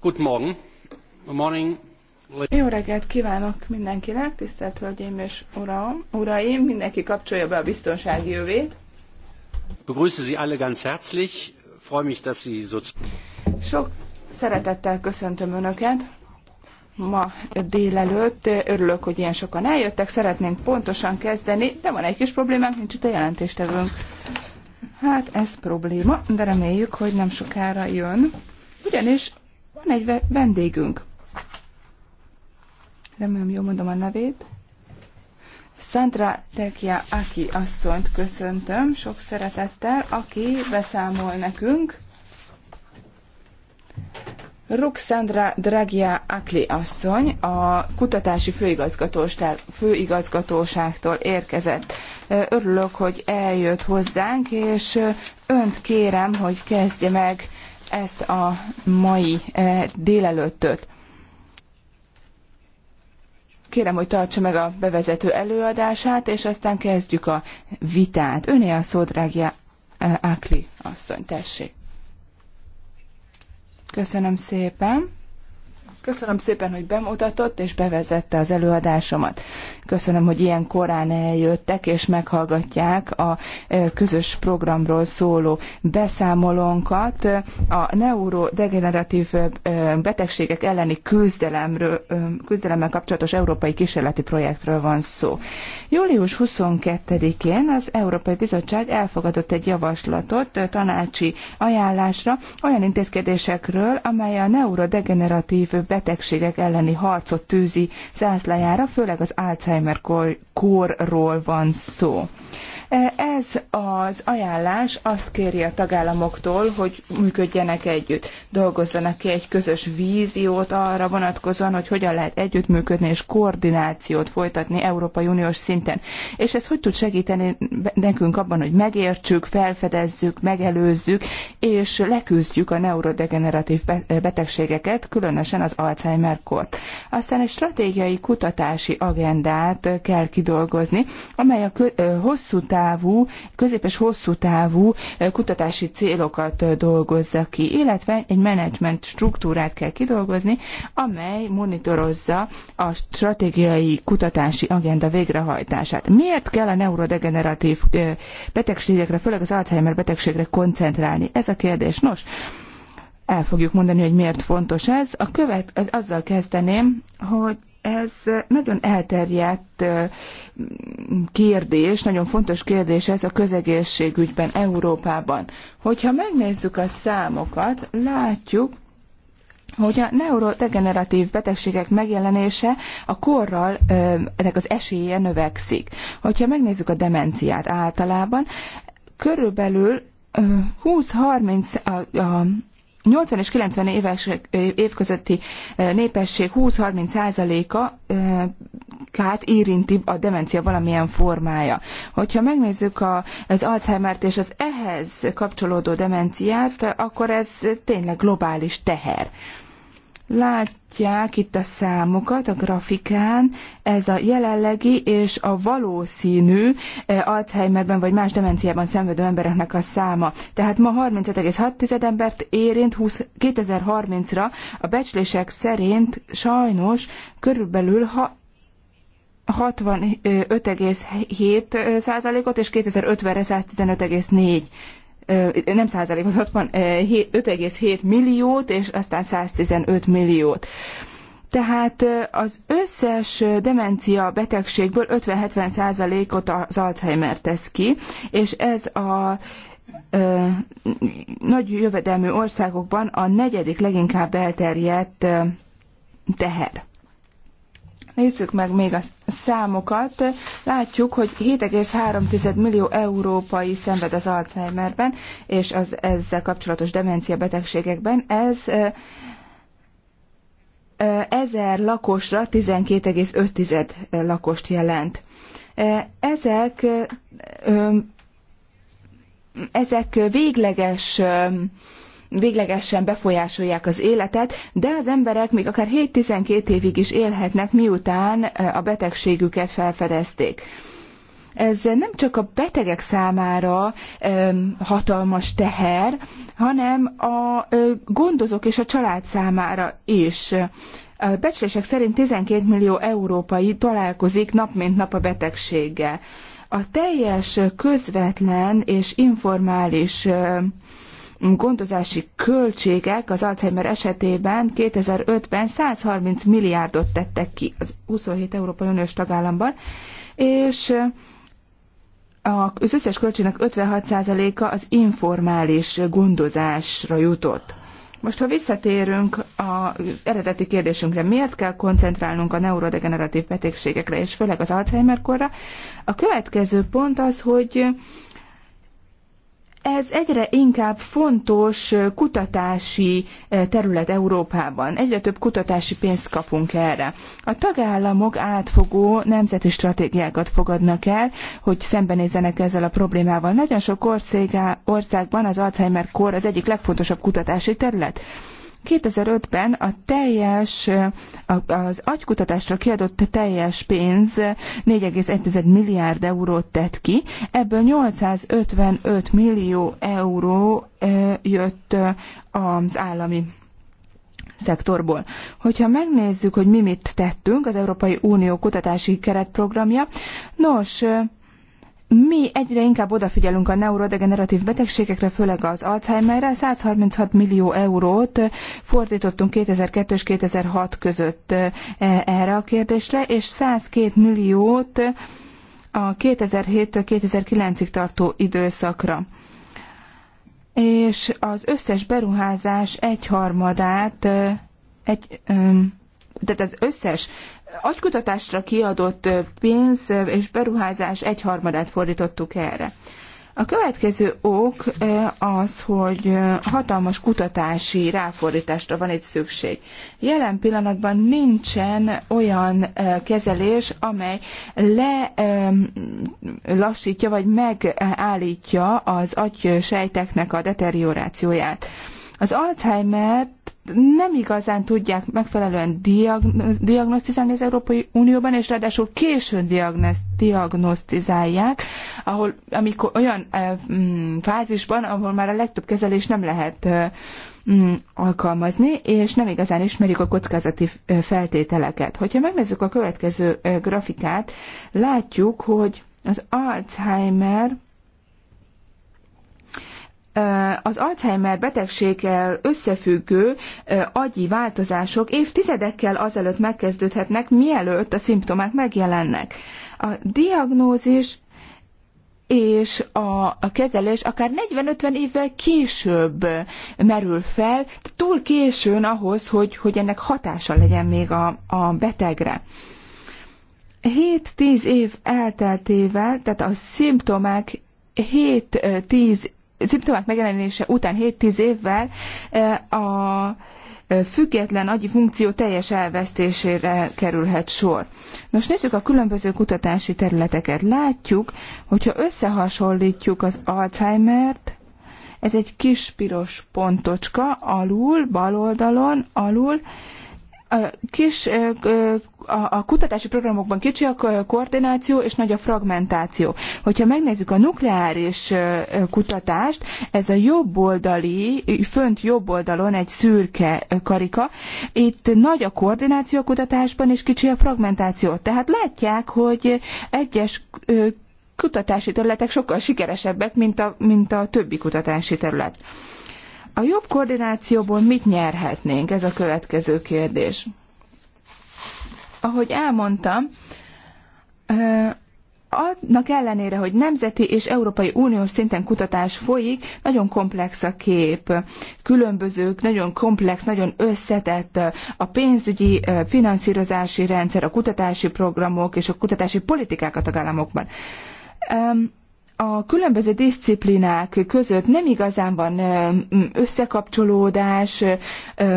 Good morning. Jó reggelt kívánok mindenkinek, tisztelt Hölgyeim és uram, Uraim, mindenki kapcsolja be a biztonsági jövét. Begrüße Sie alle ganz herzlich, freue mich, dass Sie so... Sok szeretettel köszöntöm Önöket ma délelőtt. Örülök, hogy ilyen sokan eljöttek, szeretnénk pontosan kezdeni, de van egy kis problémánk, nincs itt a jelentéstevőnk. Hát ez probléma, de reméljük, hogy nem sokára jön. Ugyanis van egy vendégünk. Remélem, jól mondom a nevét. Sandra Tekia Aki asszonyt köszöntöm sok szeretettel, aki beszámol nekünk. Ruxandra Dragia Akli asszony a kutatási főigazgatóságtól érkezett. Örülök, hogy eljött hozzánk, és önt kérem, hogy kezdje meg ezt a mai eh, délelőttöt. Kérem, hogy tartsa meg a bevezető előadását, és aztán kezdjük a vitát. Öné a szó, drágja eh, Ákli asszony, tessék. Köszönöm szépen. Köszönöm szépen, hogy bemutatott és bevezette az előadásomat. Köszönöm, hogy ilyen korán eljöttek és meghallgatják a e, közös programról szóló beszámolónkat a neurodegeneratív e, betegségek elleni küzdelemről, e, küzdelemmel kapcsolatos európai kísérleti projektről van szó. Július 22-én az Európai Bizottság elfogadott egy javaslatot tanácsi ajánlásra olyan intézkedésekről, amely a neurodegeneratív betegségek betegségek elleni harcot tűzi zászlajára, főleg az Alzheimer korról van szó. Ez az ajánlás azt kéri a tagállamoktól, hogy működjenek együtt, dolgozzanak ki egy közös víziót arra vonatkozóan, hogy hogyan lehet együttműködni és koordinációt folytatni Európai Uniós szinten. És ez hogy tud segíteni nekünk abban, hogy megértsük, felfedezzük, megelőzzük, és leküzdjük a neurodegeneratív betegségeket, különösen az Alzheimer-kort. Aztán egy stratégiai kutatási agendát kell kidolgozni, amely a hosszú távon távú, közép és hosszú távú kutatási célokat dolgozza ki, illetve egy menedzsment struktúrát kell kidolgozni, amely monitorozza a stratégiai kutatási agenda végrehajtását. Miért kell a neurodegeneratív betegségekre, főleg az Alzheimer betegségre koncentrálni? Ez a kérdés. Nos, el fogjuk mondani, hogy miért fontos ez. A követ, az, azzal kezdeném, hogy ez nagyon elterjedt kérdés, nagyon fontos kérdés ez a közegészségügyben Európában. Hogyha megnézzük a számokat, látjuk, hogy a neurodegeneratív betegségek megjelenése a korral ennek az esélye növekszik. Hogyha megnézzük a demenciát általában, körülbelül 20-30 a, a 80 és 90 éves, év közötti népesség 20-30 százaléka tehát érinti a demencia valamilyen formája. Hogyha megnézzük a, az Alzheimer-t és az ehhez kapcsolódó demenciát, akkor ez tényleg globális teher. Látják itt a számokat a grafikán, ez a jelenlegi és a valószínű eh, Alzheimerben vagy más demenciában szenvedő embereknek a száma. Tehát ma 35,6 embert érint 20, 2030-ra a becslések szerint sajnos körülbelül ha 65,7 eh, százalékot, és 2050-re 115,4 nem százalékot, 5,7 milliót, és aztán 115 milliót. Tehát az összes demencia betegségből 50-70 százalékot az Alzheimer tesz ki, és ez a ö, nagy jövedelmű országokban a negyedik leginkább elterjedt teher. Nézzük meg még a számokat. Látjuk, hogy 7,3 millió európai szenved az Alzheimerben, és az ezzel kapcsolatos demencia betegségekben. Ez ezer lakosra 12,5 lakost jelent. Ezek ezek végleges véglegesen befolyásolják az életet, de az emberek még akár 7-12 évig is élhetnek, miután a betegségüket felfedezték ez nem csak a betegek számára hatalmas teher, hanem a gondozók és a család számára is. A becslések szerint 12 millió európai találkozik nap mint nap a betegséggel. A teljes közvetlen és informális gondozási költségek az Alzheimer esetében 2005-ben 130 milliárdot tettek ki az 27 Európai Uniós tagállamban, és az összes költségnek 56%-a az informális gondozásra jutott. Most, ha visszatérünk az eredeti kérdésünkre, miért kell koncentrálnunk a neurodegeneratív betegségekre, és főleg az Alzheimer-korra, a következő pont az, hogy ez egyre inkább fontos kutatási terület Európában. Egyre több kutatási pénzt kapunk erre. A tagállamok átfogó nemzeti stratégiákat fogadnak el, hogy szembenézzenek ezzel a problémával. Nagyon sok országban az Alzheimer kor az egyik legfontosabb kutatási terület. 2005-ben a teljes, az agykutatásra kiadott teljes pénz 4,1 milliárd eurót tett ki, ebből 855 millió euró jött az állami szektorból. Hogyha megnézzük, hogy mi mit tettünk, az Európai Unió kutatási keretprogramja, nos, mi egyre inkább odafigyelünk a neurodegeneratív betegségekre, főleg az Alzheimerre. 136 millió eurót fordítottunk 2002 és 2006 között eh, erre a kérdésre, és 102 milliót a 2007-től 2009-ig tartó időszakra. És az összes beruházás egyharmadát, eh, egy, tehát az összes agykutatásra kiadott pénz és beruházás egyharmadát fordítottuk erre. A következő ok az, hogy hatalmas kutatási ráfordításra van egy szükség. Jelen pillanatban nincsen olyan kezelés, amely lelassítja vagy megállítja az agysejteknek a deteriorációját. Az Alzheimer-t nem igazán tudják megfelelően diagnosztizálni az Európai Unióban, és ráadásul későn diagnosztizálják, ahol, amikor olyan eh, mm, fázisban, ahol már a legtöbb kezelés nem lehet eh, mm, alkalmazni, és nem igazán ismerik a kockázati eh, feltételeket. Hogyha megnézzük a következő grafikát, látjuk, hogy az Alzheimer az Alzheimer betegséggel összefüggő agyi változások évtizedekkel azelőtt megkezdődhetnek, mielőtt a szimptomák megjelennek. A diagnózis és a, a kezelés akár 40-50 évvel később merül fel, túl későn ahhoz, hogy, hogy ennek hatása legyen még a, a betegre. 7-10 év elteltével, tehát a szimptomák 7-10 szimptomák megjelenése után 7-10 évvel e, a e, független agyi funkció teljes elvesztésére kerülhet sor. Nos, nézzük a különböző kutatási területeket. Látjuk, hogyha összehasonlítjuk az Alzheimer-t, ez egy kis piros pontocska, alul, bal oldalon, alul, e, kis a, a kutatási programokban kicsi a koordináció és nagy a fragmentáció. Hogyha megnézzük a nukleáris kutatást, ez a jobboldali, fönt jobb oldalon egy szürke karika, itt nagy a koordináció a kutatásban és kicsi a fragmentáció. Tehát látják, hogy egyes kutatási területek sokkal sikeresebbek, mint a, mint a többi kutatási terület. A jobb koordinációból mit nyerhetnénk? Ez a következő kérdés ahogy elmondtam, annak ellenére, hogy nemzeti és Európai Uniós szinten kutatás folyik, nagyon komplex a kép, különbözők, nagyon komplex, nagyon összetett a pénzügyi finanszírozási rendszer, a kutatási programok és a kutatási politikák a tagállamokban a különböző disziplinák között nem igazán van összekapcsolódás,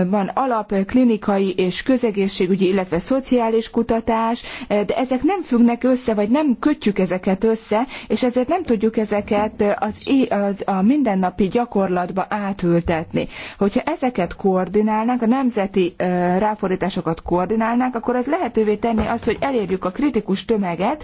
van alap klinikai és közegészségügyi, illetve szociális kutatás, de ezek nem függnek össze, vagy nem kötjük ezeket össze, és ezért nem tudjuk ezeket az, az a mindennapi gyakorlatba átültetni. Hogyha ezeket koordinálnánk, a nemzeti ráfordításokat koordinálnánk, akkor ez lehetővé tenni azt, hogy elérjük a kritikus tömeget,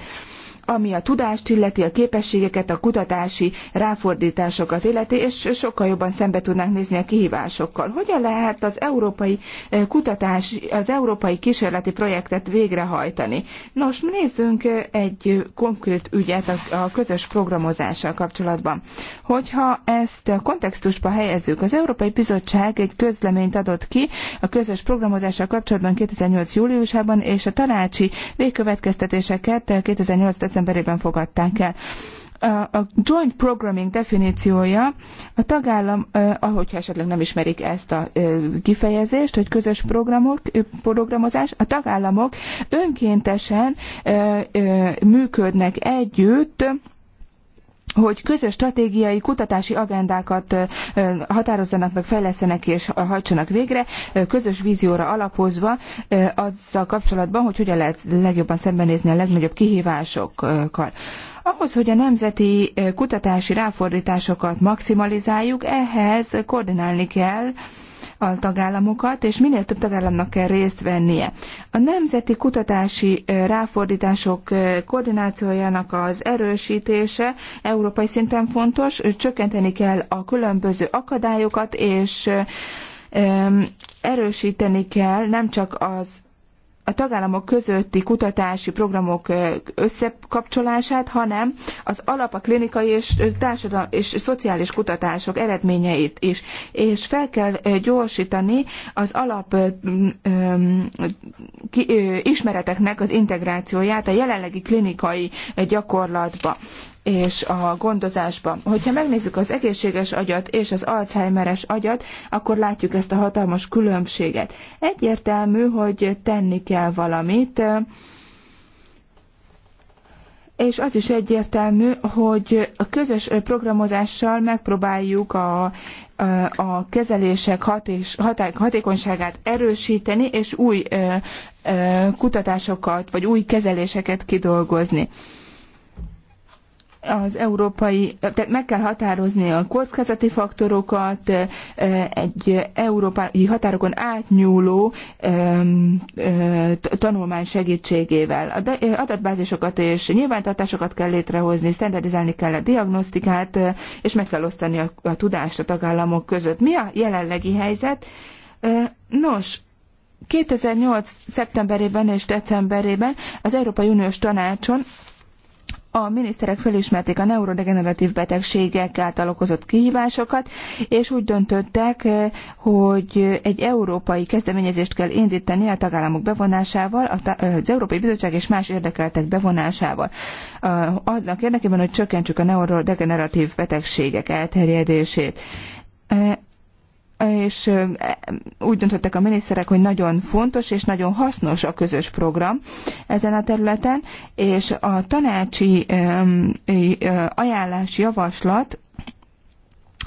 ami a tudást illeti, a képességeket, a kutatási ráfordításokat illeti, és sokkal jobban szembe tudnánk nézni a kihívásokkal. Hogyan lehet az európai eh, kutatás, az európai kísérleti projektet végrehajtani? Nos, nézzünk egy konkrét ügyet a közös programozással kapcsolatban. Hogyha ezt a kontextusba helyezzük, az Európai Bizottság egy közleményt adott ki a közös programozással kapcsolatban 2008. júliusában, és a tanácsi végkövetkeztetéseket 2008 decemberében fogadták el. A joint programming definíciója a tagállam, ahogyha esetleg nem ismerik ezt a kifejezést, hogy közös programok, programozás, a tagállamok önkéntesen működnek együtt, hogy közös stratégiai kutatási agendákat határozzanak meg, fejlesztenek és hajtsanak végre, közös vízióra alapozva azzal kapcsolatban, hogy hogyan lehet legjobban szembenézni a legnagyobb kihívásokkal. Ahhoz, hogy a nemzeti kutatási ráfordításokat maximalizáljuk, ehhez koordinálni kell a tagállamokat, és minél több tagállamnak kell részt vennie. A nemzeti kutatási ráfordítások koordinációjának az erősítése európai szinten fontos, csökkenteni kell a különböző akadályokat, és erősíteni kell nem csak az a tagállamok közötti kutatási programok összekapcsolását, hanem az alap a klinikai és, társadalmi és szociális kutatások eredményeit is. És fel kell gyorsítani az alap ismereteknek az integrációját a jelenlegi klinikai gyakorlatba és a gondozásban. Hogyha megnézzük az egészséges agyat és az Alzheimeres agyat, akkor látjuk ezt a hatalmas különbséget. Egyértelmű, hogy tenni kell valamit, és az is egyértelmű, hogy a közös programozással megpróbáljuk a, a kezelések hat és, hatá, hatékonyságát erősíteni, és új kutatásokat, vagy új kezeléseket kidolgozni az európai, tehát meg kell határozni a kockázati faktorokat, egy európai határokon átnyúló tanulmány segítségével. Adatbázisokat és nyilvántartásokat kell létrehozni, standardizálni kell a diagnosztikát, és meg kell osztani a, a tudást a tagállamok között. Mi a jelenlegi helyzet? Nos, 2008. szeptemberében és decemberében az Európai Uniós Tanácson a miniszterek felismerték a neurodegeneratív betegségek által okozott kihívásokat, és úgy döntöttek, eh, hogy egy európai kezdeményezést kell indítani a tagállamok bevonásával, eh, az Európai Bizottság és más érdekeltek bevonásával. Adnak érdekében, hogy csökkentsük a neurodegeneratív betegségek elterjedését. Eh, és úgy döntöttek a miniszterek, hogy nagyon fontos és nagyon hasznos a közös program ezen a területen, és a tanácsi ajánlás javaslat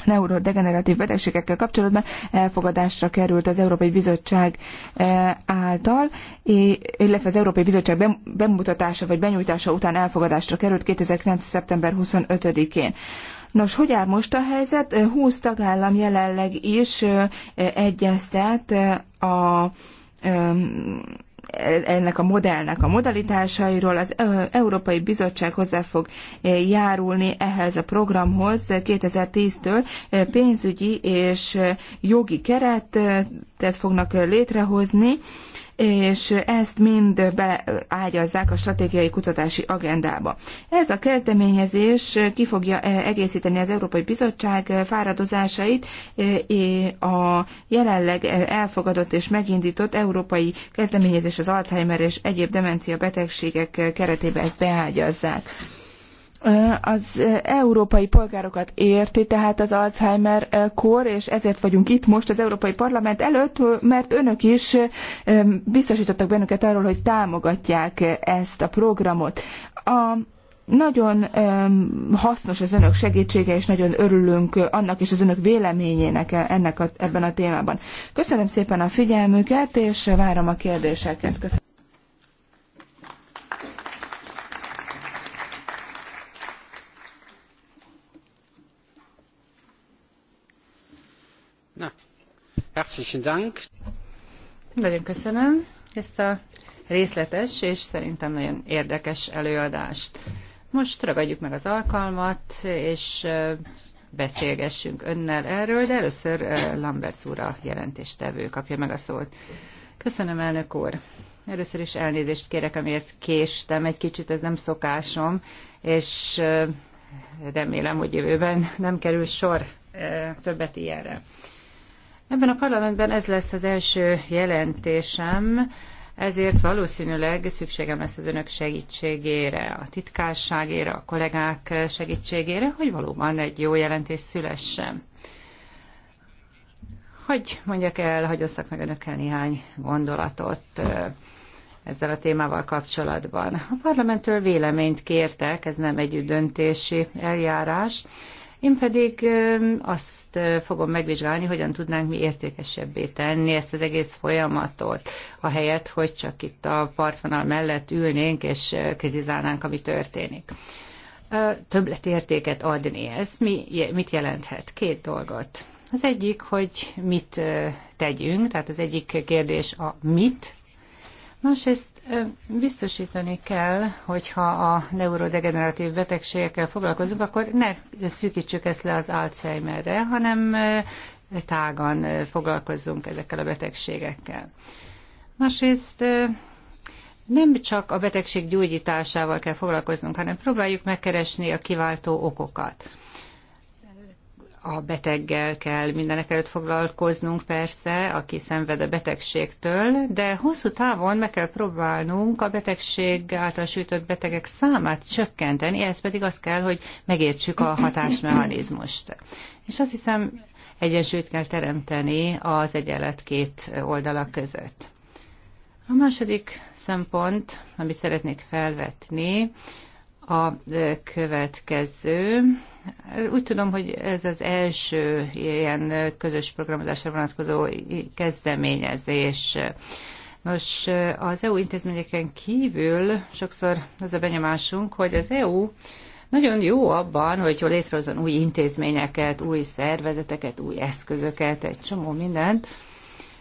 neurodegeneratív betegségekkel kapcsolatban elfogadásra került az Európai Bizottság által, illetve az Európai Bizottság bemutatása vagy benyújtása után elfogadásra került 2009. szeptember 25-én. Nos, hogy áll most a helyzet? 20 tagállam jelenleg is egyeztet a e, ennek a modellnek a modalitásairól. Az Európai Bizottság hozzá fog járulni ehhez a programhoz 2010-től pénzügyi és jogi keretet fognak létrehozni és ezt mind beágyazzák a stratégiai kutatási agendába. Ez a kezdeményezés ki fogja eh, egészíteni az Európai Bizottság eh, fáradozásait eh, a jelenleg elfogadott és megindított európai kezdeményezés az Alzheimer és egyéb demencia betegségek keretében ezt beágyazzák az európai polgárokat érti, tehát az Alzheimer kor, és ezért vagyunk itt most az Európai Parlament előtt, mert önök is biztosítottak bennünket arról, hogy támogatják ezt a programot. A nagyon hasznos az önök segítsége, és nagyon örülünk annak és az önök véleményének e-, ennek a, ebben a témában. Köszönöm szépen a figyelmüket, és várom a kérdéseket. Köszönöm. Herzlichen Dank. Nagyon köszönöm ezt a részletes és szerintem nagyon érdekes előadást. Most ragadjuk meg az alkalmat, és beszélgessünk önnel erről, de először Lamberts úr a jelentéstevő kapja meg a szót. Köszönöm, elnök úr. Először is elnézést kérek, amiért késtem egy kicsit, ez nem szokásom, és remélem, hogy jövőben nem kerül sor többet ilyenre. Ebben a parlamentben ez lesz az első jelentésem, ezért valószínűleg szükségem lesz az önök segítségére, a titkárságére, a kollégák segítségére, hogy valóban egy jó jelentés szülessen. Hogy mondjak el, hogy osszak meg önökkel néhány gondolatot ezzel a témával kapcsolatban. A parlamenttől véleményt kértek, ez nem egy döntési eljárás, én pedig azt fogom megvizsgálni, hogyan tudnánk mi értékesebbé tenni ezt az egész folyamatot, ahelyett, hogy csak itt a partvonal mellett ülnénk és kritizálnánk, ami történik. Többletértéket adni, ez mi, mit jelenthet? Két dolgot. Az egyik, hogy mit tegyünk, tehát az egyik kérdés a mit, másrészt Biztosítani kell, hogyha a neurodegeneratív betegségekkel foglalkozunk, akkor ne szűkítsük ezt le az Alzheimerre, hanem tágan foglalkozzunk ezekkel a betegségekkel. Másrészt nem csak a betegség gyógyításával kell foglalkoznunk, hanem próbáljuk megkeresni a kiváltó okokat a beteggel kell mindenek előtt foglalkoznunk persze, aki szenved a betegségtől, de hosszú távon meg kell próbálnunk a betegség által sújtott betegek számát csökkenteni, ehhez pedig az kell, hogy megértsük a hatásmechanizmust. És azt hiszem, egyensúlyt kell teremteni az egyenlet két oldala között. A második szempont, amit szeretnék felvetni, a következő, úgy tudom, hogy ez az első ilyen közös programozásra vonatkozó kezdeményezés. Nos, az EU intézményeken kívül sokszor az a benyomásunk, hogy az EU nagyon jó abban, hogy létrehozzon új intézményeket, új szervezeteket, új eszközöket, egy csomó mindent,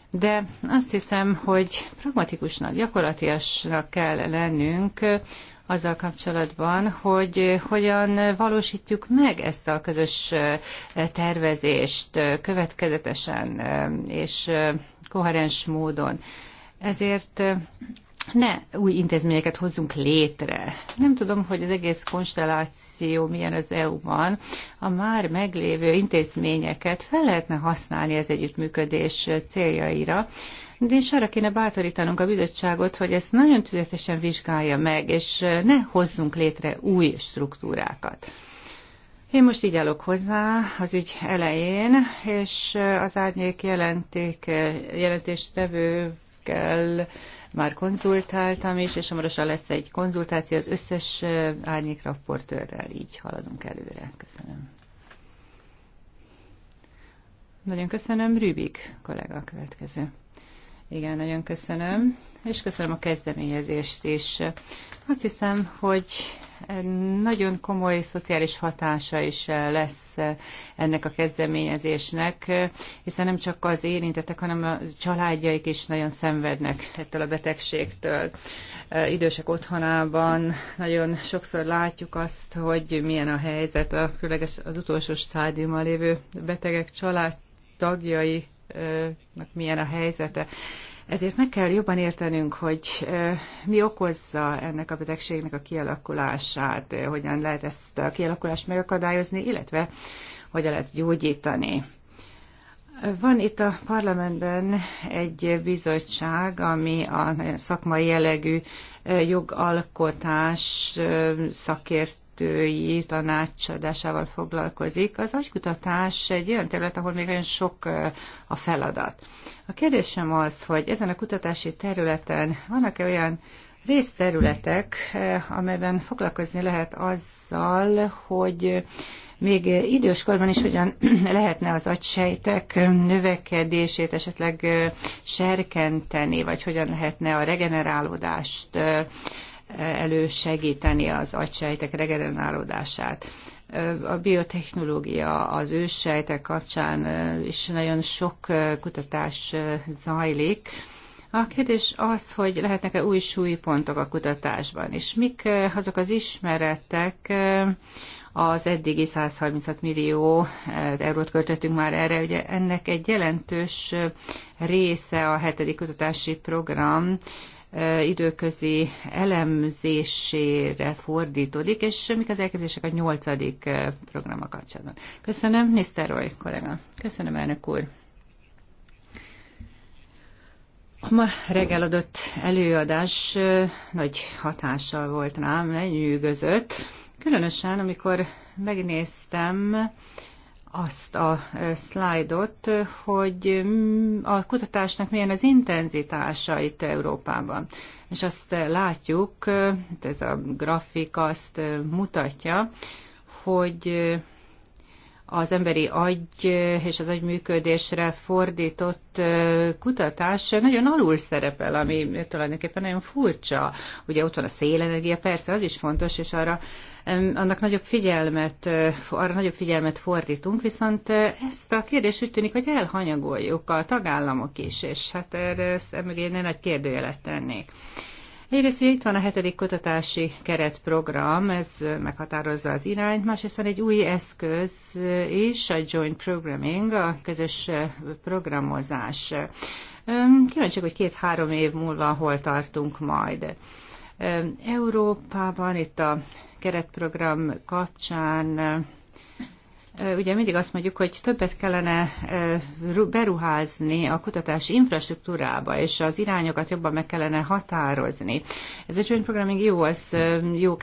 de azt hiszem, hogy pragmatikusnak, gyakorlatiasnak kell lennünk azzal kapcsolatban, hogy eh, hogyan valósítjuk meg ezt a közös eh, tervezést eh, következetesen és koherens módon. Ezért ne új intézményeket hozzunk létre. Nem tudom, hogy az egész konstelláció milyen az EU-ban. A már meglévő intézményeket fel lehetne használni az együttműködés céljaira, de és arra kéne bátorítanunk a bizottságot, hogy ezt nagyon tüzetesen vizsgálja meg, és ne hozzunk létre új struktúrákat. Én most így állok hozzá az ügy elején, és az árnyék jelenték, jelentéstevőkkel már konzultáltam is, és hamarosan lesz egy konzultáció az összes árnyék raportőrrel, így haladunk előre. Köszönöm. Nagyon köszönöm, Rübik kollega a következő. Igen, nagyon köszönöm. És köszönöm a kezdeményezést is. Azt hiszem, hogy nagyon komoly szociális hatása is lesz ennek a kezdeményezésnek, hiszen nem csak az érintettek, hanem a családjaik is nagyon szenvednek ettől a betegségtől. Idősek otthonában nagyon sokszor látjuk azt, hogy milyen a helyzet a különleges az utolsó stádiumban lévő betegek család tagjai milyen a helyzete. Ezért meg kell jobban értenünk, hogy mi okozza ennek a betegségnek a kialakulását, hogyan lehet ezt a kialakulást megakadályozni, illetve hogyan lehet gyógyítani. Van itt a parlamentben egy bizottság, ami a szakmai jellegű jogalkotás szakért szakértői tanácsadásával foglalkozik. Az agykutatás egy olyan terület, ahol még olyan sok a feladat. A kérdésem az, hogy ezen a kutatási területen vannak-e olyan részterületek, amelyben foglalkozni lehet azzal, hogy még időskorban is hogyan lehetne az agysejtek növekedését esetleg serkenteni, vagy hogyan lehetne a regenerálódást elősegíteni az agysejtek regenerálódását. A biotechnológia az őssejtek kapcsán is nagyon sok kutatás zajlik. A kérdés az, hogy lehetnek-e új súlypontok a kutatásban, és mik azok az ismeretek, az eddigi 136 millió eurót költöttünk már erre, ugye ennek egy jelentős része a hetedik kutatási program időközi elemzésére fordítódik, és mik az elképzelések a nyolcadik programmal kapcsolatban. Köszönöm, Roy, kollega. Köszönöm, elnök úr. A ma reggel adott előadás nagy hatással volt rám, lenyűgözött. Különösen, amikor megnéztem azt a szlájdot, hogy mm, a kutatásnak milyen az intenzitása itt Európában. És azt látjuk, ez a grafik azt mutatja, hogy az emberi agy és az agyműködésre fordított kutatás nagyon alul szerepel, ami tulajdonképpen nagyon furcsa. Ugye ott van a szélenergia, persze az is fontos, és arra annak nagyobb figyelmet, arra nagyobb figyelmet fordítunk, viszont ezt a kérdést úgy tűnik, hogy elhanyagoljuk a tagállamok is, és hát erre emögé nagy kérdőjelet tennék. Egyrészt ugye itt van a hetedik kutatási keretprogram, ez meghatározza az irányt, másrészt van egy új eszköz is, a joint programming, a közös programozás. Kíváncsiak, hogy két-három év múlva hol tartunk majd. Európában itt a keretprogram kapcsán ugye mindig azt mondjuk, hogy többet kellene beruházni a kutatás infrastruktúrába, és az irányokat jobban meg kellene határozni. Ez a joint programming jó, az jó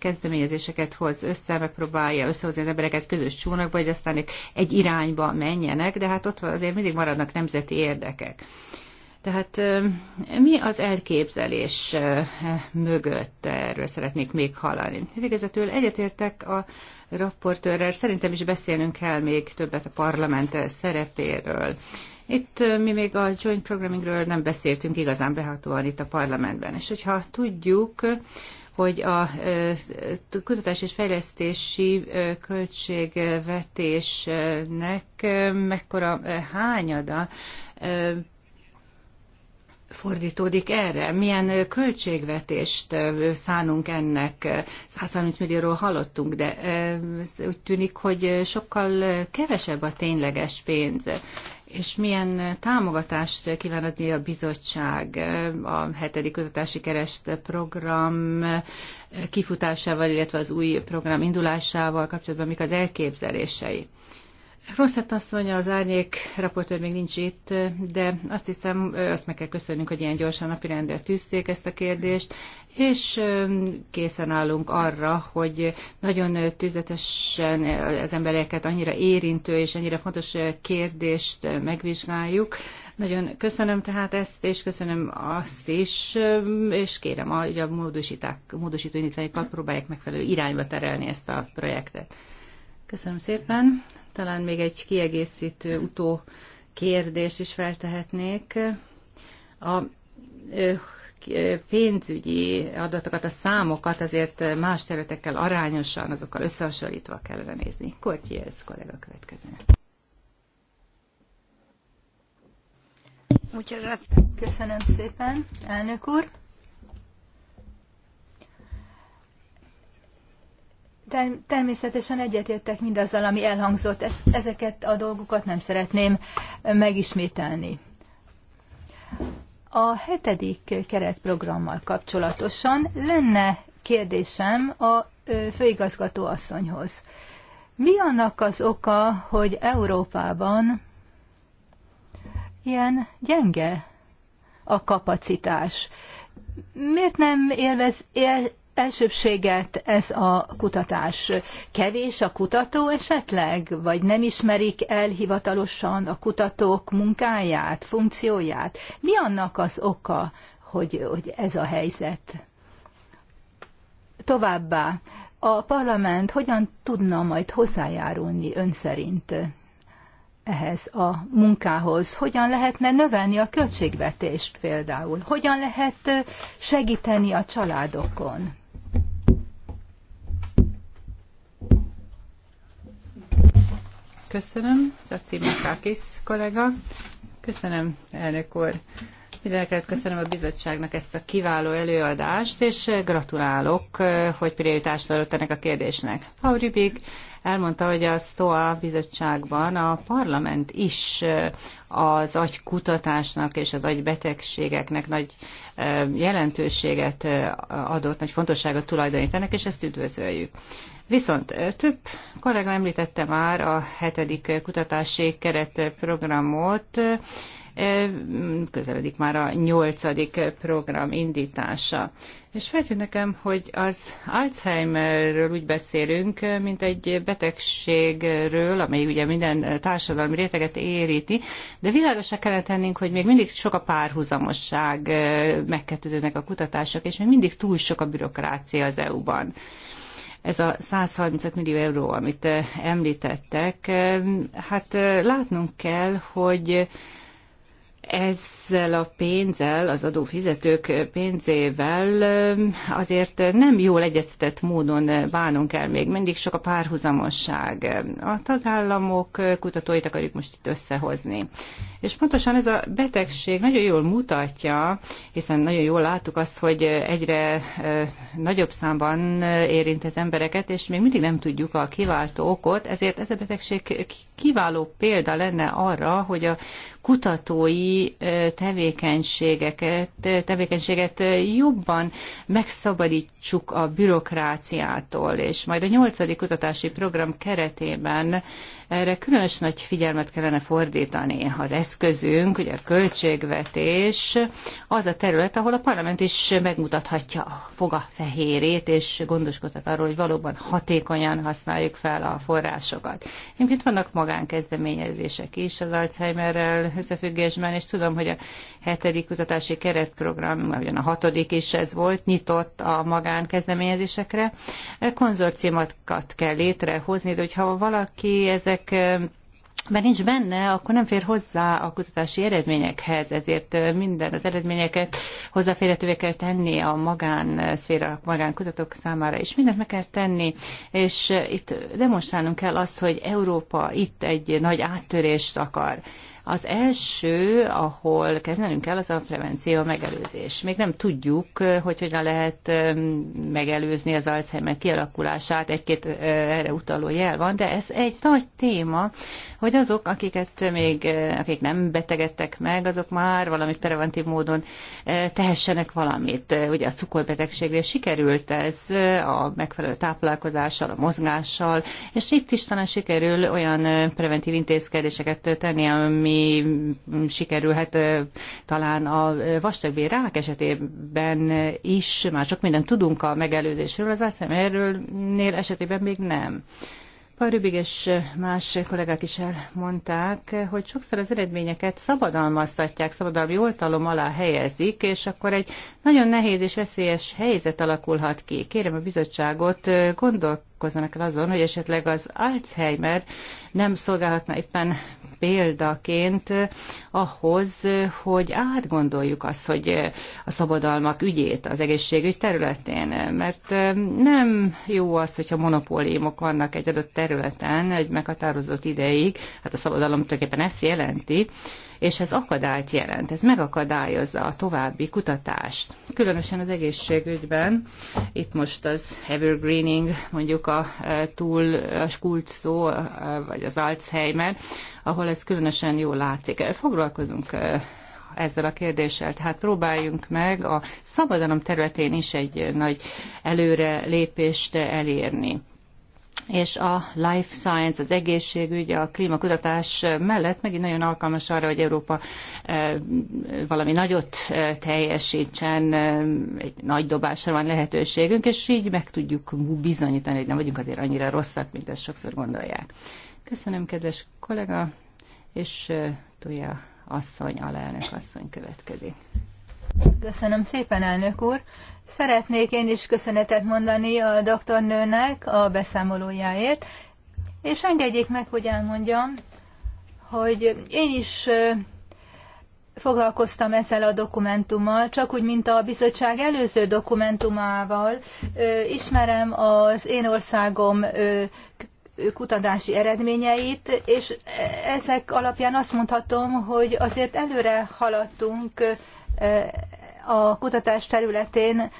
kezdeményezéseket hoz össze, megpróbálja összehozni az embereket közös csónakba, hogy aztán egy irányba menjenek, de hát ott azért mindig maradnak nemzeti érdekek. Tehát mi az elképzelés mögött? Erről szeretnék még hallani. Végezetül egyetértek a rapportőrrel. Szerintem is beszélnünk kell még többet a parlament szerepéről. Itt mi még a joint programmingről nem beszéltünk igazán behatóan itt a parlamentben. És hogyha tudjuk, hogy a kutatás és fejlesztési költségvetésnek mekkora hányada fordítódik erre? Milyen költségvetést szánunk ennek? 130 millióról hallottunk, de úgy tűnik, hogy sokkal kevesebb a tényleges pénz. És milyen támogatást kíván adni a bizottság a hetedik kutatási kerest program kifutásával, illetve az új program indulásával kapcsolatban, mik az elképzelései? Rosszett asszony, az árnyék raportőr még nincs itt, de azt hiszem, azt meg kell köszönnünk, hogy ilyen gyorsan napirendre tűzték ezt a kérdést, és készen állunk arra, hogy nagyon tüzetesen az embereket annyira érintő és annyira fontos kérdést megvizsgáljuk. Nagyon köszönöm tehát ezt, és köszönöm azt is, és kérem, hogy a módosító indítványokkal próbálják megfelelő irányba terelni ezt a projektet. Köszönöm szépen. Talán még egy kiegészítő utó kérdést is feltehetnék. A pénzügyi adatokat, a számokat azért más területekkel arányosan, azokkal összehasonlítva kellene nézni. Korty ez kollega következő. Köszönöm szépen, elnök úr. Természetesen egyetértek mindazzal, ami elhangzott. Ezeket a dolgokat nem szeretném megismételni. A hetedik keretprogrammal kapcsolatosan lenne kérdésem a főigazgató asszonyhoz. Mi annak az oka, hogy Európában ilyen gyenge a kapacitás? Miért nem élvez, elsőbséget ez a kutatás? Kevés a kutató esetleg, vagy nem ismerik el hivatalosan a kutatók munkáját, funkcióját? Mi annak az oka, hogy, hogy ez a helyzet? Továbbá, a parlament hogyan tudna majd hozzájárulni ön szerint ehhez a munkához? Hogyan lehetne növelni a költségvetést például? Hogyan lehet segíteni a családokon? Köszönöm, Zacimakakis kollega. Köszönöm, elnök úr. Mindenekelőtt köszönöm a bizottságnak ezt a kiváló előadást, és gratulálok, eh, hogy prioritást adott ennek a kérdésnek. Paul Rübig elmondta, hogy a STOA bizottságban a parlament is eh, az agykutatásnak és az agybetegségeknek nagy eh, jelentőséget adott, nagy fontosságot tulajdonít ennek, és ezt üdvözöljük. Viszont több kollega említette már a hetedik kutatási keretprogramot, közeledik már a nyolcadik program indítása. És feltűnt nekem, hogy az Alzheimerről úgy beszélünk, mint egy betegségről, amely ugye minden társadalmi réteget éríti, de világosra kellene tennünk, hogy még mindig sok a párhuzamosság, megkettődőnek a kutatások, és még mindig túl sok a bürokrácia az EU-ban ez a 135 millió euró, amit eh, említettek, eh, hát eh, látnunk kell, hogy ezzel a pénzzel, az adófizetők pénzével azért nem jól egyeztetett módon bánunk el még. Mindig sok a párhuzamosság. A tagállamok kutatóit akarjuk most itt összehozni. És pontosan ez a betegség nagyon jól mutatja, hiszen nagyon jól láttuk azt, hogy egyre nagyobb számban érint az embereket, és még mindig nem tudjuk a kiváltó okot, ezért ez a betegség kiváló példa lenne arra, hogy a kutatói tevékenységeket, tevékenységet jobban megszabadítsuk a bürokráciától, és majd a nyolcadik kutatási program keretében erre különös nagy figyelmet kellene fordítani. Az eszközünk, ugye a költségvetés, az a terület, ahol a parlament is megmutathatja a foga fehérét, és gondoskodhat arról, hogy valóban hatékonyan használjuk fel a forrásokat. Egyébként vannak magánkezdeményezések is az Alzheimerrel összefüggésben, és tudom, hogy a hetedik kutatási keretprogram, ugyan a hatodik is ez volt, nyitott a magánkezdeményezésekre. Konzorciumokat kell létrehozni, de hogyha valaki ezek mert nincs benne, akkor nem fér hozzá a kutatási eredményekhez, ezért minden az eredményeket hozzáférhetővé kell tenni a magánszféra, a magánkutatók számára, és mindent meg kell tenni, és itt demonstrálnunk kell azt, hogy Európa itt egy nagy áttörést akar. Az első, ahol kezdenünk kell, az a prevenció, a megelőzés. Még nem tudjuk, eh, hogy hogyan lehet eh, megelőzni az Alzheimer kialakulását, egy-két eh, erre utaló jel van, de ez egy nagy téma, hogy azok, akiket még, akik nem betegedtek meg, azok már valamit preventív módon tehessenek valamit. Ugye a cukorbetegségre sikerült ez a megfelelő táplálkozással, a mozgással, és itt is talán sikerül olyan preventív intézkedéseket tenni, ami ami sikerülhet talán a vastagbél rák esetében is, már csak mindent tudunk a megelőzésről, az Alzheimerről esetében még nem. Parübig és más kollégák is elmondták, hogy sokszor az eredményeket szabadalmaztatják, szabadalmi oltalom alá helyezik, és akkor egy nagyon nehéz és veszélyes helyzet alakulhat ki. Kérem a bizottságot, gondolkozzanak el azon, hogy esetleg az Alzheimer nem szolgálhatna éppen példaként ahhoz, hogy átgondoljuk azt, hogy a szabadalmak ügyét az egészségügy területén, mert nem jó az, hogyha monopóliumok vannak egy adott területen egy meghatározott ideig, hát a szabadalom tulajdonképpen ezt jelenti, és ez akadályt jelent, ez megakadályozza a további kutatást. Különösen az egészségügyben, itt most az evergreening, mondjuk a e, túl a skult szó, e, vagy az Alzheimer, ahol ez különösen jól látszik. Foglalkozunk ezzel a kérdéssel. Tehát próbáljunk meg a szabadalom területén is egy nagy előre lépést elérni és a life science, az egészségügy, a klímakutatás mellett megint nagyon alkalmas arra, hogy Európa valami nagyot teljesítsen, egy nagy dobásra van lehetőségünk, és így meg tudjuk bizonyítani, hogy nem vagyunk azért annyira rosszak, mint ezt sokszor gondolják. Köszönöm, kedves kollega, és Tuja asszony, alelnök asszony következik. Köszönöm szépen, elnök úr. Szeretnék én is köszönetet mondani a doktornőnek a beszámolójáért, és engedjék meg, hogy elmondjam, hogy én is foglalkoztam ezzel a dokumentummal, csak úgy, mint a bizottság előző dokumentumával, ismerem az én országom kutatási eredményeit, és ezek alapján azt mondhatom, hogy azért előre haladtunk eh, a kutatás területén.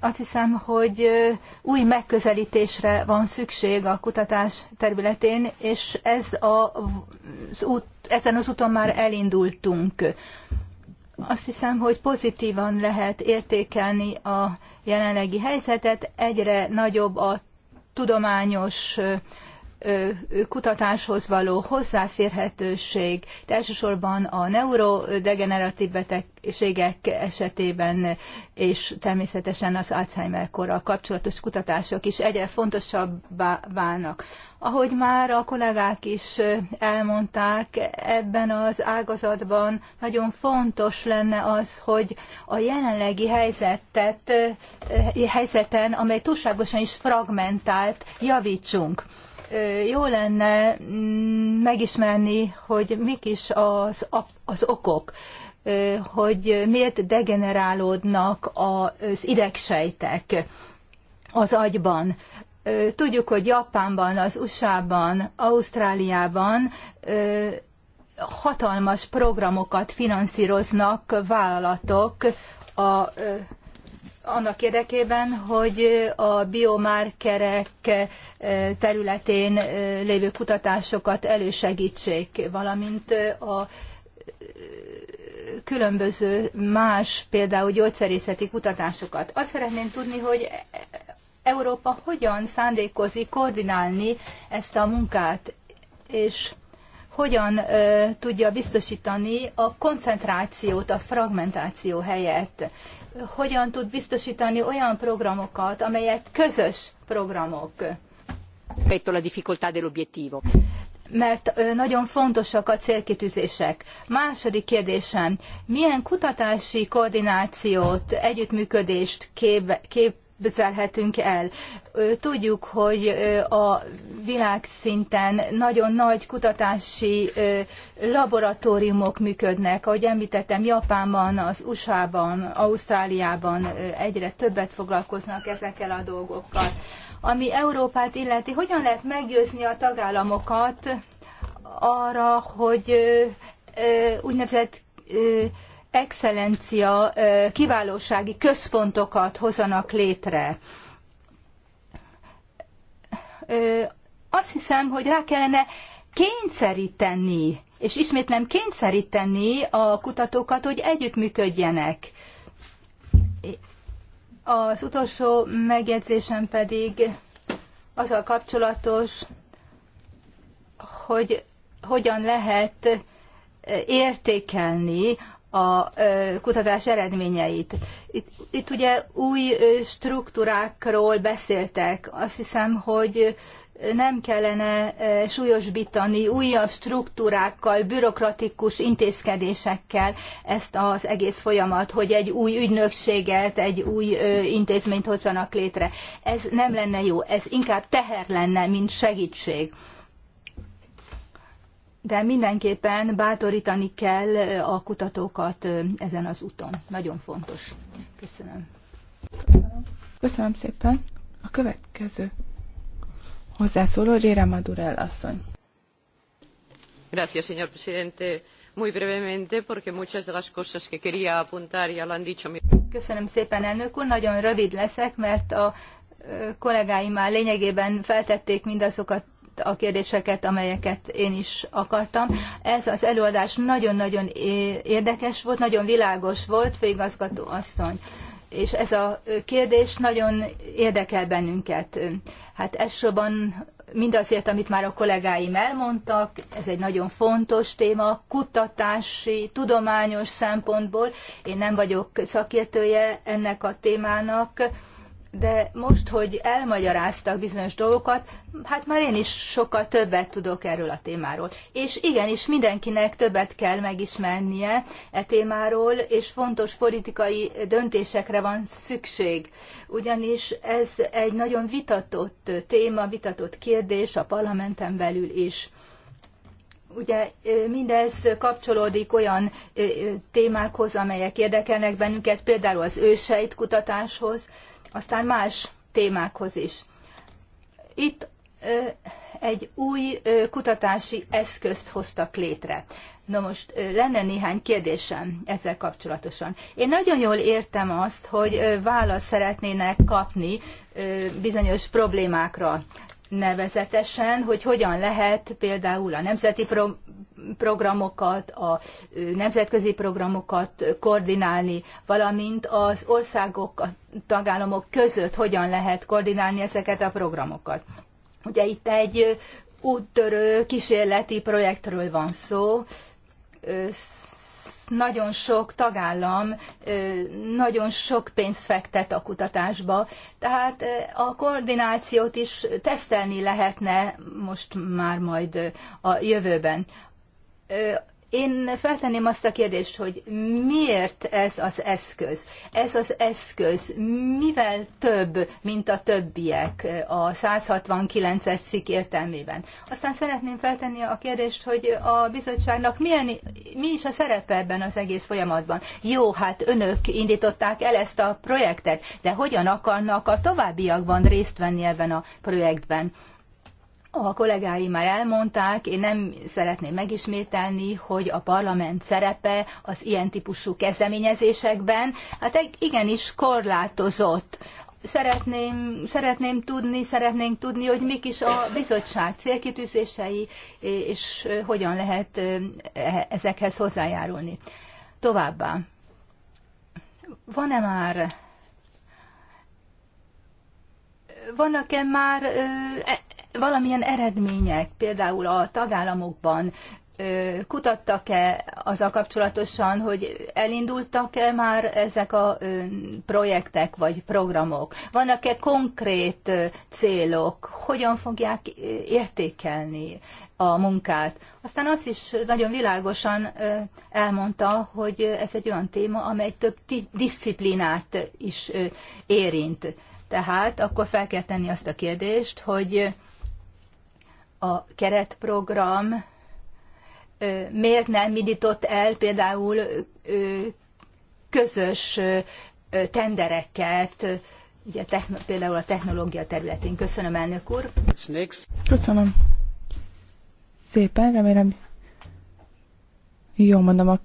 Azt hiszem, hogy eh, új megközelítésre van szükség a kutatás területén, és ez a, az út, ezen az úton már elindultunk. Azt hiszem, hogy pozitívan lehet értékelni a jelenlegi helyzetet, egyre nagyobb a tudományos kutatáshoz való hozzáférhetőség, de elsősorban a neurodegeneratív betegségek esetében, és természetesen az Alzheimer-korral kapcsolatos kutatások is egyre fontosabbá válnak. Ahogy már a kollégák is elmondták, ebben az ágazatban nagyon fontos lenne az, hogy a jelenlegi helyzetet, helyzeten, amely túlságosan is fragmentált, javítsunk jó lenne mm, megismerni, hogy mik is az, az okok, hogy miért degenerálódnak az idegsejtek az agyban. Tudjuk, hogy Japánban, az USA-ban, Ausztráliában hatalmas programokat finanszíroznak vállalatok a annak érdekében, hogy a biomárkerek eh, területén eh, lévő kutatásokat elősegítsék, valamint eh, a különböző más, például gyógyszerészeti kutatásokat. Azt szeretném tudni, hogy Európa hogyan szándékozik koordinálni ezt a munkát, és hogyan ö, tudja biztosítani a koncentrációt a fragmentáció helyett hogyan tud biztosítani olyan programokat, amelyek közös programok. Rispetto a difficoltà dell'obiettivo mert nagyon fontosak a célkitűzések. Második kérdésem, milyen kutatási koordinációt, együttműködést kép, kép, képzelhetünk el. Tudjuk, hogy a világszinten nagyon nagy kutatási laboratóriumok működnek, ahogy említettem, Japánban, az USA-ban, Ausztráliában egyre többet foglalkoznak ezekkel a dolgokkal. Ami Európát illeti, hogyan lehet meggyőzni a tagállamokat arra, hogy úgynevezett excellencia, kiválósági központokat hozanak létre. Azt hiszem, hogy rá kellene kényszeríteni, és ismétlem kényszeríteni a kutatókat, hogy együttműködjenek. Az utolsó megjegyzésem pedig azzal kapcsolatos, hogy hogyan lehet értékelni a kutatás eredményeit. Itt, itt ugye új struktúrákról beszéltek. Azt hiszem, hogy nem kellene súlyosbítani újabb struktúrákkal, bürokratikus intézkedésekkel ezt az egész folyamat, hogy egy új ügynökséget, egy új intézményt hozzanak létre. Ez nem lenne jó, ez inkább teher lenne, mint segítség de mindenképpen bátorítani kell a kutatókat ezen az úton. Nagyon fontos. Köszönöm. Köszönöm, Köszönöm szépen. A következő hozzászóló Réra Madurell asszony. Gracias, señor presidente. Muy brevemente, porque muchas de las cosas que quería apuntar ya lo han dicho. Köszönöm szépen, elnök úr. Nagyon rövid leszek, mert a kollégáim már lényegében feltették mindazokat, a kérdéseket, amelyeket én is akartam. Ez az előadás nagyon-nagyon érdekes volt, nagyon világos volt, főigazgató asszony. És ez a kérdés nagyon érdekel bennünket. Hát elsősorban mindazért, amit már a kollégáim elmondtak, ez egy nagyon fontos téma, kutatási, tudományos szempontból. Én nem vagyok szakértője ennek a témának, de most, hogy elmagyaráztak bizonyos dolgokat, hát már én is sokkal többet tudok erről a témáról. És igenis mindenkinek többet kell megismernie e témáról, és fontos politikai döntésekre van szükség. Ugyanis ez egy nagyon vitatott téma, vitatott kérdés a parlamenten belül is. Ugye mindez kapcsolódik olyan témákhoz, amelyek érdekelnek bennünket, például az őseit kutatáshoz, aztán más témákhoz is. Itt egy új kutatási eszközt hoztak létre. Na most lenne néhány kérdésem ezzel kapcsolatosan. Én nagyon jól értem azt, hogy választ szeretnének kapni bizonyos problémákra nevezetesen, hogy hogyan lehet például a nemzeti programokat, a nemzetközi programokat koordinálni, valamint az országok, a tagállamok között hogyan lehet koordinálni ezeket a programokat. Ugye itt egy úttörő kísérleti projektről van szó. Nagyon sok tagállam nagyon sok pénzt fektet a kutatásba, tehát a koordinációt is tesztelni lehetne most már majd a jövőben én feltenném azt a kérdést, hogy miért ez az eszköz? Ez az eszköz mivel több, mint a többiek a 169-es cikk értelmében? Aztán szeretném feltenni a kérdést, hogy a bizottságnak milyen, mi is a szerepe ebben az egész folyamatban? Jó, hát önök indították el ezt a projektet, de hogyan akarnak a továbbiakban részt venni ebben a projektben? a kollégáim már elmondták, én nem szeretném megismételni, hogy a parlament szerepe az ilyen típusú kezdeményezésekben, hát egy igenis korlátozott. Szeretném, szeretném tudni, szeretnénk tudni, hogy mik is a bizottság célkitűzései, és hogyan lehet eh, ezekhez hozzájárulni. Továbbá, van-e már vannak-e már eh, valamilyen eredmények, például a tagállamokban kutattak-e az a kapcsolatosan, hogy elindultak-e már ezek a projektek vagy programok? Vannak-e konkrét célok? Hogyan fogják értékelni a munkát? Aztán azt is nagyon világosan elmondta, hogy ez egy olyan téma, amely több disziplinát is érint. Tehát akkor fel kell tenni azt a kérdést, hogy a keretprogram miért nem indított el például közös tendereket, ugye például a technológia területén. Köszönöm, elnök úr. Köszönöm. Szépen, remélem. Jó, mondom a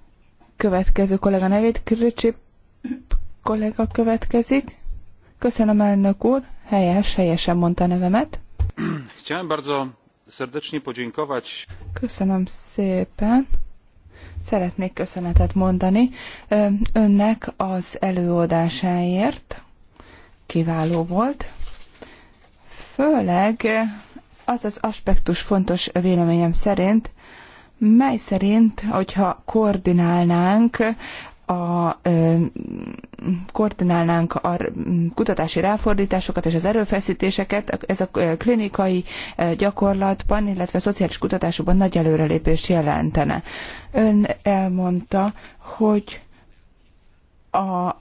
következő kollega nevét. Kröcsip kollega következik. Köszönöm, elnök úr. Helyes, helyesen mondta a nevemet. Chciałem bardzo serdecznie podziękować. Köszönöm szépen. Szeretnék köszönetet mondani önnek az előadásáért. Kiváló volt. Főleg az az aspektus fontos véleményem szerint, mely szerint, hogyha koordinálnánk a, koordinálnánk a kutatási ráfordításokat és az erőfeszítéseket, ez a klinikai gyakorlatban, illetve a szociális kutatásokban nagy előrelépés jelentene. Ön elmondta, hogy a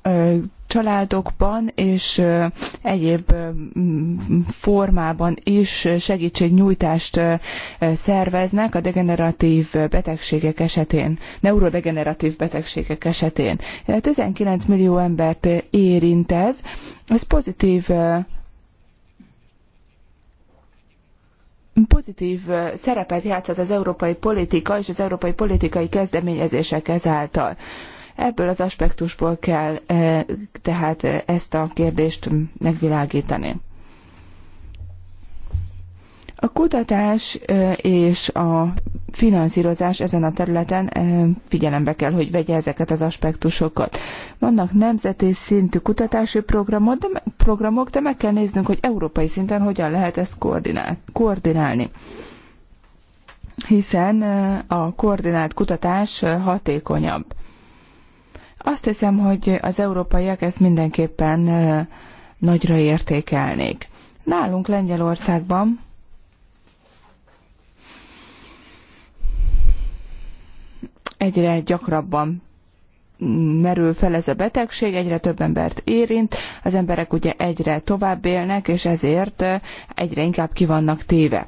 családokban és egyéb formában is segítségnyújtást szerveznek a degeneratív betegségek esetén, neurodegeneratív betegségek esetén. 19 millió embert érint ez. Ez pozitív pozitív szerepet játszott az európai politika és az európai politikai kezdeményezések ezáltal. Ebből az aspektusból kell e, tehát ezt a kérdést megvilágítani. A kutatás e, és a finanszírozás ezen a területen e, figyelembe kell, hogy vegye ezeket az aspektusokat. Vannak nemzeti szintű kutatási programok, de, programok, de meg kell néznünk, hogy európai szinten hogyan lehet ezt koordinál, koordinálni. Hiszen a koordinált kutatás hatékonyabb. Azt hiszem, hogy az európaiak ezt mindenképpen nagyra értékelnék. Nálunk Lengyelországban egyre gyakrabban merül fel ez a betegség, egyre több embert érint, az emberek ugye egyre tovább élnek, és ezért egyre inkább vannak téve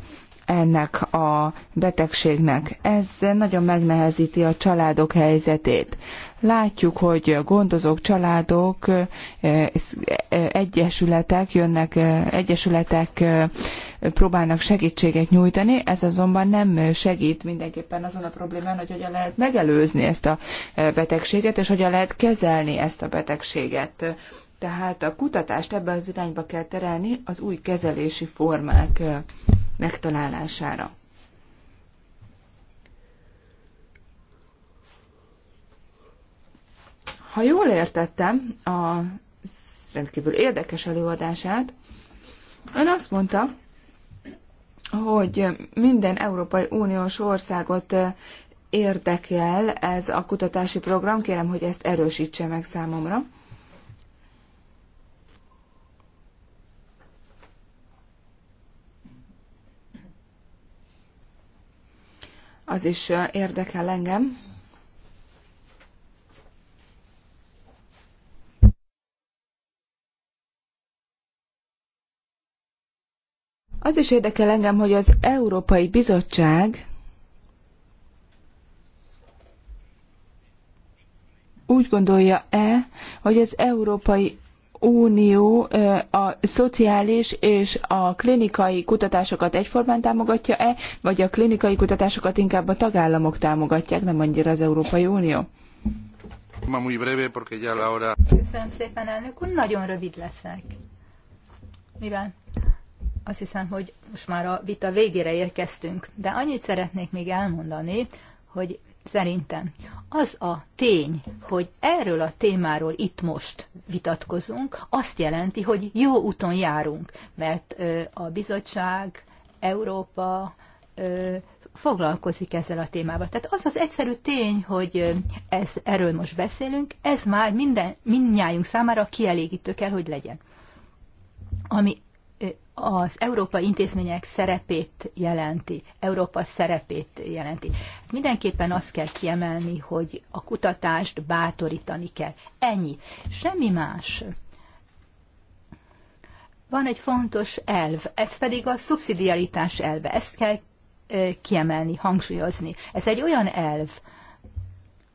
ennek a betegségnek. Ez nagyon megnehezíti a családok helyzetét. Látjuk, hogy gondozók, családok, eh, eh, egyesületek jönnek, eh, egyesületek próbálnak segítséget nyújtani, ez azonban nem segít mindenképpen azon a problémán, hogy hogyan lehet megelőzni ezt a betegséget, és hogyan lehet kezelni ezt a betegséget. Tehát a kutatást ebben az irányba kell terelni az új kezelési formák megtalálására. Ha jól értettem a rendkívül érdekes előadását, ön azt mondta, hogy minden Európai Uniós országot érdekel ez a kutatási program, kérem, hogy ezt erősítse meg számomra. az is érdekel engem. Az is érdekel engem, hogy az Európai Bizottság úgy gondolja-e, hogy az Európai Unió a szociális és a klinikai kutatásokat egyformán támogatja-e, vagy a klinikai kutatásokat inkább a tagállamok támogatják, nem annyira az Európai Unió? Köszönöm szépen, elnök úr, nagyon rövid leszek. Mivel azt hiszem, hogy most már a vita végére érkeztünk, de annyit szeretnék még elmondani, hogy szerintem az a tény, hogy erről a témáról itt most vitatkozunk, azt jelenti, hogy jó úton járunk, mert a bizottság, Európa foglalkozik ezzel a témával. Tehát az az egyszerű tény, hogy ez, erről most beszélünk, ez már minden, mindnyájunk számára kielégítő kell, hogy legyen. Ami az Európa intézmények szerepét jelenti, Európa szerepét jelenti. Mindenképpen azt kell kiemelni, hogy a kutatást bátorítani kell. Ennyi. Semmi más. Van egy fontos elv, ez pedig a szubszidiaritás elve. Ezt kell kiemelni, hangsúlyozni. Ez egy olyan elv,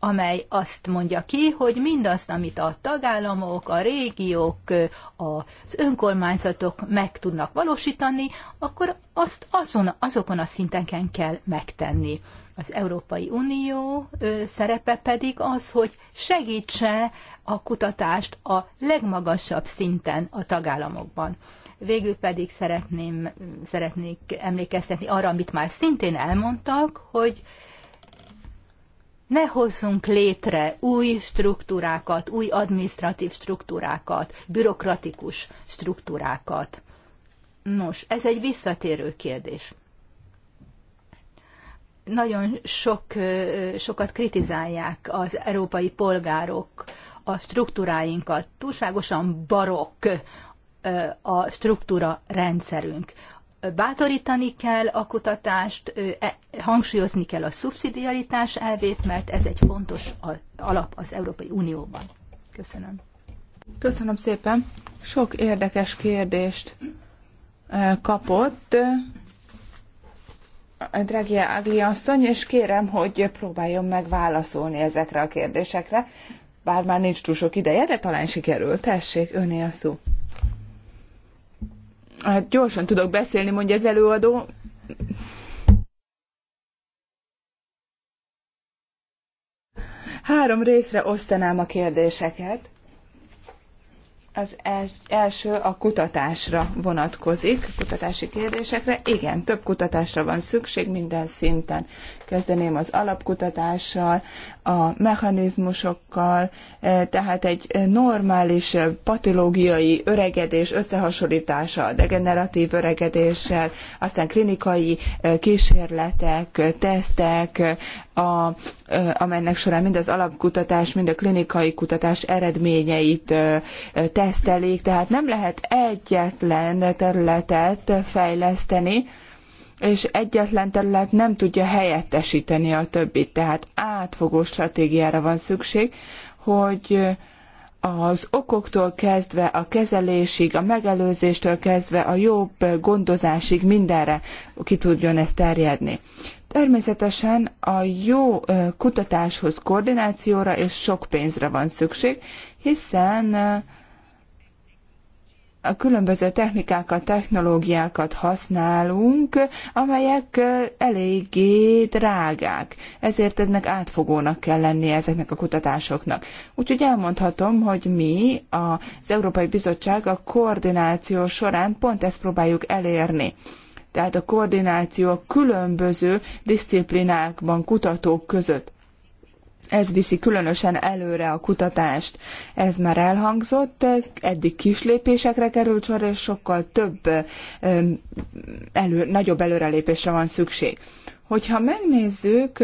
amely azt mondja ki, hogy mindazt, amit a tagállamok, a régiók, az önkormányzatok meg tudnak valósítani, akkor azt azon, azokon a szinteken kell megtenni. Az Európai Unió szerepe pedig az, hogy segítse a kutatást a legmagasabb szinten a tagállamokban. Végül pedig szeretném, szeretnék emlékeztetni arra, amit már szintén elmondtak, hogy ne hozzunk létre új struktúrákat, új administratív struktúrákat, bürokratikus struktúrákat. Nos, ez egy visszatérő kérdés. Nagyon sok, sokat kritizálják az európai polgárok a struktúráinkat. Túlságosan barokk a struktúra rendszerünk bátorítani kell a kutatást, e, hangsúlyozni kell a szubszidiaritás elvét, mert ez egy fontos alap az Európai Unióban. Köszönöm. Köszönöm szépen. Sok érdekes kérdést kapott. Drági Ágli asszony, és kérem, hogy próbáljon meg válaszolni ezekre a kérdésekre. Bár már nincs túl sok ideje, de talán sikerült. Tessék, öné a szó. Hát gyorsan tudok beszélni, mondja az előadó. Három részre osztanám a kérdéseket. Az első a kutatásra vonatkozik, kutatási kérdésekre. Igen, több kutatásra van szükség minden szinten. Kezdeném az alapkutatással, a mechanizmusokkal, e, tehát egy normális patológiai öregedés összehasonlítása a degeneratív öregedéssel, aztán klinikai e, kísérletek, tesztek, a, e, amelynek során mind az alapkutatás, mind a klinikai kutatás eredményeit tesztelik, tehát nem lehet egyetlen területet fejleszteni, és egyetlen terület nem tudja helyettesíteni a többit, tehát átfogó stratégiára van szükség, hogy az okoktól kezdve a kezelésig, a megelőzéstől kezdve a jobb gondozásig mindenre ki tudjon ez terjedni. Természetesen a jó kutatáshoz koordinációra és sok pénzre van szükség, hiszen a különböző technikákat, technológiákat használunk, amelyek eléggé drágák. Ezért ennek átfogónak kell lennie ezeknek a kutatásoknak. Úgyhogy elmondhatom, hogy mi az Európai Bizottság a koordináció során pont ezt próbáljuk elérni tehát a koordináció a különböző diszciplinákban kutatók között ez viszi különösen előre a kutatást. Ez már elhangzott, eddig kis lépésekre került sor, és sokkal több, elő, nagyobb előrelépésre van szükség. Hogyha megnézzük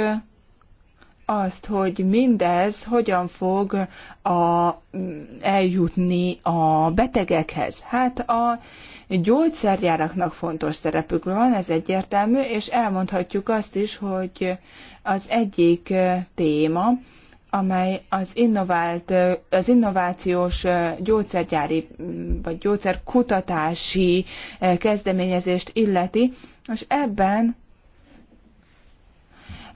azt, hogy mindez hogyan fog a, eljutni a betegekhez. Hát a gyógyszergyáraknak fontos szerepük van, ez egyértelmű, és elmondhatjuk azt is, hogy az egyik téma, amely az, innovált, az innovációs gyógyszergyári vagy gyógyszerkutatási kezdeményezést illeti, és ebben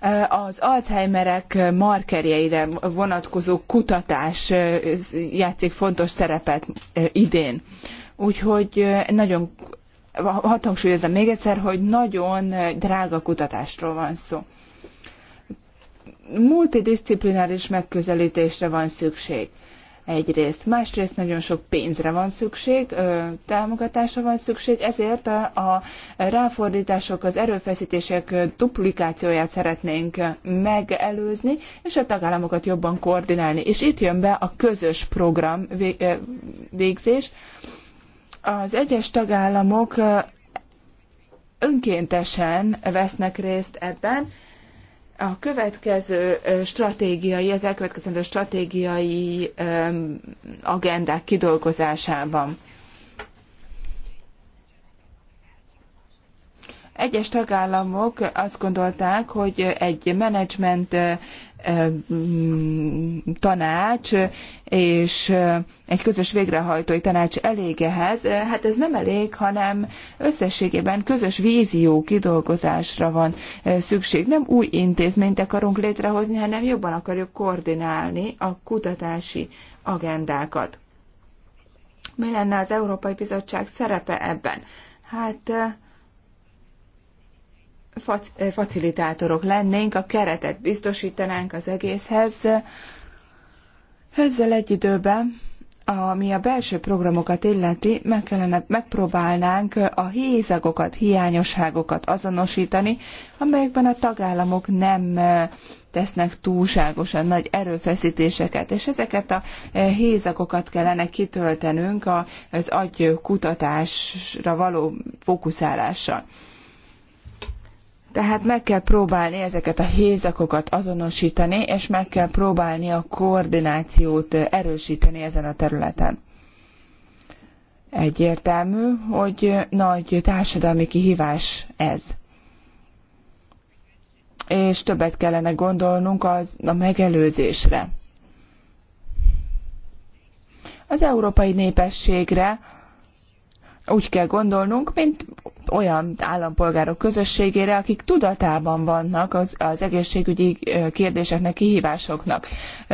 Eh, az Alzheimerek markerjeire vonatkozó kutatás eh, játszik fontos szerepet eh, idén. Úgyhogy nagyon hadd hangsúlyozom még egyszer, hogy nagyon drága kutatásról van szó. Multidisciplináris megközelítésre van szükség egyrészt. Másrészt nagyon sok pénzre van szükség, támogatásra van szükség, ezért a ráfordítások, az erőfeszítések duplikációját szeretnénk megelőzni, és a tagállamokat jobban koordinálni. És itt jön be a közös program végzés. Az egyes tagállamok önkéntesen vesznek részt ebben, a következő stratégiai, az elkövetkezendő stratégiai agendák kidolgozásában. Egyes tagállamok azt gondolták, hogy egy menedzsment Mm, tanács és egy közös végrehajtói tanács elég ehhez, hát ez nem elég, hanem összességében közös vízió kidolgozásra van szükség. Nem új intézményt akarunk létrehozni, hanem jobban akarjuk koordinálni a kutatási agendákat. Mi lenne az Európai Bizottság szerepe ebben? Hát Eh, facilitátorok lennénk, a keretet biztosítanánk az egészhez. Ezzel egy időben, ami a belső programokat illeti, meg kellene, megpróbálnánk a hézagokat, hiányosságokat azonosítani, amelyekben a tagállamok nem eh, tesznek túlságosan nagy erőfeszítéseket, és ezeket a eh, hézagokat kellene kitöltenünk az agykutatásra való fókuszálással. Tehát meg kell próbálni ezeket a hézakokat azonosítani, és meg kell próbálni a koordinációt erősíteni ezen a területen. Egyértelmű, hogy nagy társadalmi kihívás ez. És többet kellene gondolnunk az, a megelőzésre. Az európai népességre úgy kell gondolnunk, mint olyan állampolgárok közösségére, akik tudatában vannak az, az egészségügyi kérdéseknek, kihívásoknak.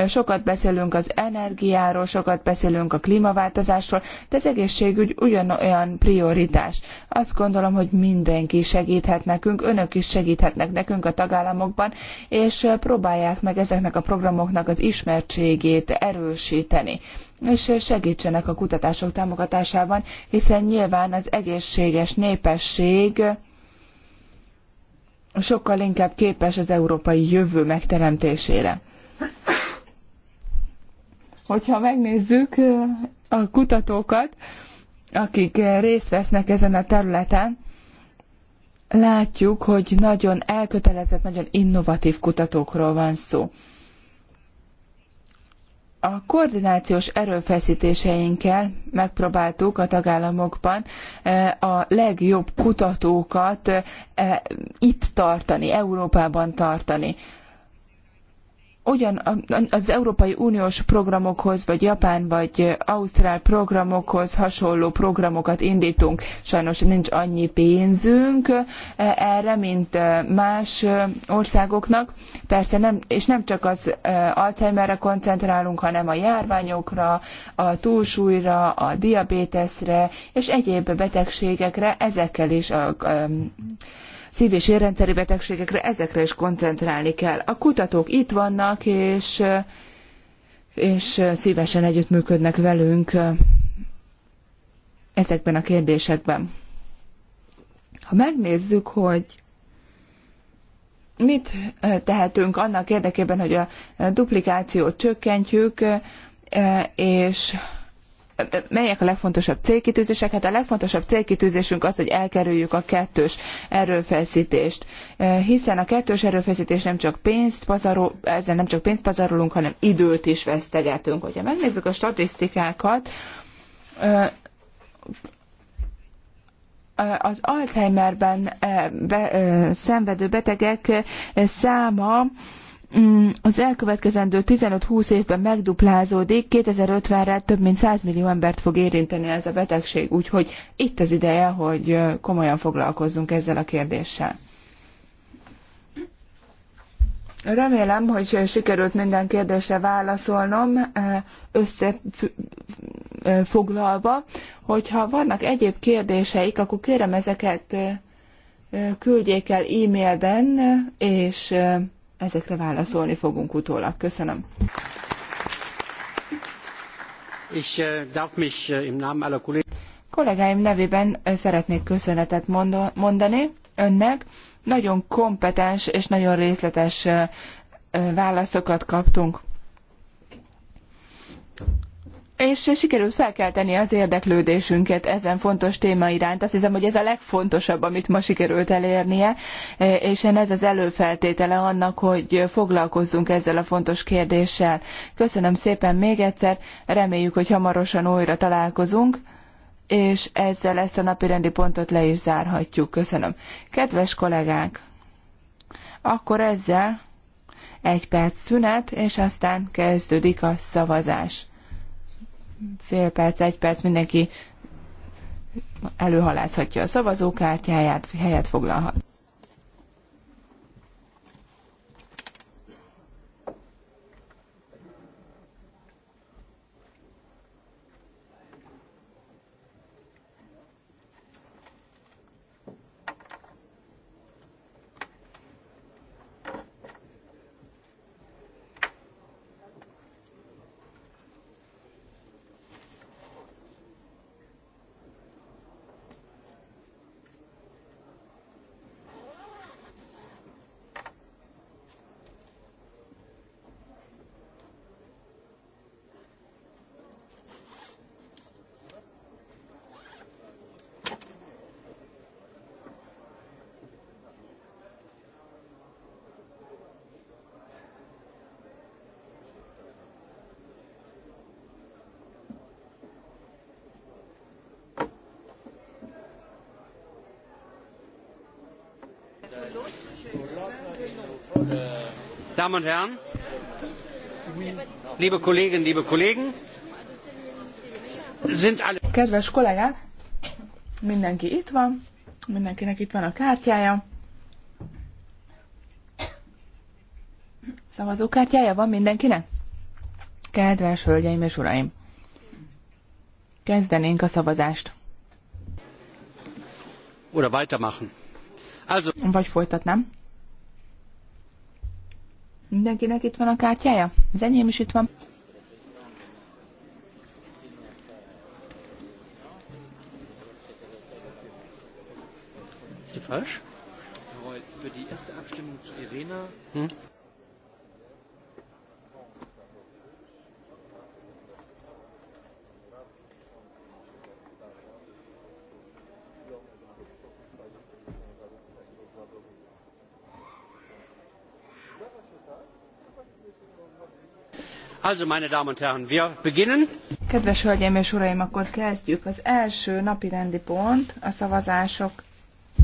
Sokat beszélünk az energiáról, sokat beszélünk a klímaváltozásról, de az egészségügy ugyanolyan prioritás. Azt gondolom, hogy mindenki segíthet nekünk, önök is segíthetnek nekünk a tagállamokban, és próbálják meg ezeknek a programoknak az ismertségét erősíteni és segtsenek a kutatások támogatásában, hiszen nyilván az egészséges népesség sokkal inkább képes az európai jövő megteremtésére. Hogyha megnézzük a kutatókat, akik részt vesznek ezen a területen, látjuk, hogy nagyon elkötelezett, nagyon innovatív kutatókról van szó a koordinációs erőfeszítéseinkkel megpróbáltuk a tagállamokban e, a legjobb kutatókat e, itt tartani, Európában tartani ugyan az Európai Uniós programokhoz, vagy Japán, vagy Ausztrál programokhoz hasonló programokat indítunk. Sajnos nincs annyi pénzünk e, erre, mint e, más e, országoknak. Persze nem, és nem csak az Alzheimerre koncentrálunk, hanem a járványokra, a túlsúlyra, a diabéteszre, és egyéb betegségekre, ezekkel is a, a, a szív- és érrendszeri betegségekre, ezekre is koncentrálni kell. A kutatók itt vannak, és, és szívesen együttműködnek velünk ezekben a kérdésekben. Ha megnézzük, hogy mit tehetünk annak érdekében, hogy a duplikációt csökkentjük, és melyek a legfontosabb célkitűzések? Hát a legfontosabb célkitűzésünk az, hogy elkerüljük a kettős erőfeszítést, hiszen a kettős erőfeszítés nem csak pénzt pazarol, ezzel nem csak pénzt pazarolunk, hanem időt is vesztegetünk. Hogyha megnézzük a statisztikákat, az Alzheimerben szenvedő betegek száma Mm, az elkövetkezendő 15-20 évben megduplázódik, 2050-re több mint 100 millió embert fog érinteni ez a betegség, úgyhogy itt az ideje, hogy komolyan foglalkozzunk ezzel a kérdéssel. Remélem, hogy sikerült minden kérdésre válaszolnom összefoglalva. Hogyha vannak egyéb kérdéseik, akkor kérem ezeket küldjék el e-mailben, és ezekre válaszolni fogunk utólag. Köszönöm. Ich äh, darf mich äh, im Namen aller Kollégáim nevében äh, szeretnék köszönetet mondani önnek. Nagyon kompetens és nagyon részletes válaszokat kaptunk és sikerült felkelteni az érdeklődésünket ezen fontos téma iránt. Azt hiszem, hogy ez a legfontosabb, amit ma sikerült elérnie, e, és ez az előfeltétele annak, hogy foglalkozzunk ezzel a fontos kérdéssel. Köszönöm szépen még egyszer, reméljük, hogy hamarosan újra találkozunk és ezzel ezt a napirendi pontot le is zárhatjuk. Köszönöm. Kedves kollégák, akkor ezzel egy perc szünet, és aztán kezdődik a szavazás fél perc, egy perc mindenki előhalászhatja a szavazókártyáját, helyet foglalhat. Damen und Herren, liebe Kolleginnen, liebe Kollegen, sind alle... Kedves kollégák, mindenki itt van, mindenkinek itt van a kártyája. Szavazókártyája van mindenkinek? Kedves hölgyeim és uraim! Kezdenénk a szavazást. Oder weitermachen. Also... Vagy folytatnám. Mindenkinek itt van a kártyája? Az enyém is itt van. falsch? Für die erste Abstimmung zu Irena hm? Also, meine Damen und Herren, wir beginnen. Kedves hölgyeim és uraim, akkor kezdjük. Az első napi rendi pont a szavazások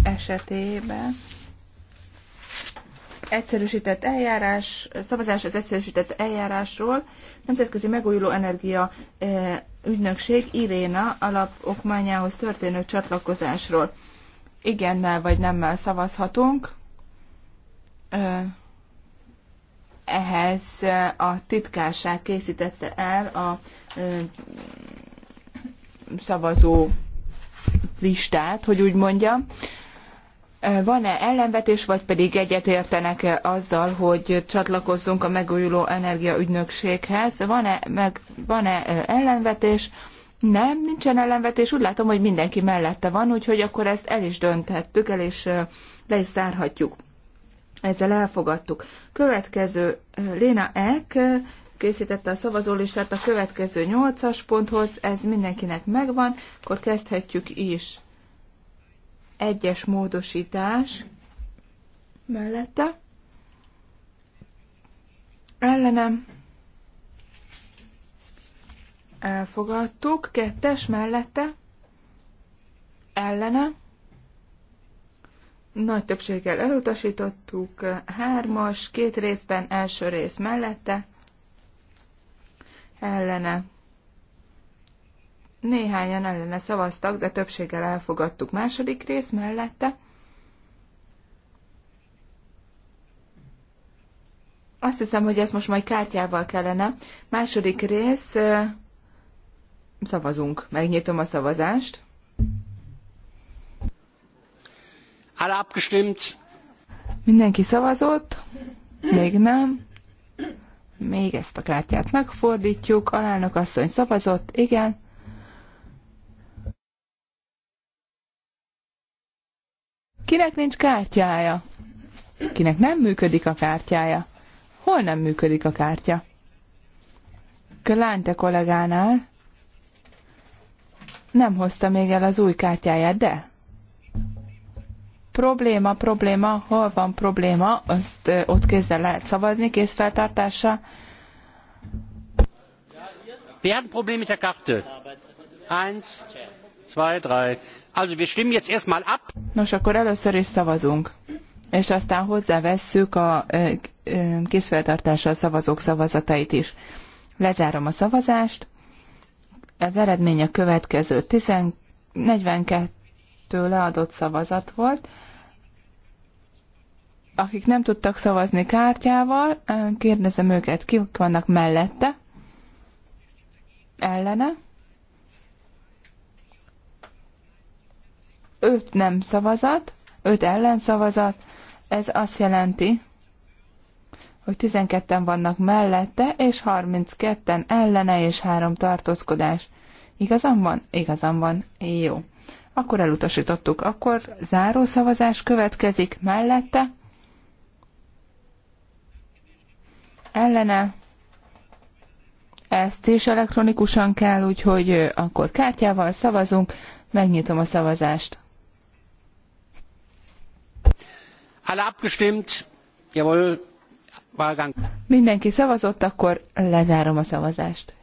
esetében egyszerűsített eljárás, szavazás az egyszerűsített eljárásról, Nemzetközi Megújuló Energia eh, Ügynökség Iréna alapokmányához történő csatlakozásról. Igennel vagy nemmel szavazhatunk. Eh, ehhez a titkárság készítette el a szavazó listát, hogy úgy mondjam. Van-e ellenvetés, vagy pedig egyetértenek -e azzal, hogy csatlakozzunk a megújuló energiaügynökséghez? Van-e, meg, van-e ellenvetés? Nem, nincsen ellenvetés. Úgy látom, hogy mindenki mellette van, úgyhogy akkor ezt el is dönthettük, el is le is zárhatjuk. Ezzel elfogadtuk. Következő Léna Ek készítette a szavazólistát a következő nyolcas ponthoz, ez mindenkinek megvan, akkor kezdhetjük is. Egyes módosítás mellette. Ellenem elfogadtuk, kettes mellette, ellenem nagy többséggel elutasítottuk, hármas, két részben, első rész mellette, ellene. Néhányan ellene szavaztak, de többséggel elfogadtuk második rész mellette. Azt hiszem, hogy ezt most majd kártyával kellene. Második rész, szavazunk, megnyitom a szavazást. Alle abgestimmt? Mindenki szavazott? Még nem. Még ezt a kártyát megfordítjuk. Alelnök asszony szavazott? Igen. Kinek nincs kártyája? Kinek nem működik a kártyája? Hol nem működik a kártya? Klánte kollégánál nem hozta még el az új kártyáját, de probléma, probléma, hol van probléma, azt ott kézzel lehet szavazni, kézfeltartással. Wir hatten Probleme mit der Karte. Eins, zwei, drei. Also wir stimmen jetzt erstmal ab. Nos, akkor először is szavazunk. És aztán hozzávesszük a kézfeltartással szavazók szavazatait is. Lezárom a szavazást. Az eredmény a következő. 42 leadott szavazat volt, akik nem tudtak szavazni kártyával, kérdezem őket, kik vannak mellette, ellene. Öt nem szavazat, öt ellen szavazat, ez azt jelenti, hogy 12-en vannak mellette, és 32-en ellene, és három tartózkodás. Igazam van? Igazam van. Jó. Akkor elutasítottuk. Akkor záró szavazás következik mellette ellene. Ezt is elektronikusan kell, úgyhogy akkor kártyával szavazunk. Megnyitom a szavazást. Alle abgestimmt. Jawohl. Wahlgang. Mindenki szavazott, akkor lezárom a szavazást.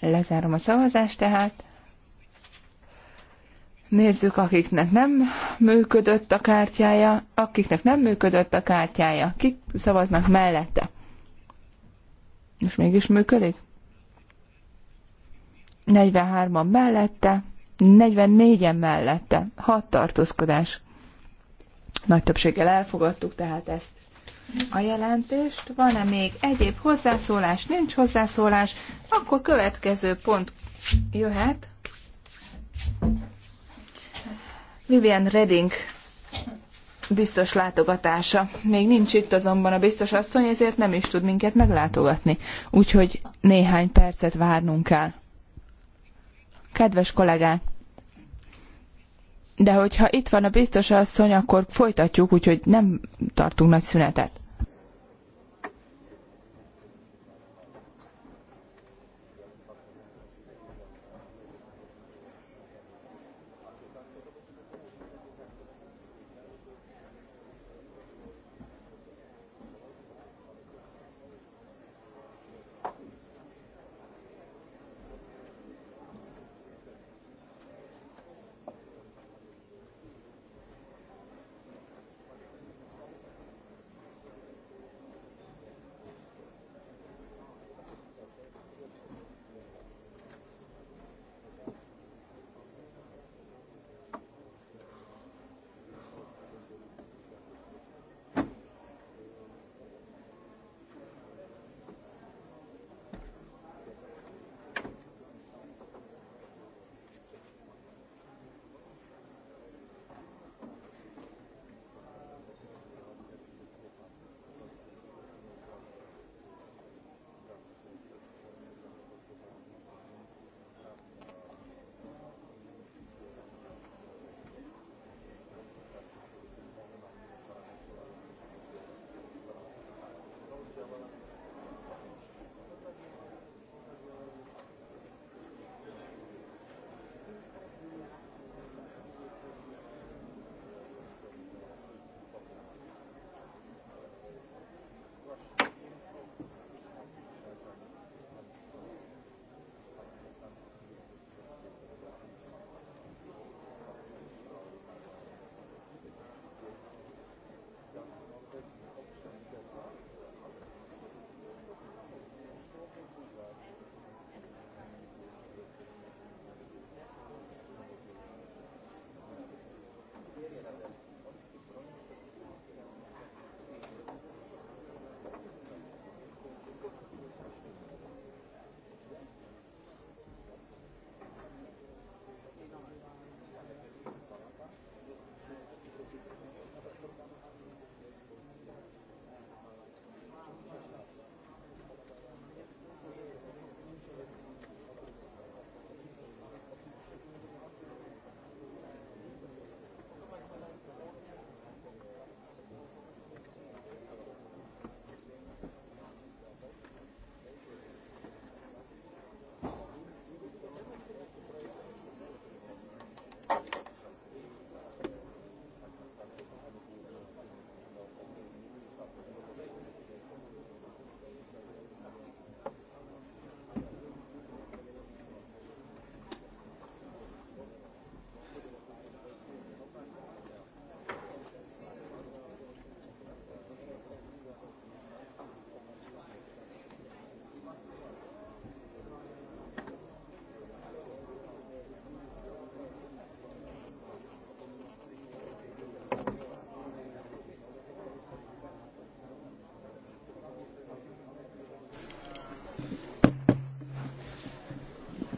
Lezárom a szavazást tehát. Nézzük, akiknek nem működött a kártyája, akiknek nem működött a kártyája, kik szavaznak mellette. És mégis működik? 43-an mellette, 44-en mellette, 6 tartózkodás. Nagy többséggel elfogadtuk tehát ezt a jelentést. Van-e még egyéb hozzászólás? Nincs hozzászólás. Akkor következő pont jöhet. Vivian Redding biztos látogatása. Még nincs itt azonban a biztos asszony, ezért nem is tud minket meglátogatni. Úgyhogy néhány percet várnunk kell. Kedves kollégák! De hogyha itt van a biztos asszony, akkor folytatjuk, úgyhogy nem tartunk nagy szünetet.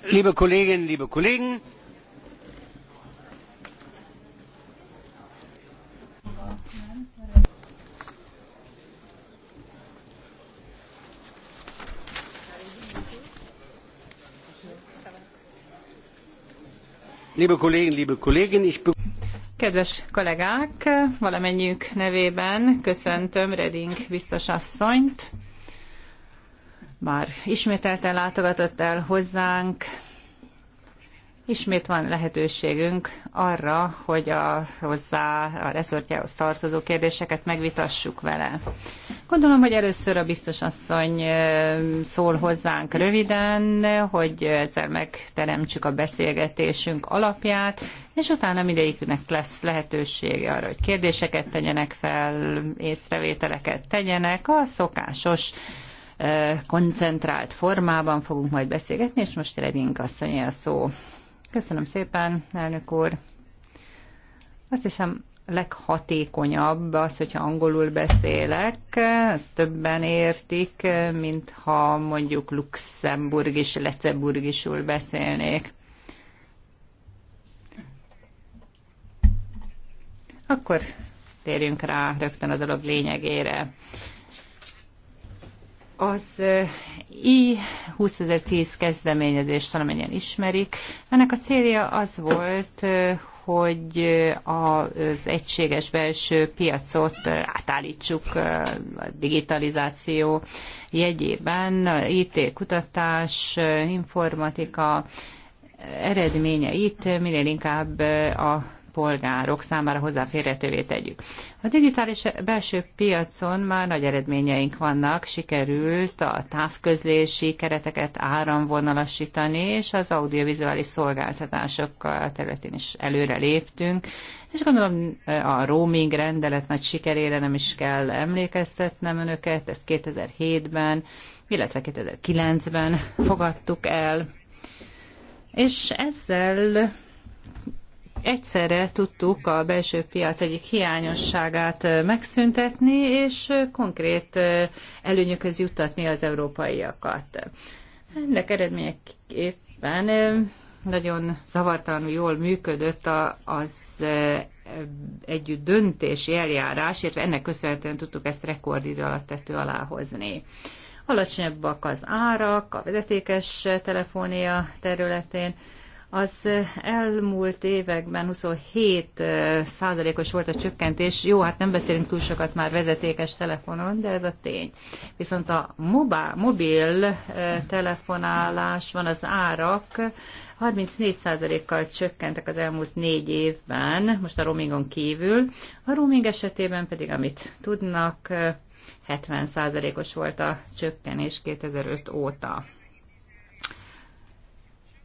Liebe Kolleginnen, liebe Kollegen, Liebe Kolleginnen, liebe Kollegen, ich Kedves kollégák, valamennyiük nevében köszöntöm Reding biztos asszonyt már ismételten látogatott el hozzánk. Ismét van lehetőségünk arra, hogy a, hozzá a reszortjához tartozó kérdéseket megvitassuk vele. Gondolom, hogy először a biztos asszony szól hozzánk röviden, hogy ezzel megteremtsük a beszélgetésünk alapját, és utána mindegyiknek lesz lehetősége arra, hogy kérdéseket tegyenek fel, észrevételeket tegyenek, a szokásos koncentrált formában fogunk majd beszélgetni, és most Redink asszony a szó. Köszönöm szépen, elnök úr. Azt hiszem, leghatékonyabb az, hogyha angolul beszélek, ezt többen értik, mint ha mondjuk luxemburg és leceburgisul beszélnék. Akkor térjünk rá rögtön a dolog lényegére. Az I-2010 kezdeményezést valamennyien ismerik. Ennek a célja az volt, hogy az egységes belső piacot átállítsuk a digitalizáció jegyében, IT, kutatás, informatika eredményeit minél inkább a polgárok számára hozzáférhetővé tegyük. A digitális belső piacon már nagy eredményeink vannak, sikerült a távközlési kereteket áramvonalasítani, és az audiovizuális szolgáltatások területén is előre léptünk, és gondolom a roaming rendelet nagy sikerére nem is kell emlékeztetnem önöket, ezt 2007-ben, illetve 2009-ben fogadtuk el. És ezzel egyszerre tudtuk a belső piac egyik hiányosságát megszüntetni, és konkrét előnyökhöz juttatni az európaiakat. Ennek eredményeképpen nagyon zavartalanul jól működött az együtt döntési eljárás, illetve ennek köszönhetően tudtuk ezt rekordidő alatt tető alá hozni. Alacsonyabbak az árak a vezetékes telefónia területén, az elmúlt években 27 százalékos volt a csökkentés. Jó, hát nem beszélünk túl sokat már vezetékes telefonon, de ez a tény. Viszont a mobá, mobil telefonálás van az árak, 34%-kal csökkentek az elmúlt négy évben, most a roamingon kívül. A roaming esetében pedig, amit tudnak, 70%-os volt a csökkenés 2005 óta.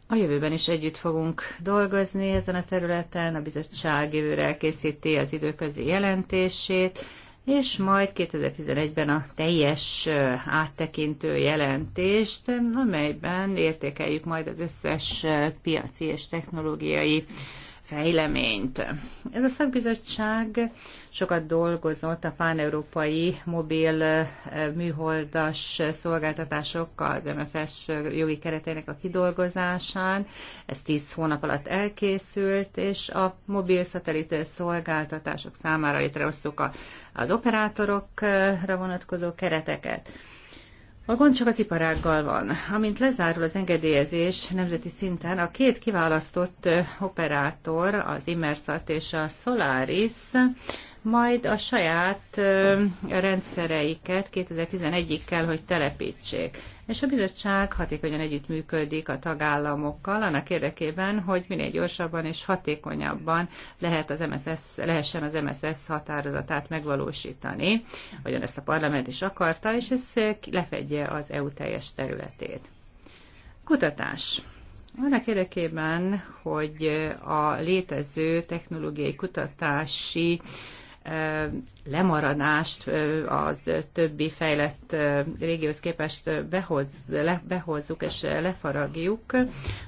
A jövőben is együtt fogunk dolgozni ezen a területen, a bizottság jövőre elkészíti az időközi jelentését, és majd 2011-ben a teljes áttekintő jelentést, amelyben értékeljük majd az összes piaci és technológiai fejleményt. Ez a szakbizottság sokat dolgozott a fán-európai mobil eh, műholdas szolgáltatásokkal, az MFS jogi keretének a kidolgozásán. Ez 10 hónap alatt elkészült, és a mobil szatellit szolgáltatások számára létrehoztuk az operátorokra vonatkozó kereteket. A gond csak az iparággal van. Amint lezárul az engedélyezés nemzeti szinten, a két kiválasztott operátor, az Immersat és a Solaris, majd a saját rendszereiket 2011-ig kell, hogy telepítsék és a bizottság hatékonyan együttműködik a tagállamokkal annak érdekében, hogy minél gyorsabban és hatékonyabban lehet az MSS, lehessen az MSS határozatát megvalósítani, ahogyan ezt a parlament is akarta, és ez lefedje az EU teljes területét. Kutatás. Annak érdekében, hogy a létező technológiai kutatási lemaradást az többi fejlett régióhoz képest behoz, le, behozzuk és lefaragjuk.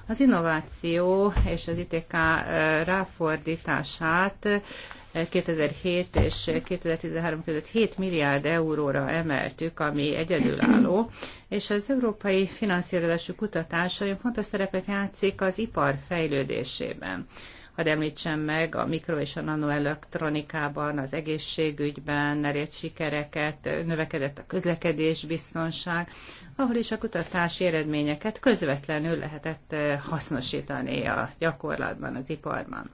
Az innováció és az ITK ráfordítását 2007 és 2013 között 7 milliárd euróra emeltük, ami egyedülálló, és az európai finanszírozású kutatás nagyon fontos szerepet játszik az ipar fejlődésében. Hadd említsem meg a mikro és a nanoelektronikában, az egészségügyben elért sikereket, növekedett a közlekedés biztonság, ahol is a kutatási eredményeket közvetlenül lehetett eh, hasznosítani a gyakorlatban, az iparban.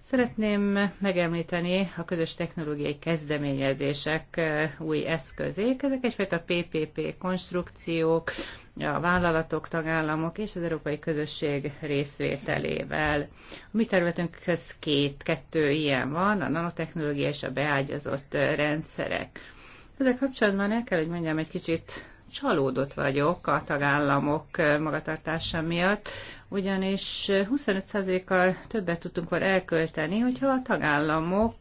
Szeretném megemlíteni a közös technológiai kezdeményezések eh, új eszközék. Ezek egyfajta PPP konstrukciók, a vállalatok, tagállamok és az európai közösség részvételével. A mi területünkhöz két, kettő ilyen van, a nanotechnológia és a beágyazott rendszerek. ezek kapcsolatban el kell, hogy mondjam, egy kicsit csalódott vagyok a tagállamok magatartása miatt, ugyanis 25%-kal többet tudtunk volna elkölteni, hogyha a tagállamok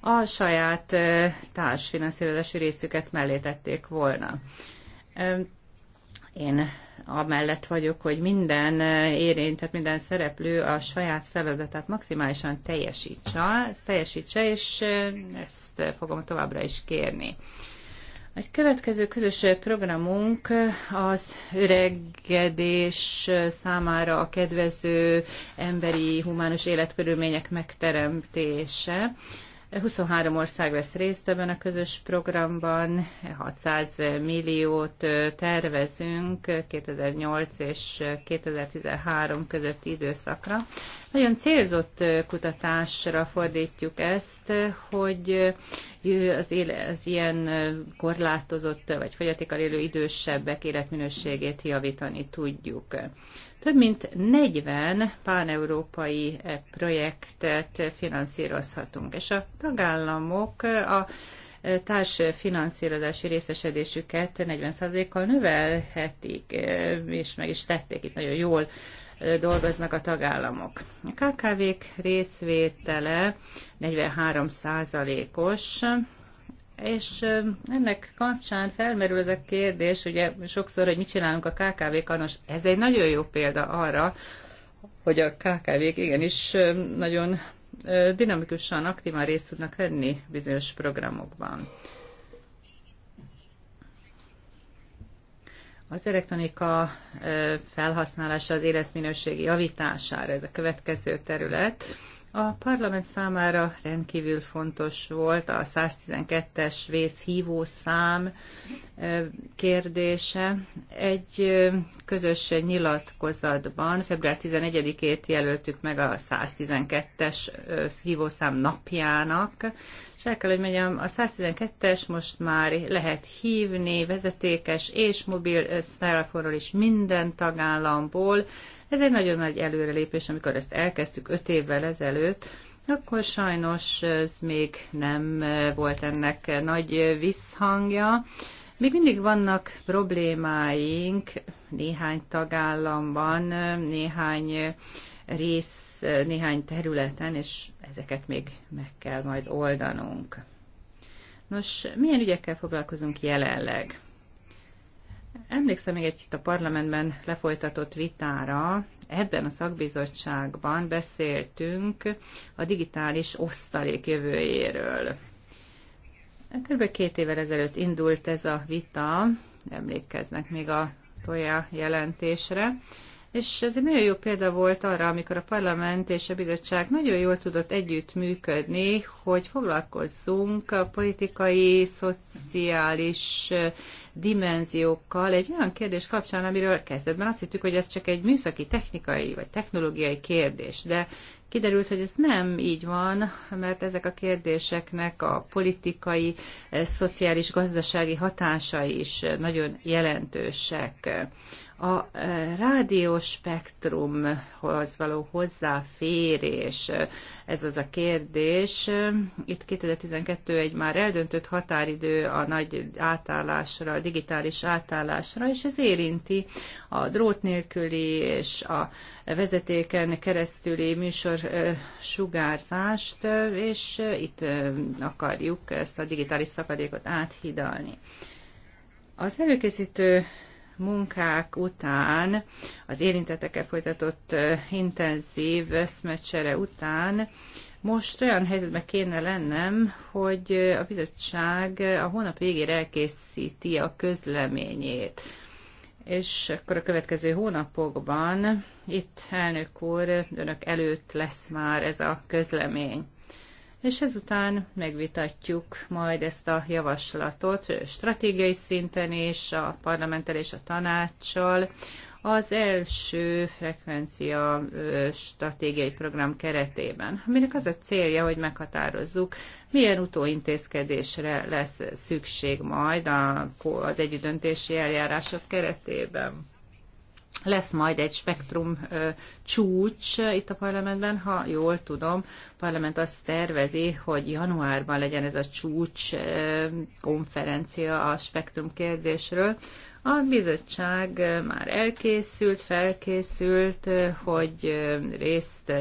a saját társfinanszírozási részüket mellé tették volna. Én amellett vagyok, hogy minden eh, érintett, minden szereplő a saját feladatát maximálisan teljesítse, teljesítse és eh, ezt fogom továbbra is kérni. Egy következő közös programunk az öregedés számára a kedvező emberi, humánus életkörülmények megteremtése. 23 ország vesz részt ebben a közös programban, 600 milliót tervezünk 2008 és 2013 közötti időszakra. Nagyon célzott kutatásra fordítjuk ezt, hogy az, éle, az ilyen korlátozott vagy fogyatékkal élő idősebbek életminőségét javítani tudjuk. Több mint 40 páneurópai eh, projektet finanszírozhatunk, és a tagállamok eh, a eh, társfinanszírozási részesedésüket 40%-kal növelhetik, és meg is tették, itt nagyon jól dolgoznak a tagállamok. A KKV-k részvétele 43%-os, és ennek kapcsán felmerül ez a kérdés, ugye sokszor, hogy mit csinálunk a KKV-kkal, nos, ez egy nagyon jó példa arra, hogy a KKV-k igenis nagyon dinamikusan, aktívan részt tudnak venni bizonyos programokban. Az elektronika felhasználása az életminőségi javítására, ez a következő terület. A parlament számára rendkívül fontos volt a 112-es vészhívó szám kérdése. Egy közös nyilatkozatban február 11-ét jelöltük meg a 112-es hívószám napjának, és el kell, hogy mondjam, a 112-es most már lehet hívni vezetékes és mobil telefonról is minden tagállamból, ez egy nagyon nagy előrelépés, amikor ezt elkezdtük öt évvel ezelőtt, akkor sajnos ez még nem volt ennek nagy visszhangja. Még mindig vannak problémáink néhány tagállamban, néhány rész, néhány területen, és ezeket még meg kell majd oldanunk. Nos, milyen ügyekkel foglalkozunk jelenleg? Emlékszem még egy itt a parlamentben lefolytatott vitára, ebben a szakbizottságban beszéltünk a digitális osztalék jövőjéről. Kb. két évvel ezelőtt indult ez a vita, emlékeznek még a Toja jelentésre, és ez egy nagyon jó példa volt arra, amikor a parlament és a bizottság nagyon jól tudott együtt működni, hogy foglalkozzunk a politikai, szociális dimenziókkal egy olyan kérdés kapcsán, amiről kezdetben azt hittük, hogy ez csak egy műszaki, technikai vagy technológiai kérdés, de kiderült, hogy ez nem így van, mert ezek a kérdéseknek a politikai, szociális, gazdasági hatásai is nagyon jelentősek a eh, rádióspektrumhoz való hozzáférés, eh, ez az a kérdés. Itt 2012 egy már eldöntött határidő a nagy átállásra, a digitális átállásra, és ez érinti a drót nélküli és a vezetéken keresztüli műsor eh, sugárzást, és itt akarjuk ezt a digitális szakadékot áthidalni. Az előkészítő munkák után, az érintettekkel folytatott intenzív összmecsere után most olyan helyzetben kéne lennem, hogy a bizottság a hónap végére elkészíti a közleményét. És akkor a következő hónapokban itt, elnök úr, önök előtt lesz már ez a közlemény és ezután megvitatjuk majd ezt a javaslatot stratégiai szinten és a parlamenttel és a tanácssal. Az első frekvencia stratégiai program keretében, aminek az a célja, hogy meghatározzuk, milyen utóintézkedésre lesz szükség majd az együttdöntési eljárások keretében lesz majd egy spektrum csúcs itt a parlamentben, ha jól tudom. A parlament azt tervezi, hogy januárban legyen ez a csúcs konferencia a spektrum kérdésről. A bizottság már elkészült, felkészült, hogy részt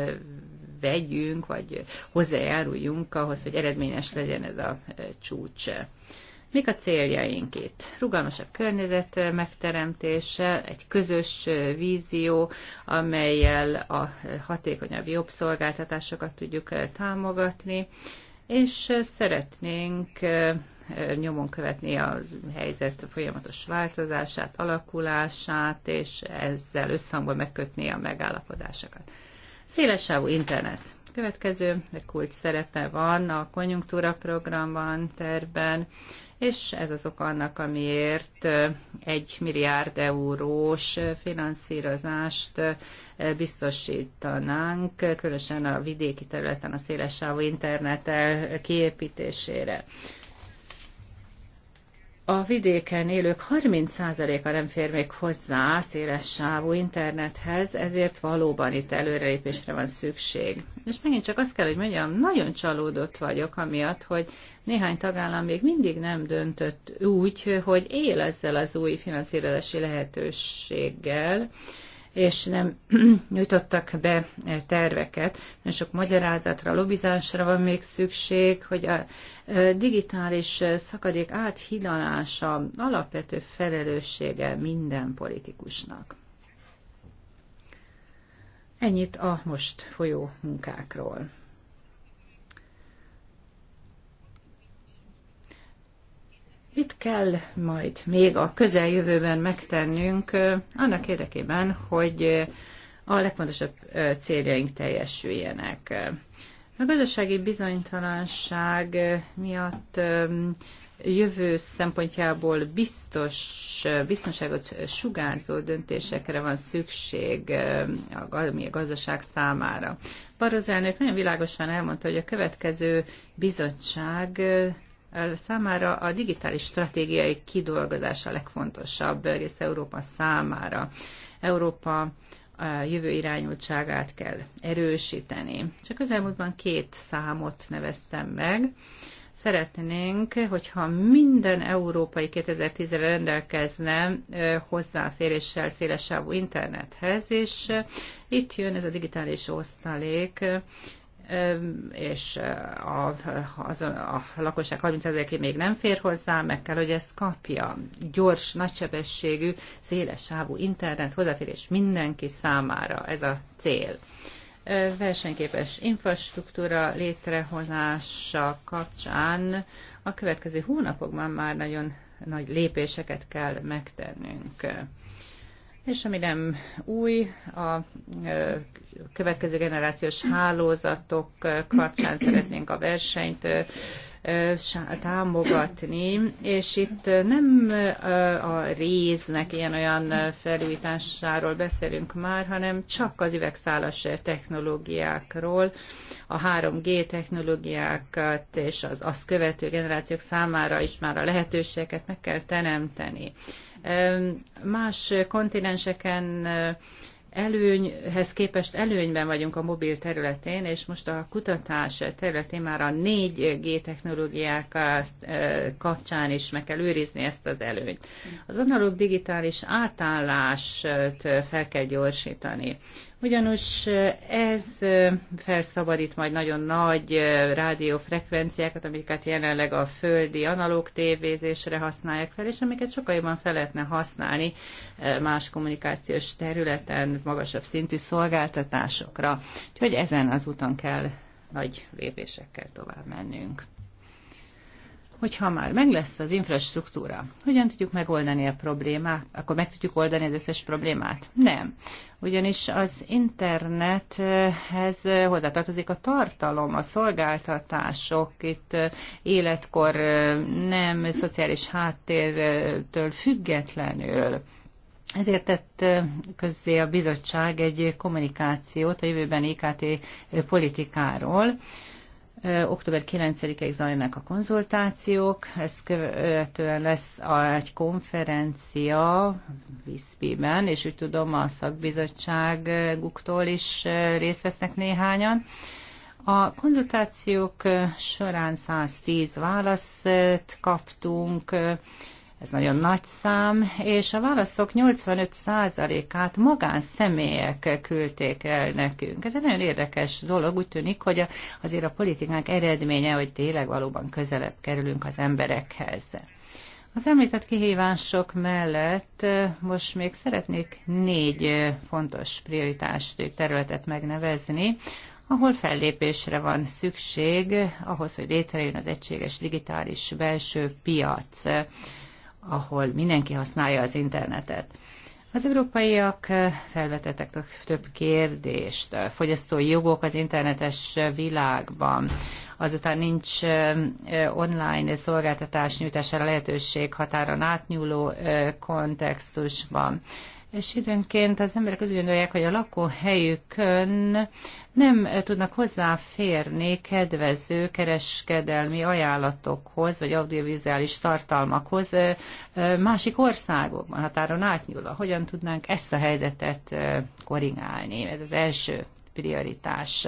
vegyünk, vagy hozzájáruljunk ahhoz, hogy eredményes legyen ez a csúcs. Mik a céljaink itt? Rugalmasabb környezet megteremtése, egy közös vízió, amelyel a hatékonyabb jobb szolgáltatásokat tudjuk támogatni, és szeretnénk nyomon követni a helyzet folyamatos változását, alakulását, és ezzel összhangban megkötni a megállapodásokat. Szélesávú internet. Következő, de kulcs szerepe van a konjunktúra programban, terben, és ez az oka annak, amiért egy milliárd eurós finanszírozást biztosítanánk, különösen a vidéki területen a szélessávú internet kiépítésére a vidéken élők 30%-a nem fér még hozzá széles sávú internethez, ezért valóban itt előrelépésre van szükség. És megint csak azt kell, hogy mondjam, nagyon csalódott vagyok amiatt, hogy néhány tagállam még mindig nem döntött úgy, hogy él ezzel az új finanszírozási lehetőséggel, és nem nyújtottak be terveket. Nagyon sok magyarázatra, lobbizásra van még szükség, hogy a, digitális szakadék áthidalása alapvető felelőssége minden politikusnak. Ennyit a most folyó munkákról. Mit kell majd még a közeljövőben megtennünk annak érdekében, hogy a legfontosabb céljaink teljesüljenek? A gazdasági bizonytalanság eh, miatt ehm, jövő szempontjából biztos, eh, biztonságot sugárzó döntésekre van szükség eh, a gazdaság számára. Barroz elnök nagyon világosan elmondta, hogy a következő bizottság számára a digitális stratégiai kidolgozása a legfontosabb egész Európa számára. Európa a jövő irányultságát kell erősíteni. Csak közelmúltban két számot neveztem meg. Szeretnénk, hogyha minden európai 2010-re rendelkezne hozzáféréssel szélesávú internethez, és itt jön ez a digitális osztalék, és a, az, a lakosság 30%-i még nem fér hozzá, meg kell, hogy ezt kapja. Gyors, nagysebességű, széles sávú internet hozzáférés mindenki számára, ez a cél versenyképes infrastruktúra létrehozása kapcsán a következő hónapokban már nagyon nagy lépéseket kell megtennünk és ami nem új, a következő generációs hálózatok kapcsán szeretnénk a versenyt támogatni, és itt nem a réznek ilyen-olyan felújításáról beszélünk már, hanem csak az üvegszálas technológiákról, a 3G technológiákat és az azt követő generációk számára is már a lehetőségeket meg kell teremteni. Más kontinenseken előnyhez képest előnyben vagyunk a mobil területén, és most a kutatás területén már a 4G technológiák kapcsán is meg kell őrizni ezt az előnyt. Az analóg digitális átállást fel kell gyorsítani. Ugyanis ez felszabadít majd nagyon nagy rádiófrekvenciákat, amiket jelenleg a földi analóg tévézésre használják fel, és amiket sokkal jobban fel lehetne használni más kommunikációs területen, magasabb szintű szolgáltatásokra. Úgyhogy ezen az úton kell nagy lépésekkel tovább mennünk ha már meg lesz az infrastruktúra, hogyan tudjuk megoldani a problémát, akkor meg tudjuk oldani az összes problémát? Nem. Ugyanis az internethez eh, hozzátartozik a tartalom, a szolgáltatások, itt eh, életkor eh, nem, szociális háttértől függetlenül. Ezért tett közzé a bizottság egy kommunikációt a jövőben IKT politikáról, Október 9-ig zajlanak a konzultációk, ezt követően lesz egy konferencia Viszpiben, és úgy tudom a szakbizottságuktól is részt vesznek néhányan. A konzultációk során 110 választ kaptunk, ez nagyon nagy szám, és a válaszok 85%-át magánszemélyek küldték el nekünk. Ez egy nagyon érdekes dolog, úgy tűnik, hogy azért a politikánk eredménye, hogy tényleg valóban közelebb kerülünk az emberekhez. Az említett kihívások mellett most még szeretnék négy fontos prioritást területet megnevezni, ahol fellépésre van szükség ahhoz, hogy létrejön az egységes digitális belső piac ahol mindenki használja az internetet. Az európaiak eh, felvetettek több kérdést, eh, fogyasztói jogok az internetes világban, azután nincs eh, online szolgáltatás nyújtására lehetőség határon átnyúló kontextusban és időnként az emberek úgy gondolják, hogy a lakóhelyükön nem tudnak hozzáférni kedvező kereskedelmi ajánlatokhoz, vagy audiovizuális tartalmakhoz másik országokban, határon átnyúlva. Hogyan tudnánk ezt a helyzetet korrigálni? Ez az első prioritás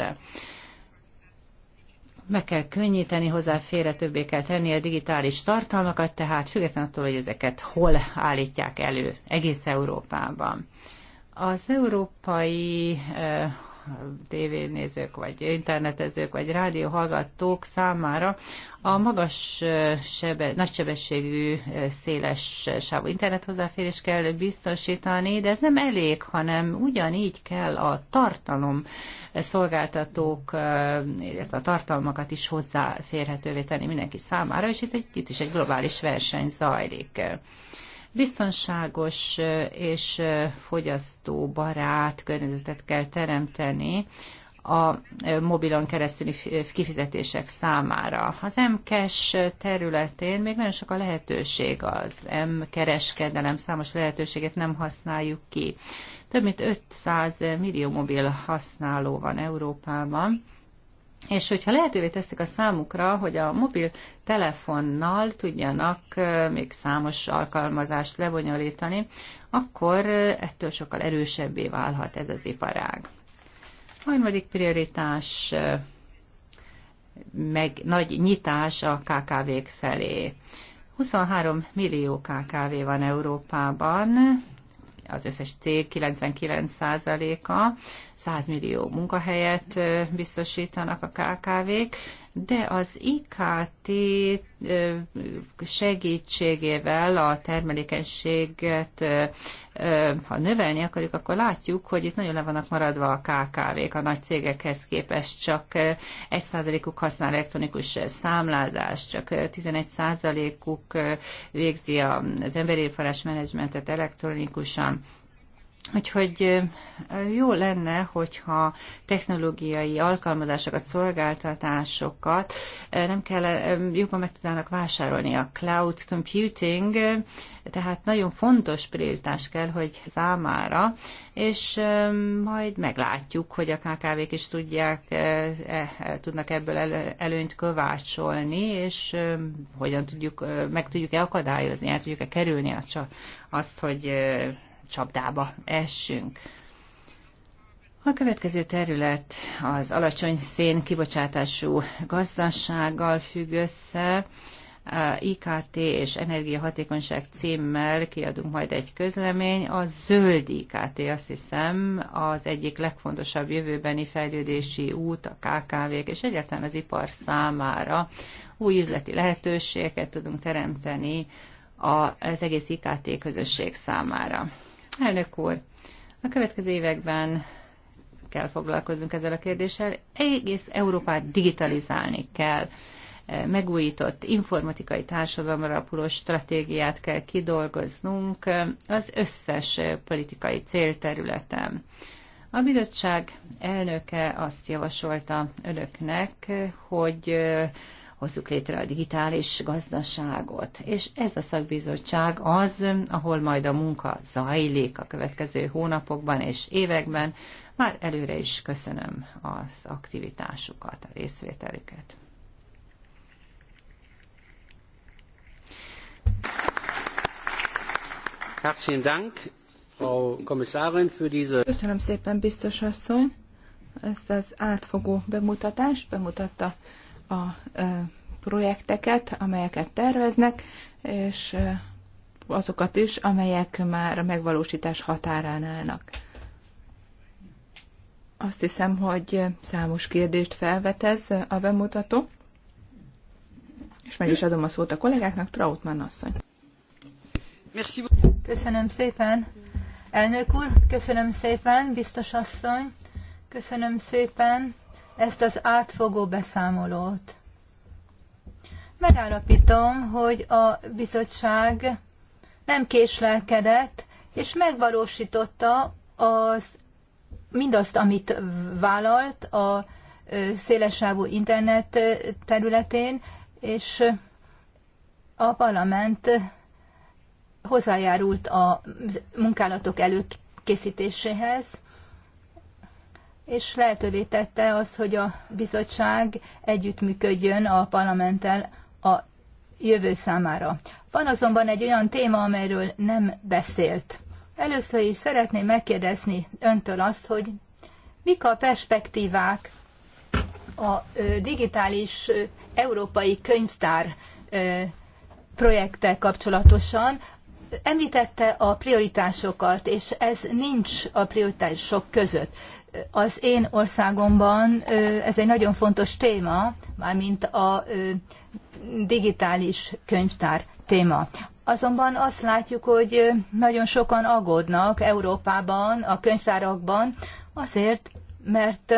meg kell könnyíteni, hozzá többé kell tenni a digitális tartalmakat, tehát független attól, hogy ezeket hol állítják elő egész Európában. Az európai eh, tévénézők, vagy internetezők, vagy rádióhallgatók számára a magas sebe, nagysebességű széles sávú internet hozzáférés kell biztosítani, de ez nem elég, hanem ugyanígy kell a tartalom szolgáltatók, illetve a tartalmakat is hozzáférhetővé tenni mindenki számára, és itt, egy, itt is egy globális verseny zajlik. Biztonságos és fogyasztóbarát környezetet kell teremteni a mobilon keresztüli kifizetések számára. Az m e területén még nagyon sok a lehetőség az M-kereskedelem, számos lehetőséget nem használjuk ki. Több mint 500 millió mobil használó van Európában, és hogyha lehetővé teszik a számukra, hogy a mobil telefonnal tudjanak még számos alkalmazást lebonyolítani, akkor ettől sokkal erősebbé válhat ez az iparág. Harmadik prioritás meg nagy nyitás a KKV-k felé. 23 millió KKV van Európában, az összes cég 99%-a 100 millió munkahelyet biztosítanak a KKV-k, de az IKT segítségével a termelékenységet, ha növelni akarjuk, akkor látjuk, hogy itt nagyon le vannak maradva a KKV-k, a nagy cégekhez képest csak 1%-uk használ elektronikus számlázást, csak 11%-uk végzi az emberi forrás menedzsmentet elektronikusan. Úgyhogy jó lenne, hogyha technológiai alkalmazásokat, szolgáltatásokat nem kell, jobban meg tudnának vásárolni a cloud computing, tehát nagyon fontos prioritás kell, hogy számára, és majd meglátjuk, hogy a KKV-k is tudják, e, e, tudnak ebből előnyt kovácsolni, és hogyan tudjuk, meg tudjuk-e akadályozni, el tudjuk-e kerülni azt, hogy csapdába essünk. A következő terület az alacsony szén kibocsátású gazdasággal függ össze. IKT és energiahatékonyság címmel kiadunk majd egy közlemény. A zöld IKT azt hiszem az egyik legfontosabb jövőbeni fejlődési út a KKV-k és egyáltalán az ipar számára. Új üzleti lehetőségeket tudunk teremteni az egész IKT közösség számára. Elnök úr, a következő években kell foglalkoznunk ezzel a kérdéssel. Egész Európát digitalizálni kell. Megújított informatikai társadalomra apuló stratégiát kell kidolgoznunk az összes politikai célterületen. A bizottság elnöke azt javasolta önöknek, hogy hozzuk létre a digitális gazdaságot. És ez a szakbizottság az, ahol majd a munka zajlik a következő hónapokban és években. Már előre is köszönöm az aktivitásukat, a részvételüket. Herzlichen Dank, Frau Kommissarin, für diese... Köszönöm szépen, biztos asszony, ezt az átfogó bemutatást, bemutatta a projekteket, amelyeket terveznek, és azokat is, amelyek már a megvalósítás határán állnak. Azt hiszem, hogy számos kérdést felvetez a bemutató, és meg is adom a szót a kollégáknak, Trautmann asszony. Köszönöm szépen, elnök úr, köszönöm szépen, biztos asszony, köszönöm szépen ezt az átfogó beszámolót. Megállapítom, hogy a bizottság nem késlelkedett, és megvalósította az, mindazt, amit vállalt a szélesávú internet területén, és a parlament hozzájárult a munkálatok előkészítéséhez és lehetővé tette az, hogy a bizottság együttműködjön a parlamenttel a jövő számára. Van azonban egy olyan téma, amelyről nem beszélt. Először is szeretném megkérdezni öntől azt, hogy mik a perspektívák a digitális európai könyvtár projektek kapcsolatosan. Említette a prioritásokat, és ez nincs a prioritások között az én országomban ez egy nagyon fontos téma, mármint a digitális könyvtár téma. Azonban azt látjuk, hogy nagyon sokan aggódnak Európában, a könyvtárakban, azért, mert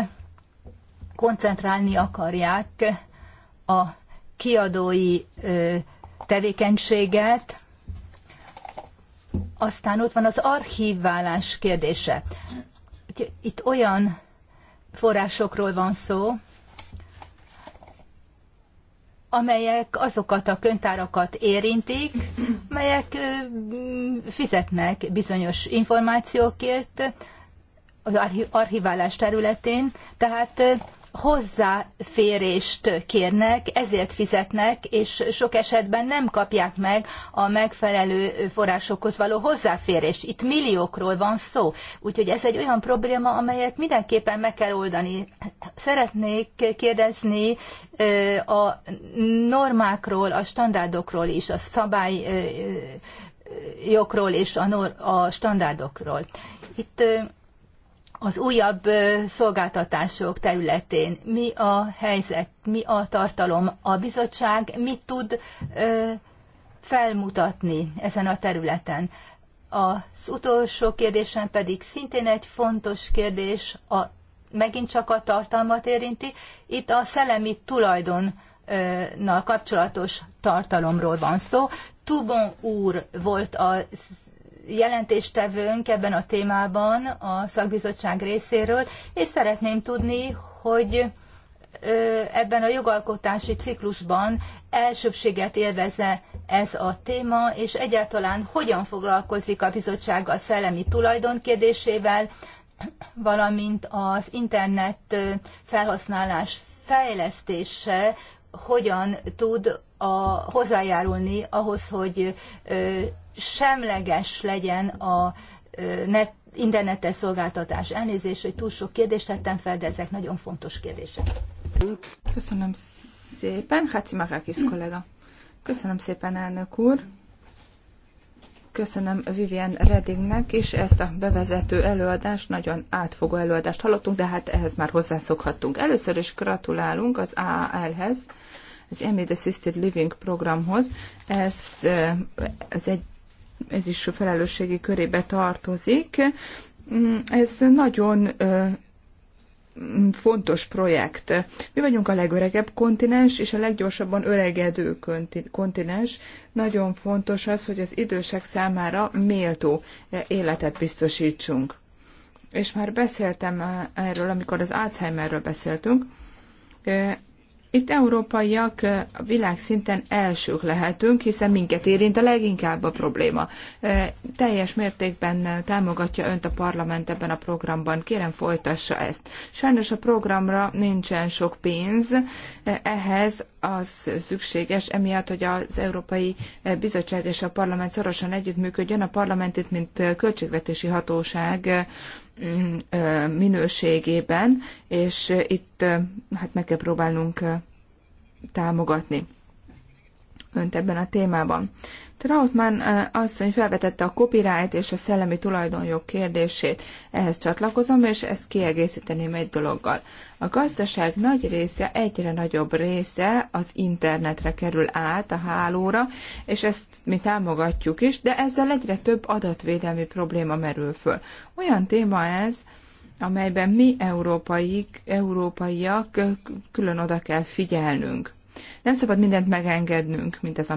koncentrálni akarják a kiadói tevékenységet, aztán ott van az archíválás kérdése. Itt olyan forrásokról van szó, amelyek azokat a könyvtárakat érintik, melyek fizetnek bizonyos információkért az archiválás területén, tehát hozzáférést kérnek, ezért fizetnek, és sok esetben nem kapják meg a megfelelő forrásokhoz való hozzáférést. Itt milliókról van szó, úgyhogy ez egy olyan probléma, amelyet mindenképpen meg kell oldani. Szeretnék kérdezni a normákról, a standardokról is, a szabályokról és a, nor- a standardokról. Itt az újabb szolgáltatások területén. Mi a helyzet, mi a tartalom, a bizottság mit tud felmutatni ezen a területen. Az utolsó kérdésem pedig szintén egy fontos kérdés, a, megint csak a tartalmat érinti. Itt a szellemi tulajdonnal kapcsolatos tartalomról van szó. Tubon úr volt az jelentéstevőnk ebben a témában a szakbizottság részéről, és szeretném tudni, hogy ebben a jogalkotási ciklusban elsőbséget élveze ez a téma, és egyáltalán hogyan foglalkozik a bizottság a szellemi tulajdon kérdésével, valamint az internet felhasználás fejlesztése hogyan tud a, hozzájárulni ahhoz, hogy semleges legyen a net, internetes szolgáltatás. Elnézést, hogy túl sok kérdést tettem fel, de ezek nagyon fontos kérdések. Köszönöm szépen, Háci Makákis kollega. Köszönöm szépen, elnök úr. Köszönöm Vivian Reddingnek is ezt a bevezető előadást, nagyon átfogó előadást hallottunk, de hát ehhez már hozzászokhattunk. Először is gratulálunk az AAL-hez, az Emid Assisted Living programhoz. Ez, ez egy ez is felelősségi körébe tartozik. Mm, ez nagyon mm, fontos projekt. Mi vagyunk a legöregebb kontinens, és a leggyorsabban öregedő kontinens. Nagyon fontos az, hogy az idősek számára méltó e, életet biztosítsunk. És már beszéltem e, erről, amikor az Alzheimerről beszéltünk, e, itt európaiak a világszinten elsők lehetünk, hiszen minket érint a leginkább a probléma. Teljes mértékben támogatja önt a parlament ebben a programban. Kérem, folytassa ezt. Sajnos a programra nincsen sok pénz, ehhez az szükséges, emiatt, hogy az Európai Bizottság és a parlament szorosan együttműködjön, a parlament itt, mint költségvetési hatóság minőségében, és itt hát meg kell próbálnunk támogatni önt ebben a témában. Trautmann asszony felvetette a copyright és a szellemi tulajdonjog kérdését. Ehhez csatlakozom, és ezt kiegészíteném egy dologgal. A gazdaság nagy része, egyre nagyobb része az internetre kerül át, a hálóra, és ezt mi támogatjuk is, de ezzel egyre több adatvédelmi probléma merül föl. Olyan téma ez, amelyben mi európaiak külön oda kell figyelnünk. Nem szabad mindent megengednünk, mint az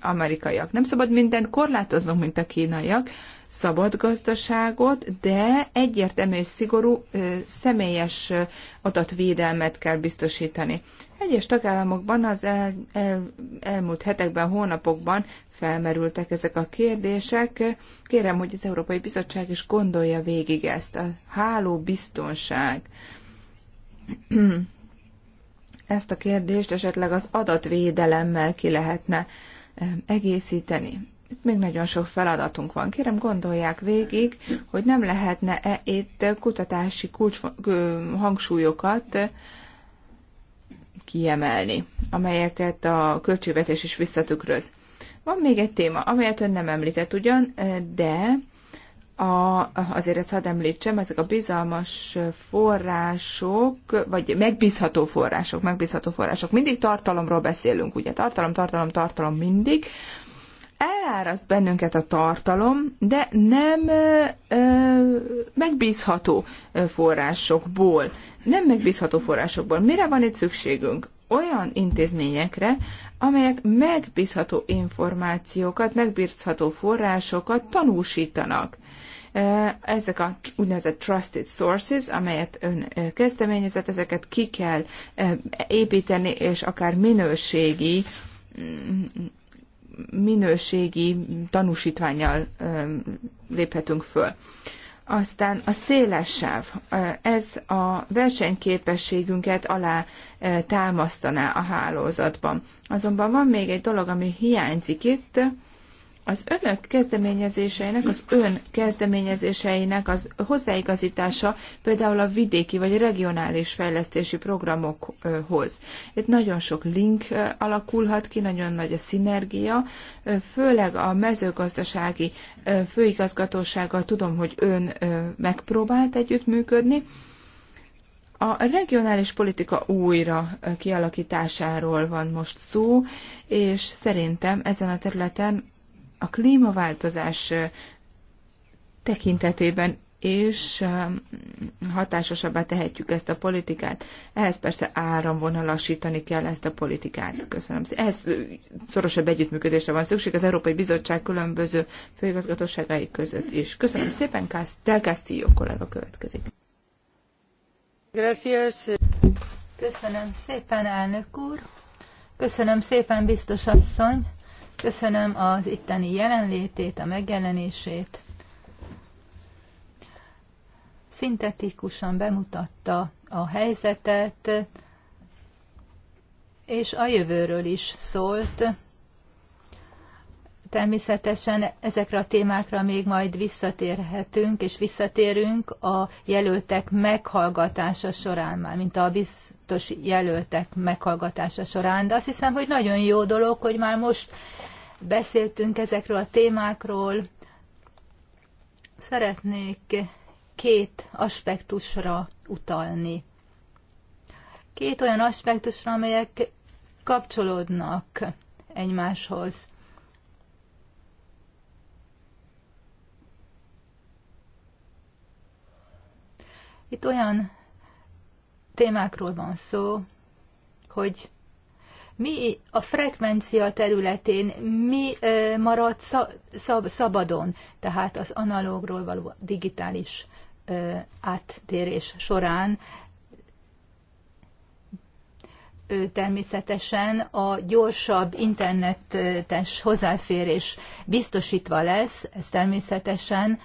amerikaiak. Nem szabad mindent korlátoznunk, mint a kínaiak. Szabad gazdaságot, de egyértelmű és szigorú személyes adatvédelmet kell biztosítani. Egyes tagállamokban az el, el, elmúlt hetekben, hónapokban felmerültek ezek a kérdések. Kérem, hogy az Európai Bizottság is gondolja végig ezt. A háló biztonság ezt a kérdést esetleg az adatvédelemmel ki lehetne egészíteni. Itt még nagyon sok feladatunk van. Kérem, gondolják végig, hogy nem lehetne-e itt kutatási kulcs, hangsúlyokat kiemelni, amelyeket a költségvetés is visszatükröz. Van még egy téma, amelyet ön nem említett ugyan, de a, azért ezt hadd említsem, ezek a bizalmas források, vagy megbízható források, megbízható források, mindig tartalomról beszélünk, ugye tartalom, tartalom, tartalom mindig, eláraszt bennünket a tartalom, de nem ö, megbízható forrásokból. Nem megbízható forrásokból. Mire van itt szükségünk? Olyan intézményekre, amelyek megbízható információkat, megbízható forrásokat tanúsítanak ezek a úgynevezett trusted sources, amelyet ön kezdeményezett, ezeket ki kell építeni, és akár minőségi mm, minőségi tanúsítványjal léphetünk föl. Aztán a széles sáv, ez a versenyképességünket alá támasztaná a hálózatban. Azonban van még egy dolog, ami hiányzik itt, az önök kezdeményezéseinek, az ön kezdeményezéseinek az hozzáigazítása például a vidéki vagy regionális fejlesztési programokhoz. Itt nagyon sok link alakulhat ki, nagyon nagy a szinergia, főleg a mezőgazdasági főigazgatósággal tudom, hogy ön megpróbált együttműködni. A regionális politika újra kialakításáról van most szó, és szerintem ezen a területen a klímaváltozás tekintetében és hatásosabbá tehetjük ezt a politikát. Ehhez persze áramvonalasítani kell ezt a politikát. Köszönöm. Ehhez szorosabb együttműködésre van szükség az Európai Bizottság különböző főigazgatóságai között is. Köszönöm szépen, Del Castillo kollega következik. Köszönöm szépen, elnök úr. Köszönöm szépen, biztos asszony. Köszönöm az itteni jelenlétét, a megjelenését. Szintetikusan bemutatta a helyzetet, és a jövőről is szólt, Természetesen ezekre a témákra még majd visszatérhetünk, és visszatérünk a jelöltek meghallgatása során már, mint a biztos jelöltek meghallgatása során. De azt hiszem, hogy nagyon jó dolog, hogy már most beszéltünk ezekről a témákról. Szeretnék két aspektusra utalni. Két olyan aspektusra, amelyek kapcsolódnak egymáshoz. Itt olyan témákról van szó, hogy mi a frekvencia területén mi marad szabadon, tehát az analógról való digitális áttérés során természetesen a gyorsabb internetes hozzáférés biztosítva lesz, ez természetesen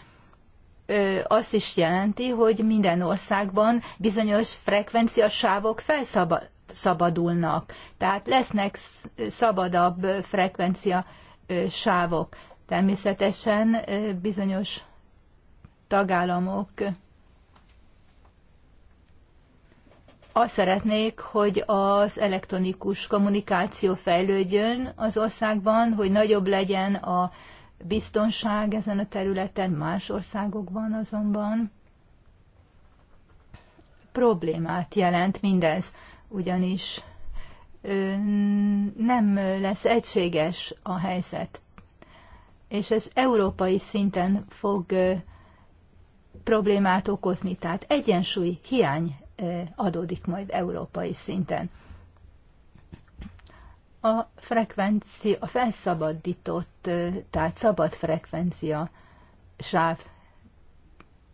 azt is jelenti, hogy minden országban bizonyos frekvenciasávok felszabadulnak. Tehát lesznek szabadabb frekvencia Természetesen bizonyos tagállamok azt szeretnék, hogy az elektronikus kommunikáció fejlődjön az országban, hogy nagyobb legyen a biztonság ezen a területen, más országokban azonban problémát jelent mindez, ugyanis nem lesz egységes a helyzet. És ez európai szinten fog problémát okozni, tehát egyensúly hiány adódik majd európai szinten a frekvencia, a felszabadított, tehát szabad frekvencia sáv,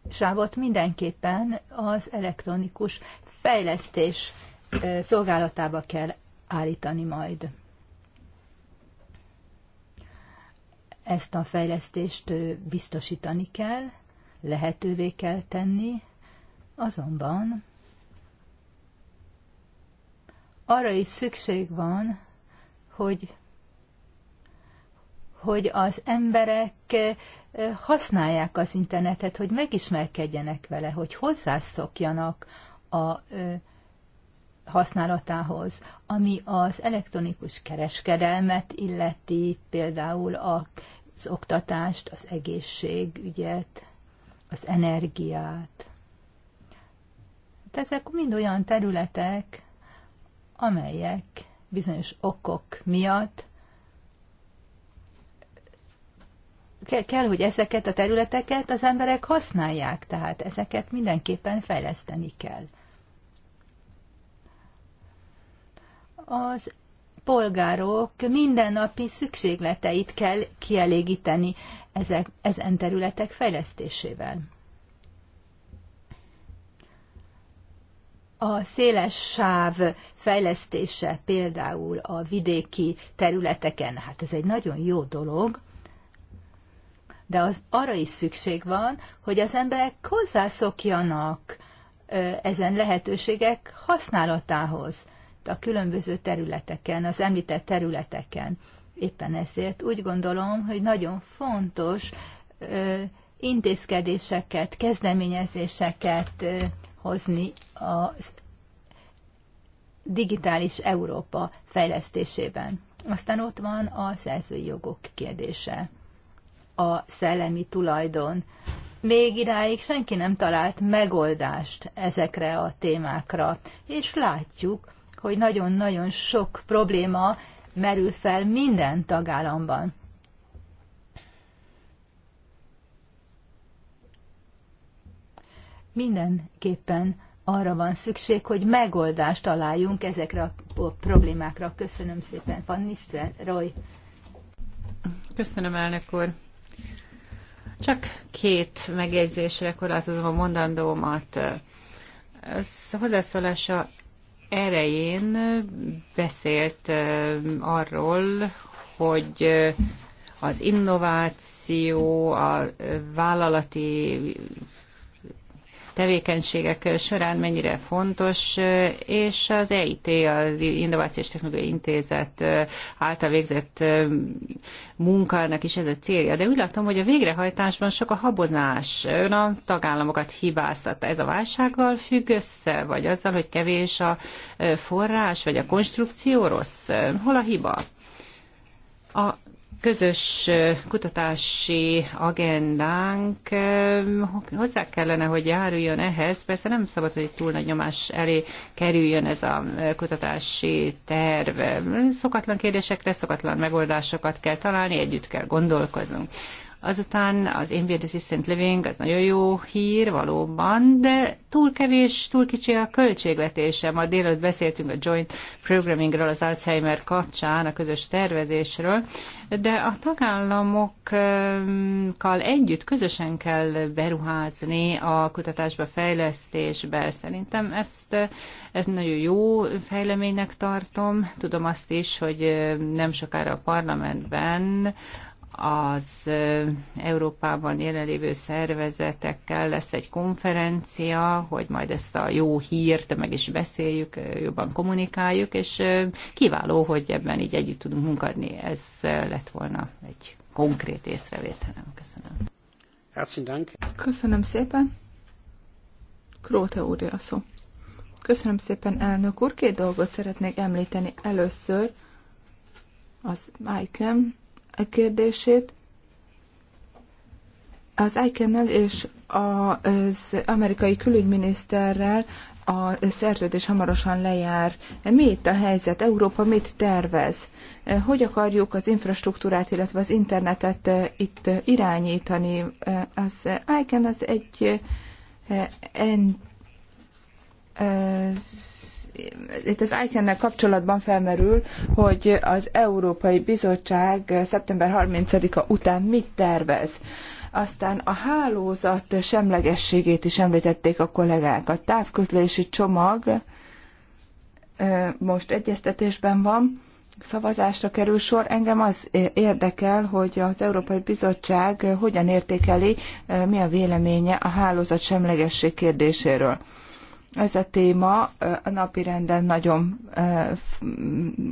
sávot mindenképpen az elektronikus fejlesztés szolgálatába kell állítani majd. Ezt a fejlesztést biztosítani kell, lehetővé kell tenni, azonban arra is szükség van, hogy, hogy az emberek eh, használják az internetet, hogy megismerkedjenek vele, hogy hozzászokjanak a eh, használatához, ami az elektronikus kereskedelmet illeti, például az oktatást, az egészségügyet, az energiát. De ezek mind olyan területek, amelyek bizonyos okok miatt kell, kell, hogy ezeket a területeket az emberek használják, tehát ezeket mindenképpen fejleszteni kell. Az polgárok mindennapi szükségleteit kell kielégíteni ezek, ezen területek fejlesztésével. A széles sáv fejlesztése például a vidéki területeken, hát ez egy nagyon jó dolog, de az arra is szükség van, hogy az emberek hozzászokjanak ezen lehetőségek használatához a különböző területeken, az említett területeken. Éppen ezért úgy gondolom, hogy nagyon fontos intézkedéseket, kezdeményezéseket hozni a digitális Európa fejlesztésében. Aztán ott van a szerzői jogok kérdése, a szellemi tulajdon. Még idáig senki nem talált megoldást ezekre a témákra, és látjuk, hogy nagyon-nagyon sok probléma merül fel minden tagállamban. mindenképpen arra van szükség, hogy megoldást találjunk ezekre a problémákra. Köszönöm szépen, Van Roy. Köszönöm, elnök úr. Csak két megjegyzésre korlátozom a mondandómat. Az hozzászólása erején beszélt arról, hogy az innováció, a vállalati tevékenységek során mennyire fontos, és az EIT, az Innovációs Technológiai Intézet által végzett munkának is ez a célja. De úgy látom, hogy a végrehajtásban sok a habozás. Ön a tagállamokat hibáztat. Ez a válsággal függ össze, vagy azzal, hogy kevés a forrás, vagy a konstrukció rossz? Hol a hiba? A közös kutatási agendánk hozzá kellene, hogy járuljon ehhez. Persze nem szabad, hogy túl nagy nyomás elé kerüljön ez a kutatási terv. Szokatlan kérdésekre, szokatlan megoldásokat kell találni, együtt kell gondolkoznunk. Azután az Ambient Assistant Living, az nagyon jó hír valóban, de túl kevés, túl kicsi a költségvetése. Ma délután beszéltünk a joint Programmingról az Alzheimer kapcsán, a közös tervezésről, de a tagállamokkal együtt közösen kell beruházni a kutatásba, fejlesztésbe. Szerintem ezt, ez nagyon jó fejleménynek tartom. Tudom azt is, hogy nem sokára a parlamentben az Európában jelenlévő szervezetekkel lesz egy konferencia, hogy majd ezt a jó hírt meg is beszéljük, jobban kommunikáljuk, és kiváló, hogy ebben így együtt tudunk munkadni. Ez lett volna egy konkrét észrevételem. Köszönöm. Dank. Köszönöm szépen. Króta úr a szó. Köszönöm szépen, elnök úr. Két dolgot szeretnék említeni. Először az ICAM a kérdését. Az ICAN-nel és az amerikai külügyminiszterrel a szerződés hamarosan lejár. Mi itt a helyzet? Európa mit tervez? Hogy akarjuk az infrastruktúrát, illetve az internetet itt irányítani? Az ICAN az egy, az, eh, eh, itt az ICANN-nel kapcsolatban felmerül, hogy az Európai Bizottság szeptember 30-a után mit tervez. Aztán a hálózat semlegességét is említették a kollégák. A távközlési csomag most egyeztetésben van, szavazásra kerül sor. Engem az érdekel, hogy az Európai Bizottság hogyan értékeli, mi a véleménye a hálózat semlegesség kérdéséről ez a téma a napirenden nagyon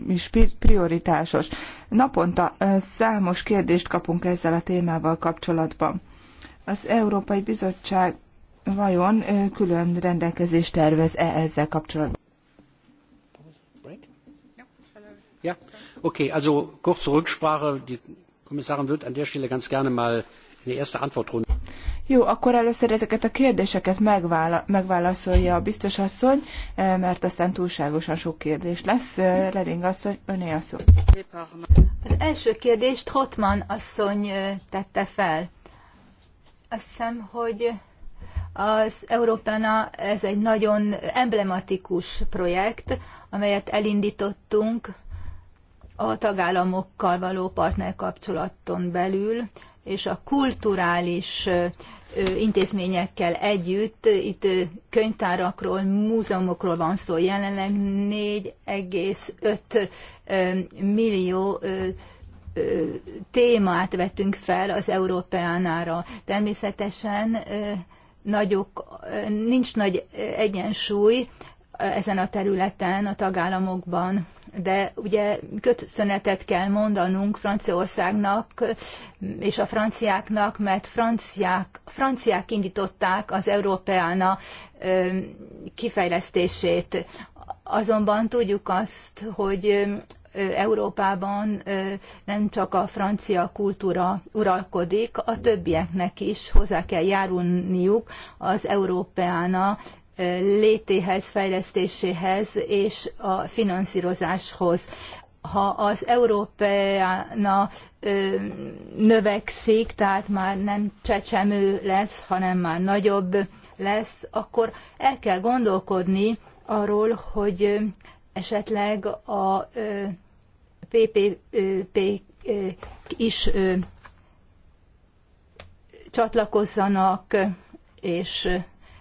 is prioritásos. Naponta számos kérdést kapunk ezzel a témával kapcsolatban. Az Európai Bizottság vajon külön rendelkezést tervez-e ezzel kapcsolatban? Ja, okay, also kurze Rücksprache. Die Kommissarin wird an der Stelle ganz gerne mal eine erste Antwortrunde. Jó, akkor először ezeket a kérdéseket megvála- megválaszolja a biztos asszony, eh, mert aztán túlságosan sok kérdés lesz. Eh, Reding asszony, öné a szó. Az első kérdést Hotman asszony eh, tette fel. Azt hiszem, hogy az Európana ez egy nagyon emblematikus projekt, amelyet elindítottunk a tagállamokkal való partnerkapcsolaton belül és a kulturális intézményekkel együtt, itt könyvtárakról, múzeumokról van szó, jelenleg 4,5 millió témát vettünk fel az Európeánára. Természetesen nagyok, nincs nagy egyensúly ezen a területen a tagállamokban de ugye köszönetet kell mondanunk Franciaországnak és a franciáknak, mert franciák, franciák indították az Európeána kifejlesztését. Azonban tudjuk azt, hogy Európában nem csak a francia kultúra uralkodik, a többieknek is hozzá kell járulniuk az Európeána létéhez, fejlesztéséhez és a finanszírozáshoz. Ha az Európána növekszik, tehát már nem csecsemő lesz, hanem már nagyobb lesz, akkor el kell gondolkodni arról, hogy esetleg a PPP is csatlakozzanak, és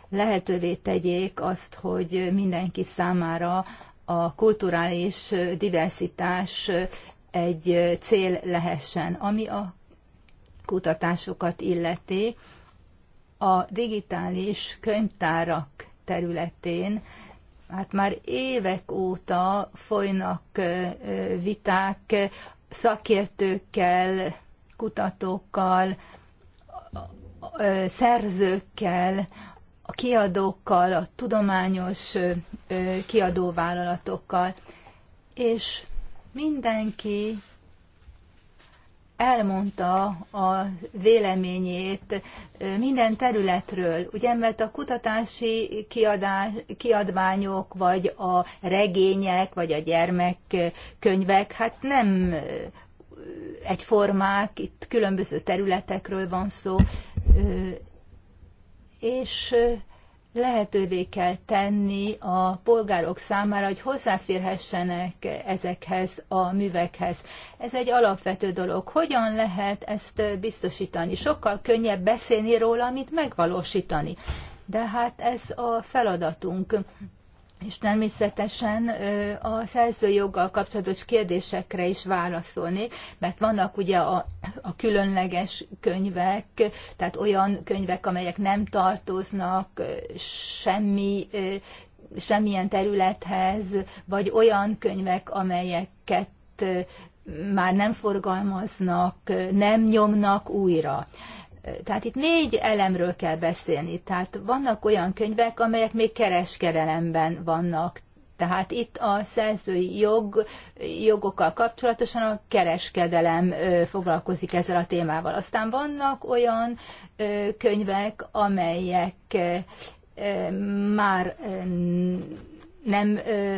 lehetővé tegyék azt, hogy mindenki számára a kulturális diversitás egy cél lehessen. Ami a kutatásokat illeti, a digitális könyvtárak területén hát már évek óta folynak viták szakértőkkel, kutatókkal, szerzőkkel a kiadókkal, a tudományos kiadóvállalatokkal, és mindenki elmondta a véleményét minden területről, ugye, mert a kutatási kiadás, kiadványok, vagy a regények, vagy a gyermekkönyvek, hát nem egyformák, itt különböző területekről van szó, és lehetővé kell tenni a polgárok számára, hogy hozzáférhessenek ezekhez a művekhez. Ez egy alapvető dolog. Hogyan lehet ezt biztosítani? Sokkal könnyebb beszélni róla, mint megvalósítani. De hát ez a feladatunk és természetesen a szerzőjoggal kapcsolatos kérdésekre is válaszolni, mert vannak ugye a, a különleges könyvek, tehát olyan könyvek, amelyek nem tartoznak semmi semmilyen területhez, vagy olyan könyvek, amelyeket már nem forgalmaznak, nem nyomnak újra. Tehát itt négy elemről kell beszélni. Tehát vannak olyan könyvek, amelyek még kereskedelemben vannak. Tehát itt a szerzői jog, jogokkal kapcsolatosan a kereskedelem ö, foglalkozik ezzel a témával. Aztán vannak olyan ö, könyvek, amelyek ö, már ö, nem ö,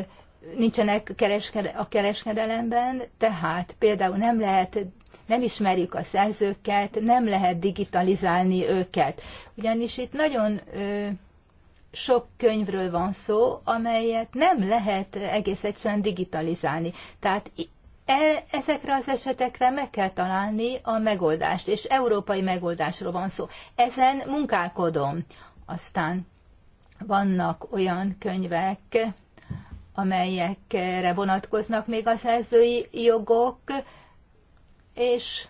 nincsenek kereske, a kereskedelemben, tehát például nem lehet nem ismerjük a szerzőket, nem lehet digitalizálni őket. Ugyanis itt nagyon ö, sok könyvről van szó, amelyet nem lehet egész egyszerűen digitalizálni. Tehát e, ezekre az esetekre meg kell találni a megoldást, és európai megoldásról van szó. Ezen munkálkodom. Aztán vannak olyan könyvek, amelyekre vonatkoznak még a szerzői jogok, és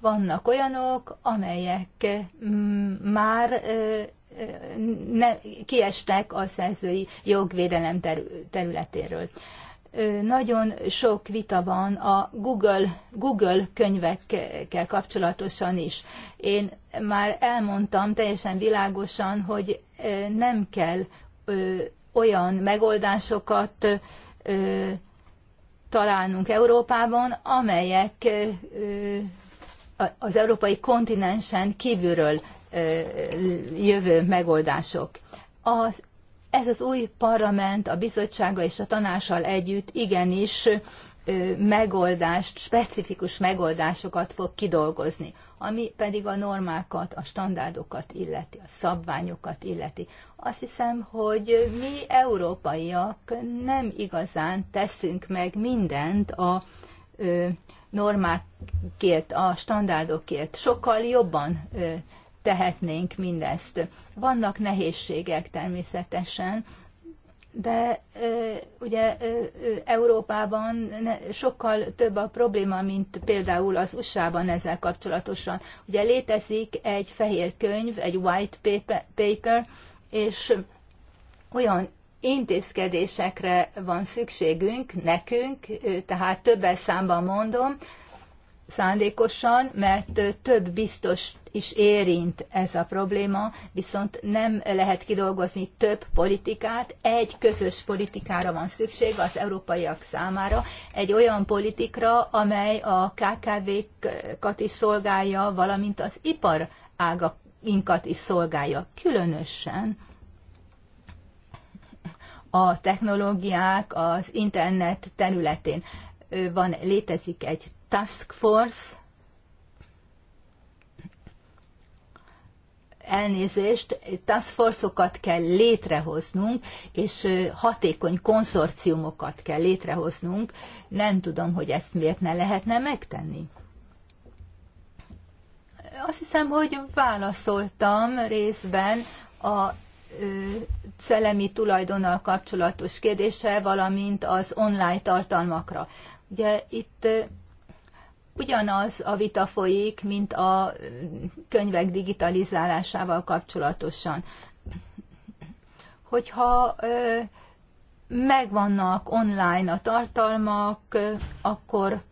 vannak olyanok, amelyek mm, már ne, kiestek a szerzői jogvédelem területéről. Nagyon sok vita van a Google, Google könyvekkel kapcsolatosan is. Én már elmondtam teljesen világosan, hogy nem kell olyan megoldásokat találnunk Európában, amelyek az európai kontinensen kívülről jövő megoldások. Az, ez az új parlament a bizottsága és a tanással együtt igenis megoldást, specifikus megoldásokat fog kidolgozni ami pedig a normákat, a standardokat illeti, a szabványokat illeti. Azt hiszem, hogy mi európaiak nem igazán teszünk meg mindent a ö, normákért, a standardokért. Sokkal jobban ö, tehetnénk mindezt. Vannak nehézségek természetesen, de ugye Európában sokkal több a probléma, mint például az USA-ban ezzel kapcsolatosan. Ugye létezik egy fehér könyv, egy white paper, és olyan intézkedésekre van szükségünk, nekünk, tehát többes számban mondom, szándékosan, mert több biztos is érint ez a probléma, viszont nem lehet kidolgozni több politikát, egy közös politikára van szükség az európaiak számára, egy olyan politikra, amely a KKV-kat is szolgálja, valamint az ipar ágainkat is szolgálja, különösen a technológiák az internet területén van, létezik egy Task Force elnézést, task force kell létrehoznunk, és hatékony konszorciumokat kell létrehoznunk. Nem tudom, hogy ezt miért ne lehetne megtenni. Azt hiszem, hogy válaszoltam részben a szellemi tulajdonnal kapcsolatos kérdésre, valamint az online tartalmakra. Ugye itt ugyanaz a vita folyik, mint a mm, könyvek digitalizálásával kapcsolatosan. Hogyha megvannak online a tartalmak, akkor,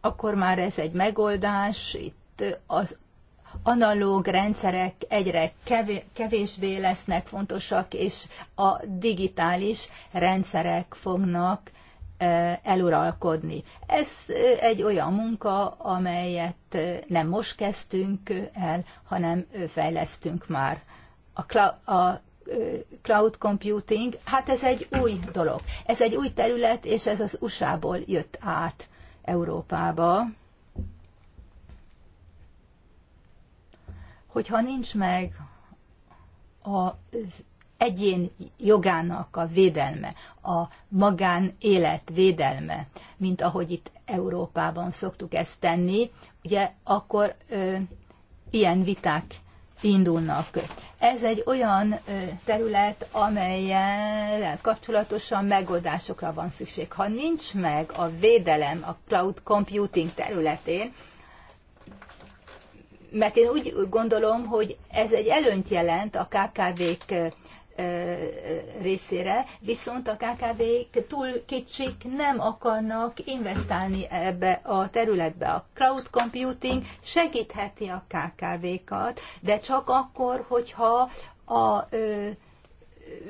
akkor már ez egy megoldás. Itt az analóg rendszerek egyre kevésbé lesznek fontosak, és a digitális rendszerek fognak eluralkodni. Ez egy olyan munka, amelyet nem most kezdtünk el, hanem fejlesztünk már. A, cloud, a cloud computing, hát ez egy új dolog. Ez egy új terület, és ez az USA-ból jött át Európába. Hogyha nincs meg az egyén jogának a védelme, a magánélet védelme, mint ahogy itt Európában szoktuk ezt tenni, ugye akkor ö, ilyen viták indulnak. Ez egy olyan terület, amelyel kapcsolatosan megoldásokra van szükség. Ha nincs meg a védelem a cloud computing területén, mert én úgy gondolom, hogy ez egy előnyt jelent a KKV-k részére, viszont a KKV-k túl kicsik nem akarnak investálni ebbe a területbe. A cloud computing segítheti a KKV-kat, de csak akkor, hogyha a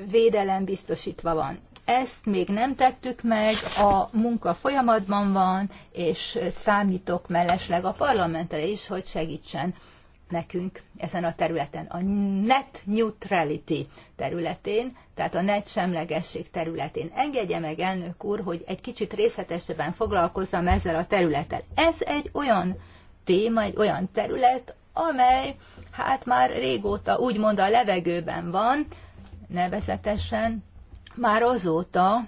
védelem biztosítva van. Ezt még nem tettük meg, a munka folyamatban van, és számítok mellesleg a parlamentre is, hogy segítsen nekünk ezen a területen, a net neutrality területén, tehát a net semlegesség területén. Engedje meg, elnök úr, hogy egy kicsit részletesebben foglalkozzam ezzel a területtel. Ez egy olyan téma, egy olyan terület, amely hát már régóta úgymond a levegőben van, nevezetesen már azóta,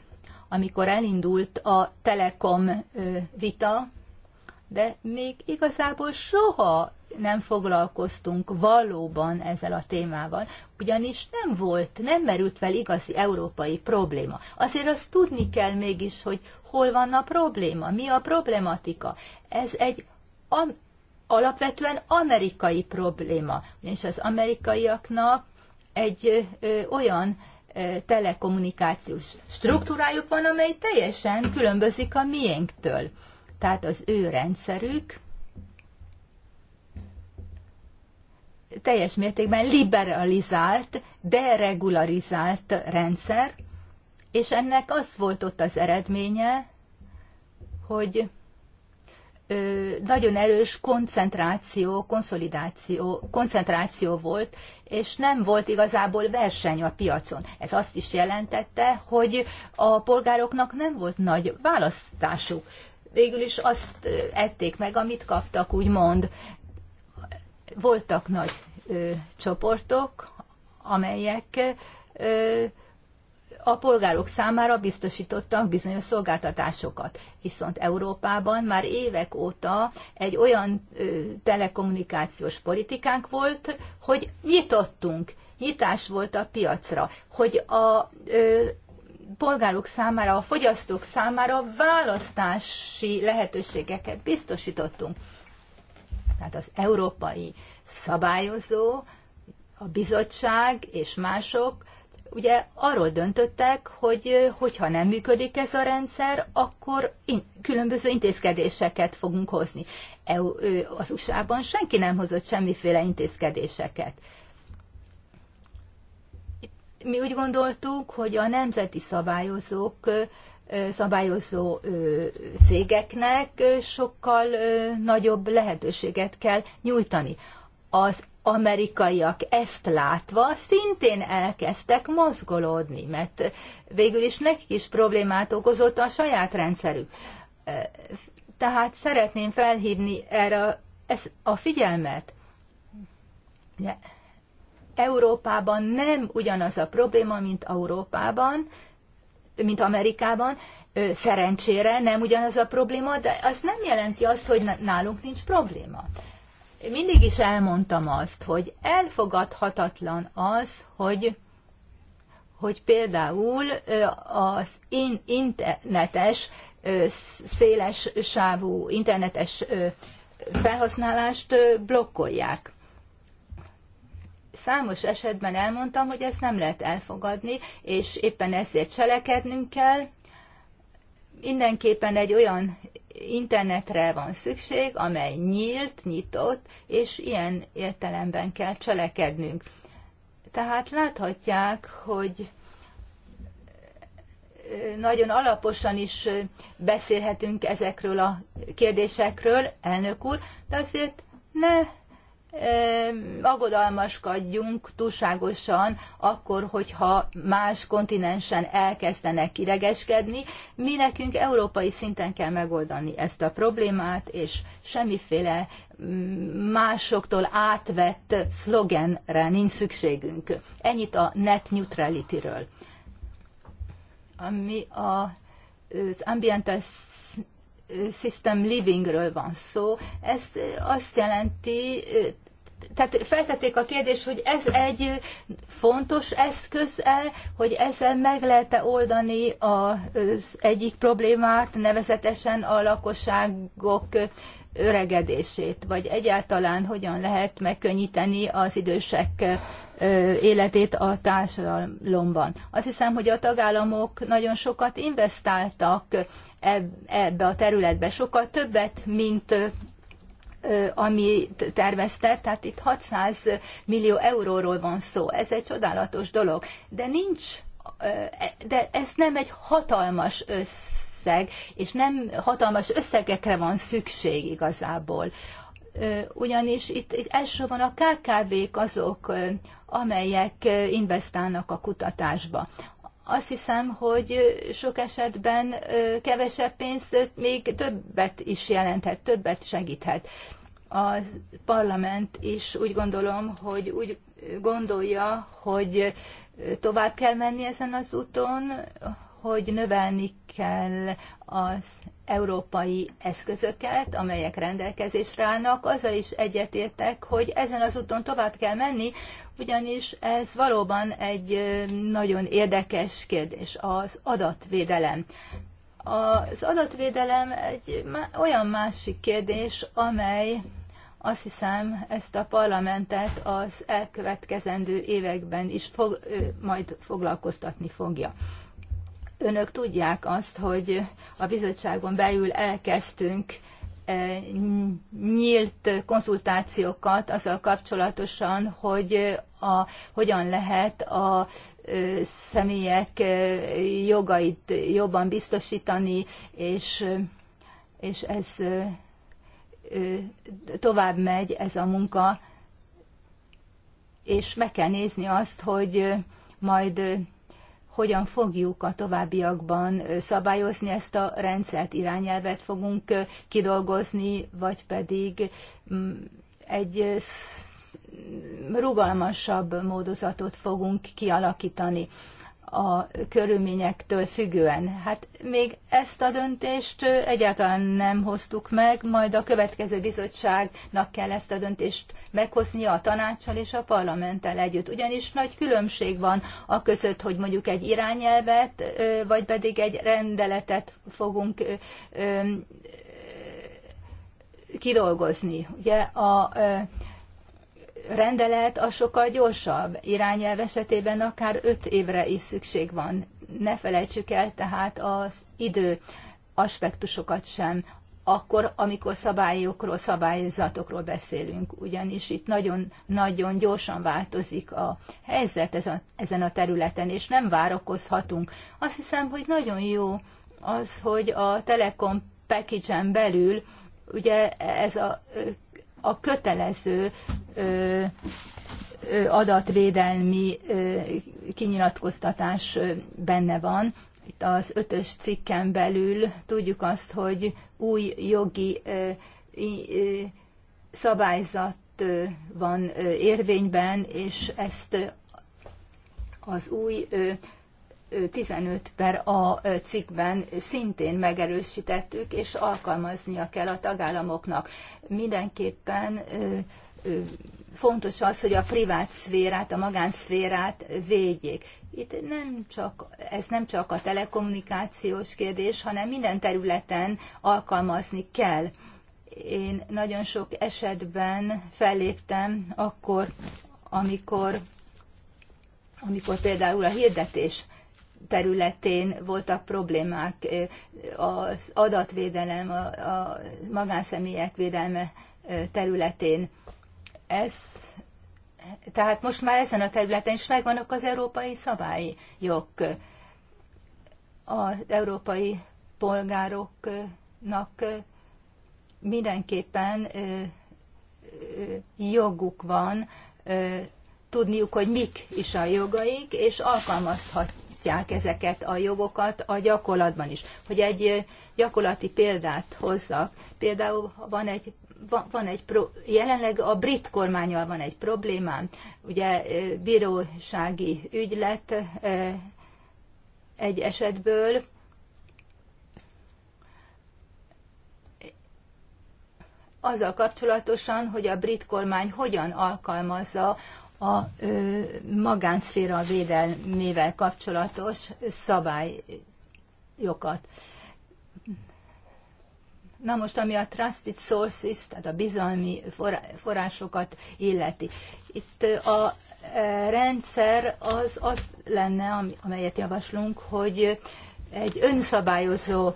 amikor elindult a Telekom vita, de még igazából soha nem foglalkoztunk valóban ezzel a témával, ugyanis nem volt, nem merült fel igazi európai probléma. Azért azt tudni kell mégis, hogy hol van a probléma, mi a problematika. Ez egy alapvetően amerikai probléma, ugyanis az amerikaiaknak egy ö, olyan ö, telekommunikációs struktúrájuk van, amely teljesen különbözik a miénktől. Tehát az ő rendszerük teljes mértékben liberalizált, deregularizált rendszer, és ennek az volt ott az eredménye, hogy nagyon erős koncentráció, konszolidáció, koncentráció volt, és nem volt igazából verseny a piacon. Ez azt is jelentette, hogy a polgároknak nem volt nagy választásuk. Végül is azt ették meg, amit kaptak, úgymond voltak nagy ö, csoportok, amelyek ö, a polgárok számára biztosítottak bizonyos szolgáltatásokat. Viszont Európában már évek óta egy olyan ö, telekommunikációs politikánk volt, hogy nyitottunk, nyitás volt a piacra, hogy a ö, polgárok számára, a fogyasztók számára választási lehetőségeket biztosítottunk. Tehát az európai szabályozó, a bizottság és mások ugye arról döntöttek, hogy hogyha nem működik ez a rendszer, akkor in, különböző intézkedéseket fogunk hozni. EU, az USA-ban senki nem hozott semmiféle intézkedéseket. Mi úgy gondoltuk, hogy a nemzeti szabályozók szabályozó cégeknek sokkal nagyobb lehetőséget kell nyújtani. Az amerikaiak ezt látva szintén elkezdtek mozgolódni, mert végül is nekik is problémát okozott a saját rendszerük. Tehát szeretném felhívni erre a figyelmet. Európában nem ugyanaz a probléma, mint Európában, mint Amerikában. Szerencsére nem ugyanaz a probléma, de az nem jelenti azt, hogy nálunk nincs probléma. Én mindig is elmondtam azt, hogy elfogadhatatlan az, hogy hogy például az internetes, széles sávú internetes felhasználást blokkolják számos esetben elmondtam, hogy ezt nem lehet elfogadni, és éppen ezért cselekednünk kell. Mindenképpen egy olyan internetre van szükség, amely nyílt, nyitott, és ilyen értelemben kell cselekednünk. Tehát láthatják, hogy nagyon alaposan is beszélhetünk ezekről a kérdésekről, elnök úr, de azért ne aggodalmaskodjunk túlságosan akkor, hogyha más kontinensen elkezdenek kiregeskedni. Mi nekünk európai szinten kell megoldani ezt a problémát, és semmiféle mm, másoktól átvett szlogenre nincs szükségünk. Ennyit a net neutrality-ről. Ami a, az ambiental System Livingről van szó. Ez azt jelenti, tehát feltették a kérdést, hogy ez egy fontos eszköz-e, hogy ezzel meg lehet-e oldani az egyik problémát, nevezetesen a lakosságok öregedését, vagy egyáltalán hogyan lehet megkönnyíteni az idősek életét a társadalomban. Azt hiszem, hogy a tagállamok nagyon sokat investáltak ebbe a területbe. Sokkal többet, mint ami tervezte, tehát itt 600 millió euróról van szó. Ez egy csodálatos dolog, de nincs, e, de ez nem egy hatalmas összeg, és nem hatalmas összegekre van szükség igazából. Ugyanis itt, itt elsősorban a KKV-k azok, amelyek investálnak a kutatásba azt hiszem, hogy sok esetben kevesebb pénz még többet is jelenthet, többet segíthet. A parlament is úgy gondolom, hogy úgy gondolja, hogy tovább kell menni ezen az úton, hogy növelni kell az európai eszközöket, amelyek rendelkezésre állnak, azzal is egyetértek, hogy ezen az úton tovább kell menni, ugyanis ez valóban egy nagyon érdekes kérdés, az adatvédelem. Az adatvédelem egy olyan másik kérdés, amely azt hiszem ezt a parlamentet az elkövetkezendő években is fog, majd foglalkoztatni fogja önök tudják azt, hogy a bizottságon belül elkezdtünk e, nyílt konzultációkat azzal kapcsolatosan, hogy a, hogyan lehet a e, személyek e, jogait jobban biztosítani, és, és ez tovább megy ez a munka, és meg kell nézni azt, hogy majd hogyan fogjuk a továbbiakban szabályozni ezt a rendszert, irányelvet fogunk kidolgozni, vagy pedig mm, egy rugalmasabb módozatot fogunk kialakítani a körülményektől függően. Hát még ezt a döntést egyáltalán nem hoztuk meg, majd a következő bizottságnak kell ezt a döntést meghoznia a tanácssal és a parlamenttel együtt. Ugyanis nagy különbség van a között, hogy mondjuk egy irányelvet, vagy pedig egy rendeletet fogunk kidolgozni. Ugye a rendelet az sokkal gyorsabb. Irányelv esetében akár öt évre is szükség van. Ne felejtsük el tehát az idő aspektusokat sem, akkor, amikor szabályokról, szabályzatokról beszélünk, ugyanis itt nagyon-nagyon gyorsan változik a helyzet a, ezen a területen, és nem várakozhatunk. Azt hiszem, hogy nagyon jó az, hogy a Telekom package belül ugye ez a a kötelező adatvédelmi kinyilatkoztatás benne van. Itt az ötös cikken belül tudjuk azt, hogy új jogi szabályzat van érvényben, és ezt az új 15 per a cikkben szintén megerősítettük, és alkalmaznia kell a tagállamoknak. Mindenképpen fontos az, hogy a privát szférát, a magánszférát védjék. Itt nem csak, ez nem csak a telekommunikációs kérdés, hanem minden területen alkalmazni kell. Én nagyon sok esetben felléptem akkor, amikor, amikor például a hirdetés területén voltak problémák, az adatvédelem, a, a magánszemélyek védelme területén. Ez, tehát most már ezen a területen is megvannak az európai szabályok. Az európai polgároknak mindenképpen joguk van tudniuk, hogy mik is a jogaik, és alkalmazhat, biztosítják ezeket a jogokat a gyakorlatban is. Hogy egy gyakorlati példát hozzak, például van egy van egy pro, jelenleg a brit kormányal van egy problémám, ugye bírósági ügylet egy esetből, azzal kapcsolatosan, hogy a brit kormány hogyan alkalmazza a ö, magánszféra védelmével kapcsolatos szabályokat. Na most, ami a trusted sources, tehát a bizalmi forrásokat illeti. Itt a rendszer az az lenne, amelyet javaslunk, hogy egy önszabályozó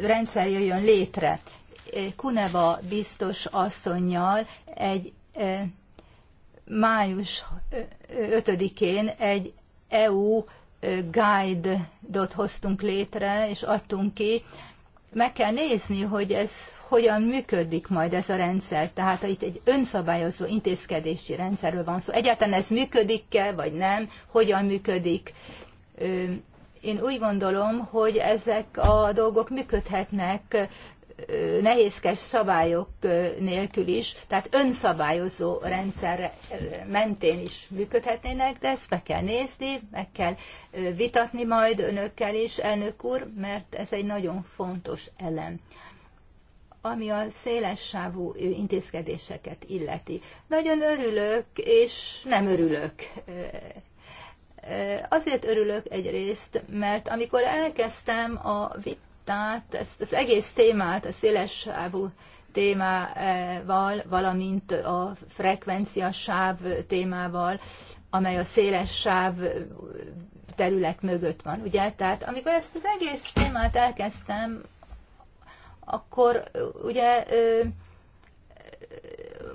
rendszer jöjjön létre. Kuneva biztos asszonynal egy május 5-én egy EU guide-ot hoztunk létre, és adtunk ki. Meg kell nézni, hogy ez hogyan működik majd ez a rendszer. Tehát itt egy önszabályozó intézkedési rendszerről van szó. Egyáltalán ez működik-e, vagy nem, hogyan működik. Én úgy gondolom, hogy ezek a dolgok működhetnek nehézkes szabályok nélkül is, tehát önszabályozó rendszer mentén is működhetnének, de ezt meg kell nézni, meg kell vitatni majd önökkel is, elnök úr, mert ez egy nagyon fontos elem ami a széles sávú intézkedéseket illeti. Nagyon örülök, és nem örülök Azért örülök egyrészt, mert amikor elkezdtem a vit tehát ezt az egész témát, a szélessávú témával, valamint a frekvenciasáv témával, amely a széles sáv terület mögött van, ugye? Tehát amikor ezt az egész témát elkezdtem, akkor ugye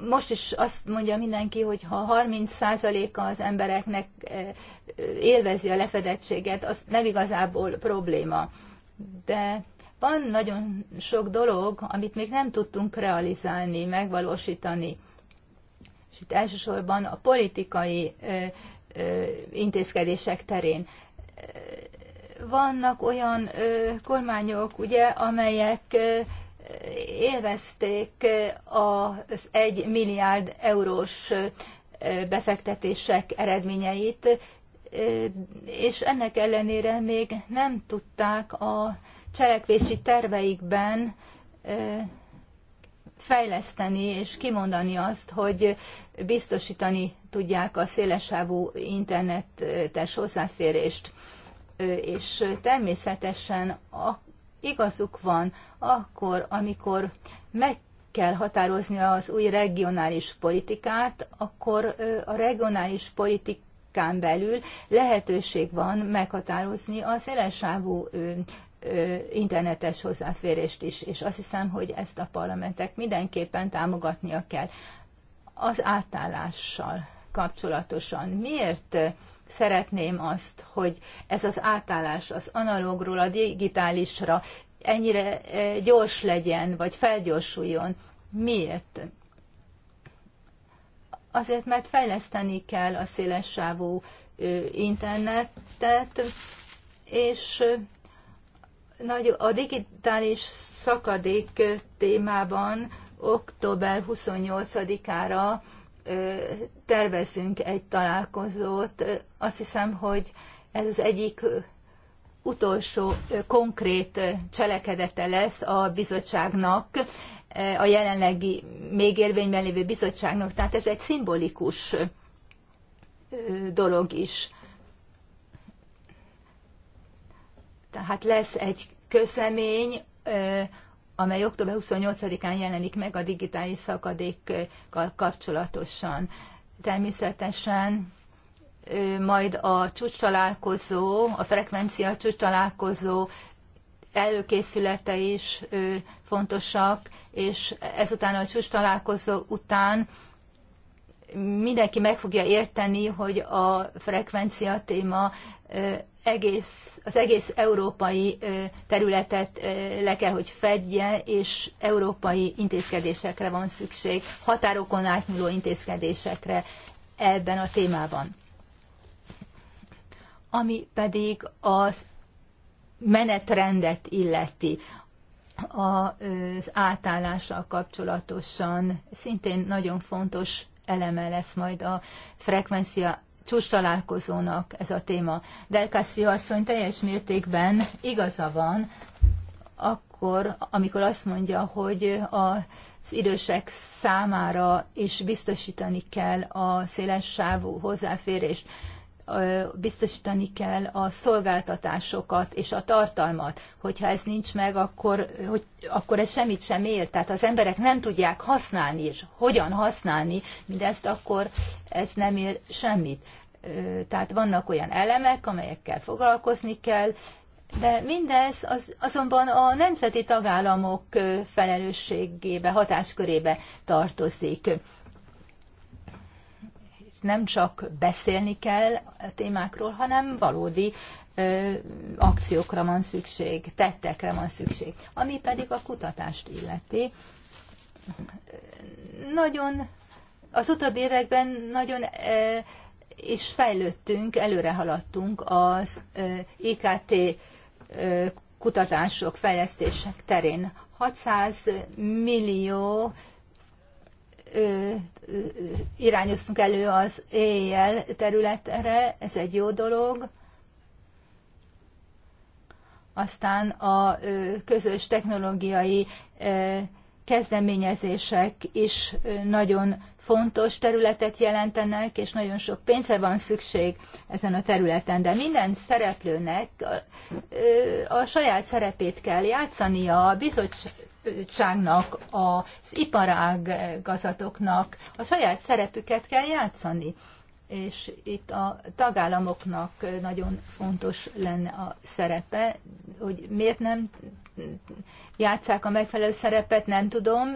most is azt mondja mindenki, hogy ha 30%-a az embereknek élvezi a lefedettséget, az nem igazából probléma de van nagyon sok dolog, amit még nem tudtunk realizálni, megvalósítani. És itt elsősorban a politikai ö, ö, intézkedések terén. Vannak olyan ö, kormányok, ugye, amelyek ö, élvezték az egy milliárd eurós befektetések eredményeit, és ennek ellenére még nem tudták a cselekvési terveikben fejleszteni és kimondani azt, hogy biztosítani tudják a szélesávú internetes hozzáférést. És természetesen a, igazuk van akkor, amikor meg kell határozni az új regionális politikát, akkor a regionális politika Kán belül lehetőség van meghatározni a szélesávú internetes hozzáférést is, és azt hiszem, hogy ezt a parlamentek mindenképpen támogatnia kell. Az átállással kapcsolatosan miért szeretném azt, hogy ez az átállás az analógról a digitálisra ennyire gyors legyen, vagy felgyorsuljon? Miért? azért, mert fejleszteni kell a szélessávú internetet, és nagy, a digitális szakadék témában október 28-ára tervezünk egy találkozót. Azt hiszem, hogy ez az egyik utolsó konkrét cselekedete lesz a bizottságnak a jelenlegi még érvényben lévő bizottságnak. Tehát ez egy szimbolikus dolog is. Tehát lesz egy köszemény, amely október 28-án jelenik meg a digitális szakadékkal kapcsolatosan. Természetesen majd a csúcs találkozó, a frekvencia csúcs találkozó előkészülete is fontosak, és ezután a csúcs találkozó után mindenki meg fogja érteni, hogy a frekvencia téma egész, az egész európai területet le kell, hogy fedje, és európai intézkedésekre van szükség, határokon átnyúló intézkedésekre ebben a témában. Ami pedig az menetrendet illeti az átállással kapcsolatosan szintén nagyon fontos eleme lesz majd a frekvencia csúcs találkozónak ez a téma. Delkászi asszony teljes mértékben igaza van, akkor, amikor azt mondja, hogy az idősek számára is biztosítani kell a széles sávú hozzáférést biztosítani kell a szolgáltatásokat és a tartalmat. Hogyha ez nincs meg, akkor, hogy, akkor ez semmit sem ér. Tehát az emberek nem tudják használni, és hogyan használni mindezt, akkor ez nem ér semmit. Tehát vannak olyan elemek, amelyekkel foglalkozni kell, de mindez az, azonban a nemzeti tagállamok felelősségébe, hatáskörébe tartozik nem csak beszélni kell a témákról, hanem valódi ö, akciókra van szükség, tettekre van szükség. Ami pedig a kutatást illeti, nagyon az utóbbi években nagyon ö, és fejlődtünk, előre haladtunk az ö, IKT ö, kutatások, fejlesztések terén. 600 millió irányoztunk elő az éjjel területre, ez egy jó dolog. Aztán a közös technológiai kezdeményezések is nagyon fontos területet jelentenek, és nagyon sok pénzre van szükség ezen a területen, de minden szereplőnek a, a saját szerepét kell játszania, a bizottság bizottságnak, az iparágazatoknak a saját szerepüket kell játszani, és itt a tagállamoknak nagyon fontos lenne a szerepe, hogy miért nem játszák a megfelelő szerepet, nem tudom,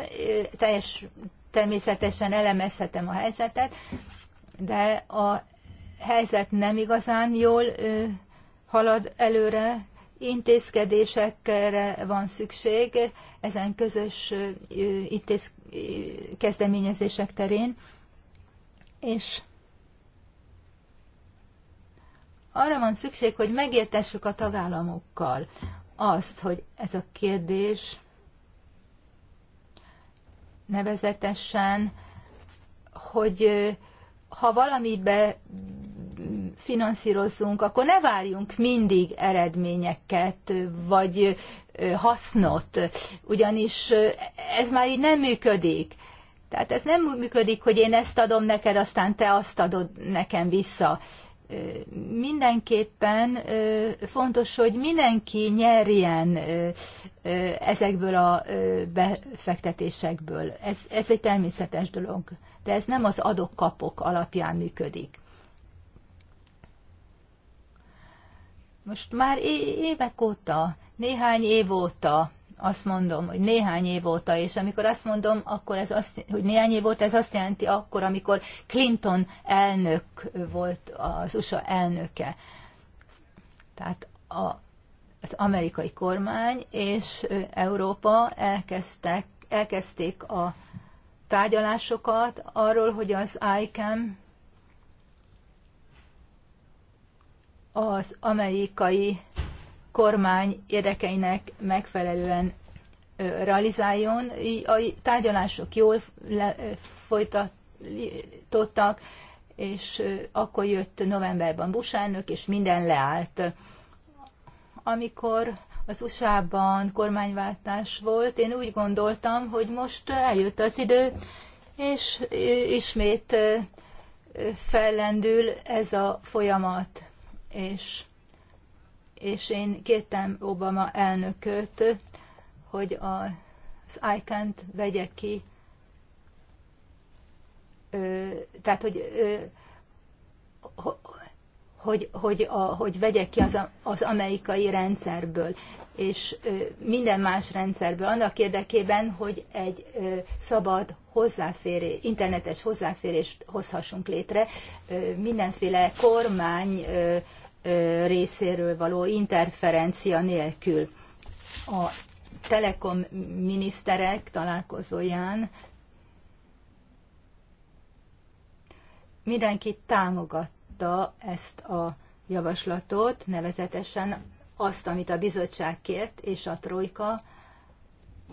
teljes, természetesen elemezhetem a helyzetet, de a helyzet nem igazán jól halad előre, intézkedésekre van szükség, ezen közös intéz kezdeményezések terén, és arra van szükség, hogy megértessük a tagállamokkal azt, hogy ez a kérdés nevezetesen, hogy ha valamibe finanszírozzunk, akkor ne várjunk mindig eredményeket, vagy hasznot, ugyanis ez már így nem működik. Tehát ez nem működik, hogy én ezt adom neked, aztán te azt adod nekem vissza. Mindenképpen fontos, hogy mindenki nyerjen ezekből a befektetésekből. Ez, ez egy természetes dolog, de ez nem az adok-kapok alapján működik. most már évek óta, néhány év óta, azt mondom, hogy néhány év óta, és amikor azt mondom, akkor ez azt, hogy néhány év óta, ez azt jelenti akkor, amikor Clinton elnök volt az USA elnöke. Tehát a, az amerikai kormány és Európa elkezdtek, elkezdték a tárgyalásokat arról, hogy az ICAM az amerikai kormány érdekeinek megfelelően realizáljon. A tárgyalások jól folytatottak, és akkor jött novemberben Bush elnök, és minden leállt. Amikor az USA-ban kormányváltás volt, én úgy gondoltam, hogy most eljött az idő, és ismét fellendül ez a folyamat és, és én kértem Obama elnököt, hogy a, az ICANN-t vegye ki, ö, tehát, hogy, ö, hogy, hogy, a, hogy vegye ki az, az amerikai rendszerből, és ö, minden más rendszerből, annak érdekében, hogy egy ö, szabad hozzáférés, internetes hozzáférést hozhassunk létre ö, mindenféle kormány, ö, részéről való interferencia nélkül. A telekom miniszterek találkozóján mindenki támogatta ezt a javaslatot, nevezetesen azt, amit a bizottság kért, és a trojka,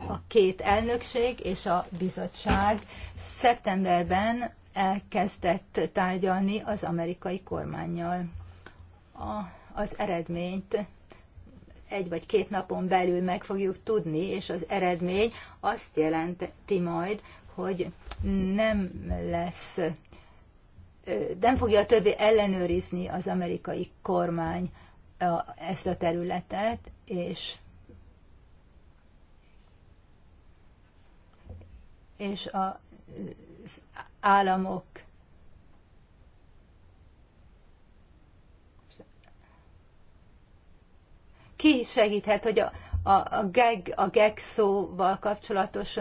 a két elnökség és a bizottság szeptemberben elkezdett tárgyalni az amerikai kormányjal a, az eredményt egy vagy két napon belül meg fogjuk tudni, és az eredmény azt jelenti majd, hogy nem lesz, nem fogja többé ellenőrizni az amerikai kormány ezt a területet, és és a államok Ki segíthet, hogy a, a, a, geg, a geg szóval kapcsolatos,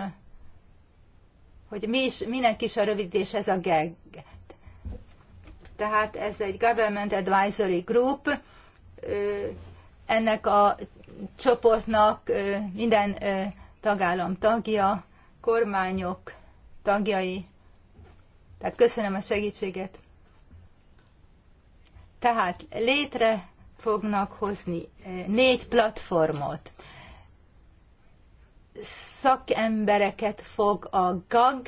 hogy mi is, minek is a rövidítés ez a geg. Tehát ez egy Government Advisory Group, ennek a csoportnak minden tagállam tagja, kormányok tagjai. Tehát köszönöm a segítséget. Tehát létre fognak hozni eh, négy platformot. Szakembereket fog a GAG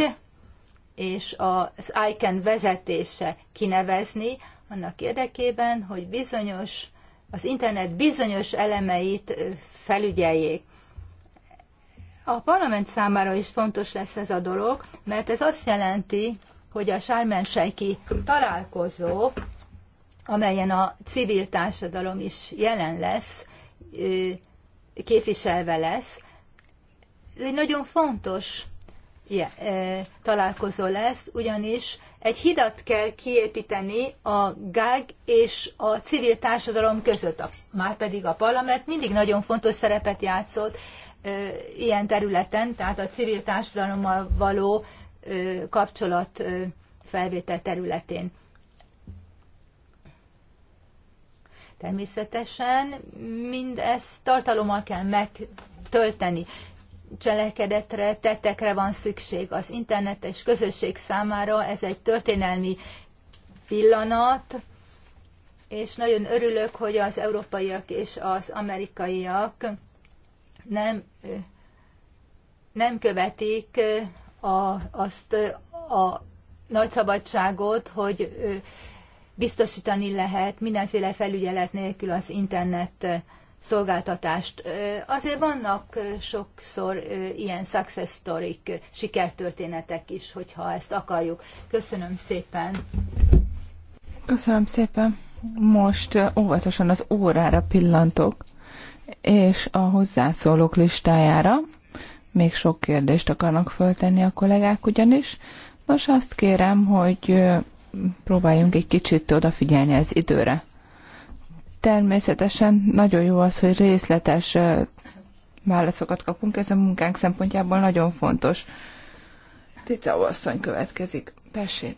és az ICAN vezetése kinevezni, annak érdekében, hogy bizonyos, az internet bizonyos elemeit eh, felügyeljék. A parlament számára is fontos lesz ez a dolog, mert ez azt jelenti, hogy a Sármenseki találkozó amelyen a civil társadalom is jelen lesz, képviselve lesz. Ez egy nagyon fontos találkozó lesz, ugyanis egy hidat kell kiépíteni a GÁG és a civil társadalom között. Márpedig a parlament mindig nagyon fontos szerepet játszott ilyen területen, tehát a civil társadalommal való kapcsolat felvétel területén. Természetesen mindezt tartalommal kell megtölteni. Cselekedetre, tettekre van szükség. Az internetes közösség számára ez egy történelmi pillanat, és nagyon örülök, hogy az európaiak és az amerikaiak nem, nem követik a, azt a nagy szabadságot, hogy biztosítani lehet mindenféle felügyelet nélkül az internet szolgáltatást. Azért vannak sokszor ilyen success story sikertörténetek is, hogyha ezt akarjuk. Köszönöm szépen! Köszönöm szépen! Most óvatosan az órára pillantok, és a hozzászólók listájára. Még sok kérdést akarnak föltenni a kollégák ugyanis. Nos, azt kérem, hogy próbáljunk egy kicsit odafigyelni az időre. Természetesen nagyon jó az, hogy részletes válaszokat kapunk, ez a munkánk szempontjából nagyon fontos. Tita asszony következik. Tessék!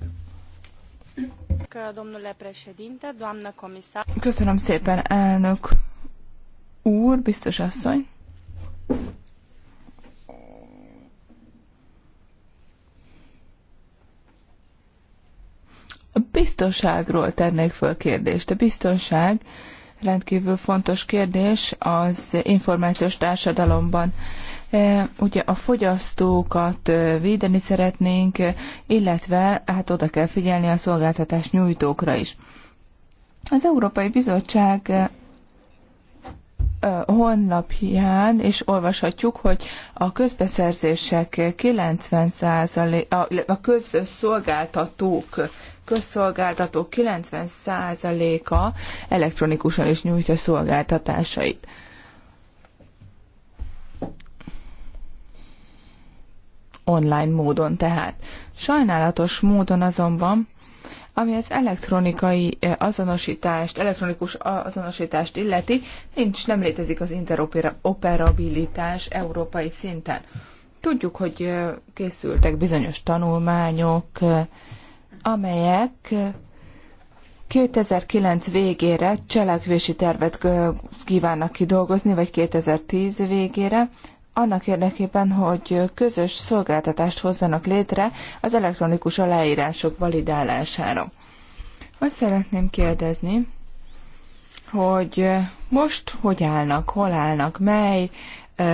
Köszönöm szépen, elnök úr, biztos asszony. A biztonságról tennék föl kérdést. A biztonság rendkívül fontos kérdés az információs társadalomban. E, ugye a fogyasztókat e, védeni szeretnénk, e, illetve hát oda kell figyelni a szolgáltatás nyújtókra is. Az Európai Bizottság honlapján és olvashatjuk, hogy a közbeszerzések 90%, a, a közszolgáltatók közszolgáltató 90%-a elektronikusan is nyújtja szolgáltatásait. Online módon tehát. Sajnálatos módon azonban, ami az elektronikai eh, azonosítást, elektronikus azonosítást illeti, nincs, nem létezik az interoperabilitás európai szinten. Tudjuk, hogy eh, készültek bizonyos tanulmányok, eh, amelyek 2009 végére cselekvési tervet kívánnak kidolgozni, vagy 2010 végére, annak érdekében, hogy közös szolgáltatást hozzanak létre az elektronikus aláírások validálására. Azt szeretném kérdezni, hogy most hogy állnak, hol állnak, mely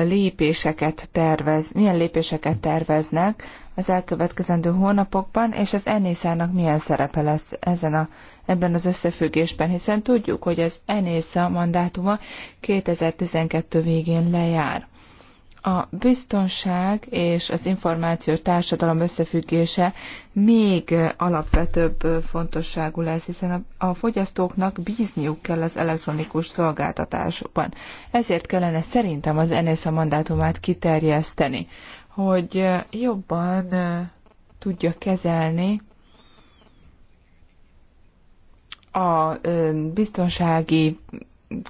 lépéseket tervez, milyen lépéseket terveznek az elkövetkezendő hónapokban, és az Enészának milyen szerepe lesz ezen a, ebben az összefüggésben, hiszen tudjuk, hogy az Enésza mandátuma 2012 végén lejár. A biztonság és az információ társadalom összefüggése még alapvetőbb fontosságú lesz, hiszen a, fogyasztóknak bízniuk kell az elektronikus szolgáltatásokban. Ezért kellene szerintem az NSZ mandátumát kiterjeszteni hogy jobban tudja kezelni a biztonsági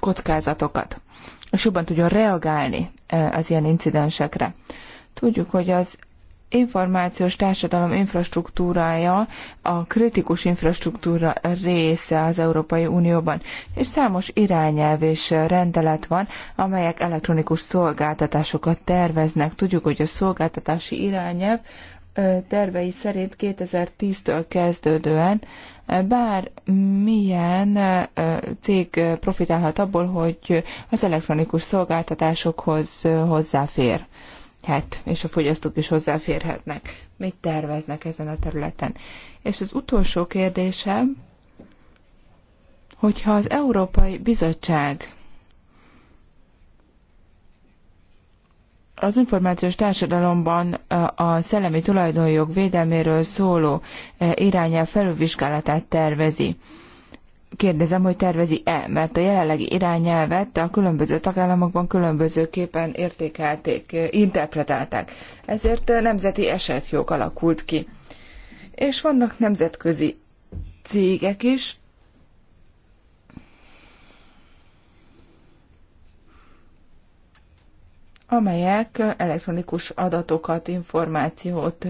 kockázatokat, és jobban tudjon reagálni az ilyen incidensekre. Tudjuk, hogy az információs társadalom infrastruktúrája a kritikus infrastruktúra része az Európai Unióban, és számos irányelv és rendelet van, amelyek elektronikus szolgáltatásokat terveznek. Tudjuk, hogy a szolgáltatási irányelv tervei szerint 2010-től kezdődően bár milyen cég profitálhat abból, hogy az elektronikus szolgáltatásokhoz hozzáfér hát, és a fogyasztók is hozzáférhetnek. Mit terveznek ezen a területen? És az utolsó kérdésem, hogyha az Európai Bizottság az információs társadalomban a szellemi tulajdonjog védelméről szóló irányel felülvizsgálatát tervezi, kérdezem, hogy tervezi-e, mert a jelenlegi irányelvet a különböző tagállamokban különbözőképpen értékelték, interpretálták. Ezért nemzeti esetjog alakult ki. És vannak nemzetközi cégek is, amelyek elektronikus adatokat, információt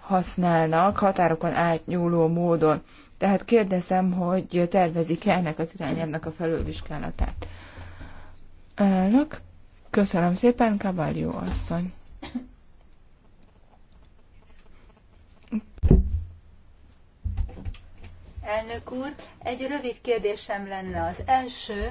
használnak határokon átnyúló módon. Tehát kérdezem, hogy tervezik-e ennek az irányelvnek a felülvizsgálatát. Elnök, köszönöm szépen, Kabaljó asszony. Elnök úr, egy rövid kérdésem lenne. Az első,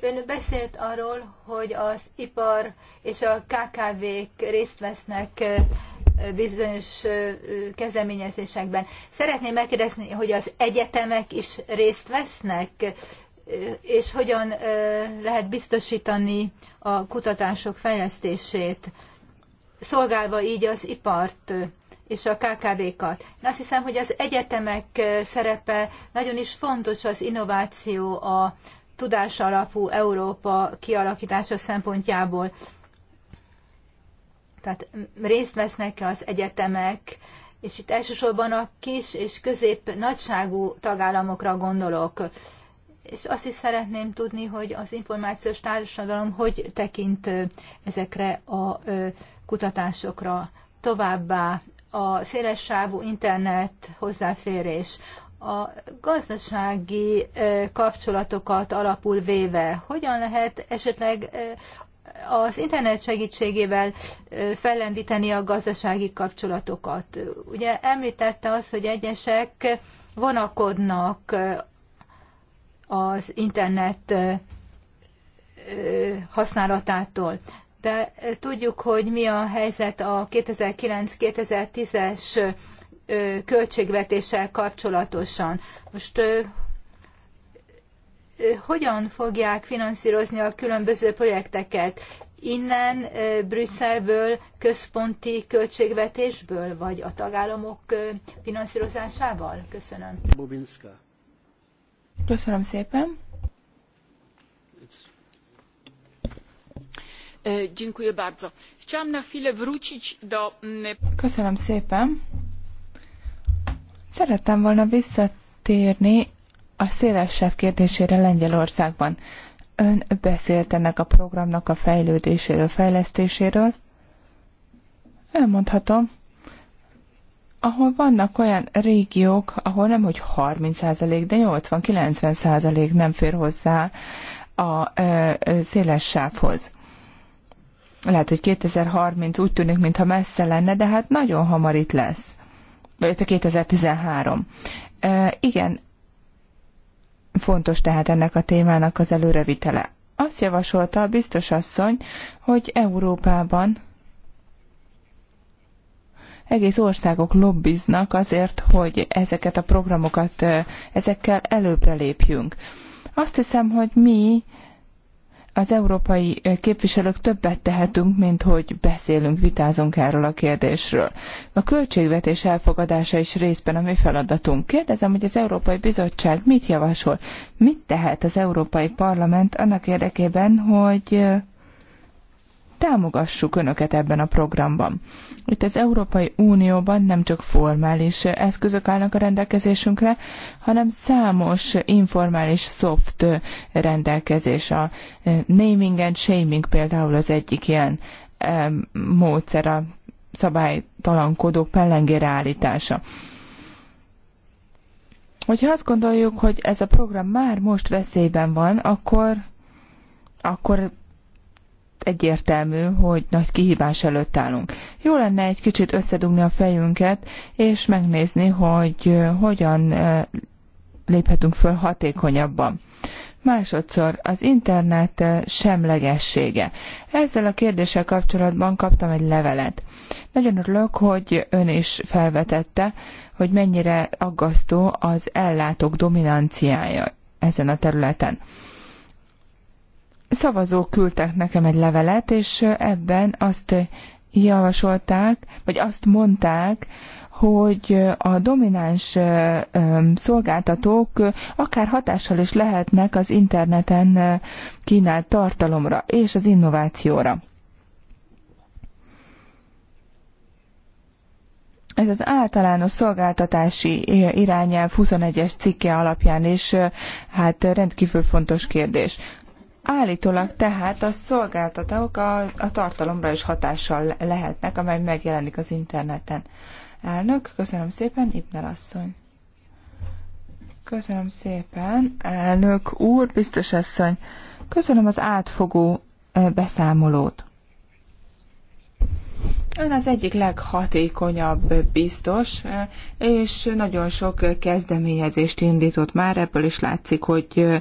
Ön beszélt arról, hogy az ipar és a KKV-k részt vesznek bizonyos kezdeményezésekben. Szeretném megkérdezni, hogy az egyetemek is részt vesznek, és hogyan lehet biztosítani a kutatások fejlesztését, szolgálva így az ipart és a KKV-kat. Én azt hiszem, hogy az egyetemek szerepe nagyon is fontos az innováció, a alapú Európa kialakítása szempontjából. Tehát mm, részt vesznek -e az egyetemek, és itt elsősorban a kis és közép nagyságú tagállamokra gondolok. És azt is szeretném tudni, hogy az információs társadalom hogy tekint ezekre a kutatásokra. Továbbá a szélessávú internet hozzáférés, a gazdasági kapcsolatokat alapul véve, hogyan lehet esetleg az internet segítségével fellendíteni a gazdasági kapcsolatokat. Ugye említette az, hogy egyesek vonakodnak az internet használatától. De tudjuk, hogy mi a helyzet a 2009-2010-es költségvetéssel kapcsolatosan. Most hogyan fogják finanszírozni a különböző projekteket? Innen Brüsszelből, központi költségvetésből, vagy a tagállamok finanszírozásával? Köszönöm. Bobinska. Köszönöm szépen. Dziękuję bardzo. Chciałam na chwilę wrócić do... Mm, Köszönöm szépen. Szerettem volna visszatérni a szélesebb kérdésére Lengyelországban. Ön beszélt ennek a programnak a fejlődéséről, fejlesztéséről. Elmondhatom, ahol vannak olyan régiók, ahol nem hogy 30%, de 80-90% nem fér hozzá a ö, széles sávhoz. Lehet, hogy 2030 úgy tűnik, mintha messze lenne, de hát nagyon hamar itt lesz. Vagy 2013. Hát e, igen, Fontos tehát ennek a témának az előrevitele. Azt javasolta a biztos asszony, hogy Európában egész országok lobbiznak azért, hogy ezeket a programokat, eh, ezekkel előbbre lépjünk. Azt hiszem, hogy mi az európai képviselők többet tehetünk, mint hogy beszélünk, vitázunk erről a kérdésről. A költségvetés elfogadása is részben a mi feladatunk. Kérdezem, hogy az Európai Bizottság mit javasol? Mit tehet az Európai Parlament annak érdekében, hogy támogassuk Önöket ebben a programban. Itt az Európai Unióban nem csak formális eszközök állnak a rendelkezésünkre, hanem számos informális szoft rendelkezés. A naming and shaming például az egyik ilyen módszer a szabálytalankodók pellengére állítása. Hogyha azt gondoljuk, hogy ez a program már most veszélyben van, akkor, akkor egyértelmű, hogy nagy kihívás előtt állunk. Jó lenne egy kicsit összedugni a fejünket, és megnézni, hogy hogyan léphetünk föl hatékonyabban. Másodszor az internet semlegessége. Ezzel a kérdéssel kapcsolatban kaptam egy levelet. Nagyon örülök, hogy ön is felvetette, hogy mennyire aggasztó az ellátók dominanciája ezen a területen szavazók küldtek nekem egy levelet, és ebben azt javasolták, vagy azt mondták, hogy a domináns szolgáltatók akár hatással is lehetnek az interneten kínált tartalomra és az innovációra. Ez az általános szolgáltatási irányelv 21-es cikke alapján is hát rendkívül fontos kérdés. Állítólag tehát a szolgáltatók a, a tartalomra is hatással lehetnek, amely megjelenik az interneten. Elnök, köszönöm szépen, Ibner asszony. Köszönöm szépen, elnök úr, biztos asszony. Köszönöm az átfogó beszámolót. Ön az egyik leghatékonyabb biztos, és nagyon sok kezdeményezést indított már, ebből is látszik, hogy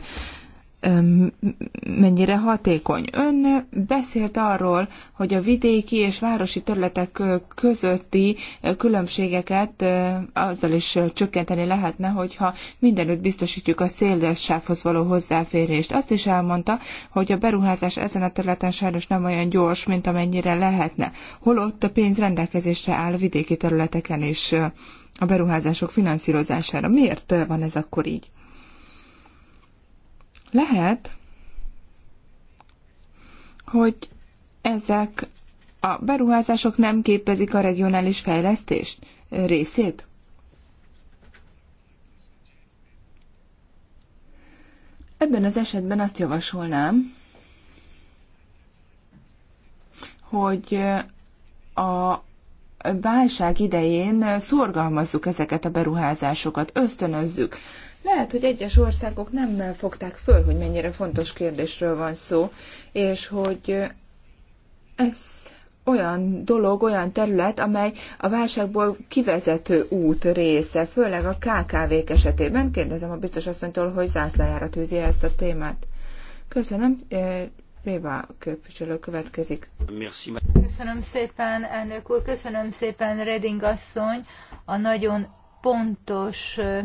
mennyire hatékony. Ön beszélt arról, hogy a vidéki és városi területek közötti különbségeket azzal is csökkenteni lehetne, hogyha mindenütt biztosítjuk a széles sávhoz való hozzáférést. Azt is elmondta, hogy a beruházás ezen a területen sajnos nem olyan gyors, mint amennyire lehetne. Holott a pénz rendelkezésre áll a vidéki területeken is a beruházások finanszírozására. Miért van ez akkor így? Lehet, hogy ezek a beruházások nem képezik a regionális fejlesztést részét? Ebben az esetben azt javasolnám, hogy a válság idején szorgalmazzuk ezeket a beruházásokat, ösztönözzük lehet, hogy egyes országok nem fogták föl, hogy mennyire fontos kérdésről van szó, és hogy ez olyan dolog, olyan terület, amely a válságból kivezető út része, főleg a KKV-k esetében. Kérdezem a biztos asszonytól, hogy zászlájára tűzi -e ezt a témát. Köszönöm. Eh, Réva képviselő következik. Köszönöm szépen, elnök úr, köszönöm szépen, Reding asszony, a nagyon pontos eh,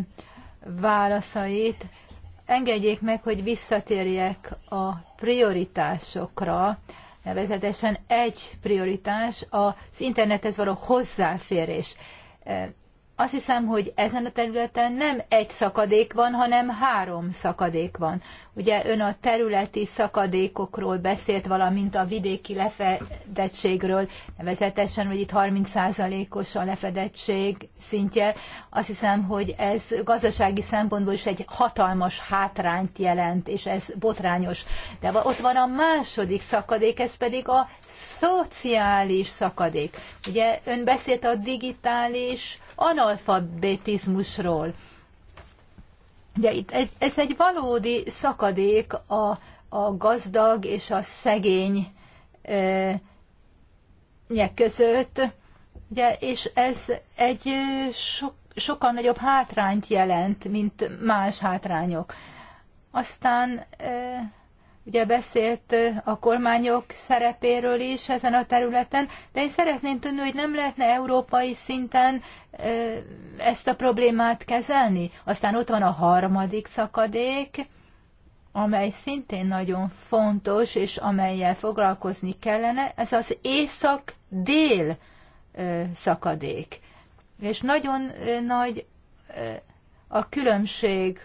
válaszait. Engedjék meg, hogy visszatérjek a prioritásokra, nevezetesen egy prioritás az internethez való hozzáférés. E, azt hiszem, hogy ezen a területen nem egy szakadék van, hanem három szakadék van. Ugye ön a területi szakadékokról beszélt, valamint a vidéki lefedettségről, nevezetesen, hogy itt 30%-os a lefedettség szintje. Azt hiszem, hogy ez gazdasági szempontból is egy hatalmas hátrányt jelent, és ez botrányos. De ott van a második szakadék, ez pedig a szociális szakadék. Ugye ön beszélt a digitális analfabetizmusról. Ugye itt ez, ez egy valódi szakadék a, a gazdag és a szegény e, között, ugye, és ez egy sok, sokkal nagyobb hátrányt jelent, mint más hátrányok. Aztán e, Ugye beszélt a kormányok szerepéről is ezen a területen, de én szeretném tudni, hogy nem lehetne európai szinten ezt a problémát kezelni. Aztán ott van a harmadik szakadék, amely szintén nagyon fontos, és amellyel foglalkozni kellene, ez az észak-dél szakadék. És nagyon nagy a különbség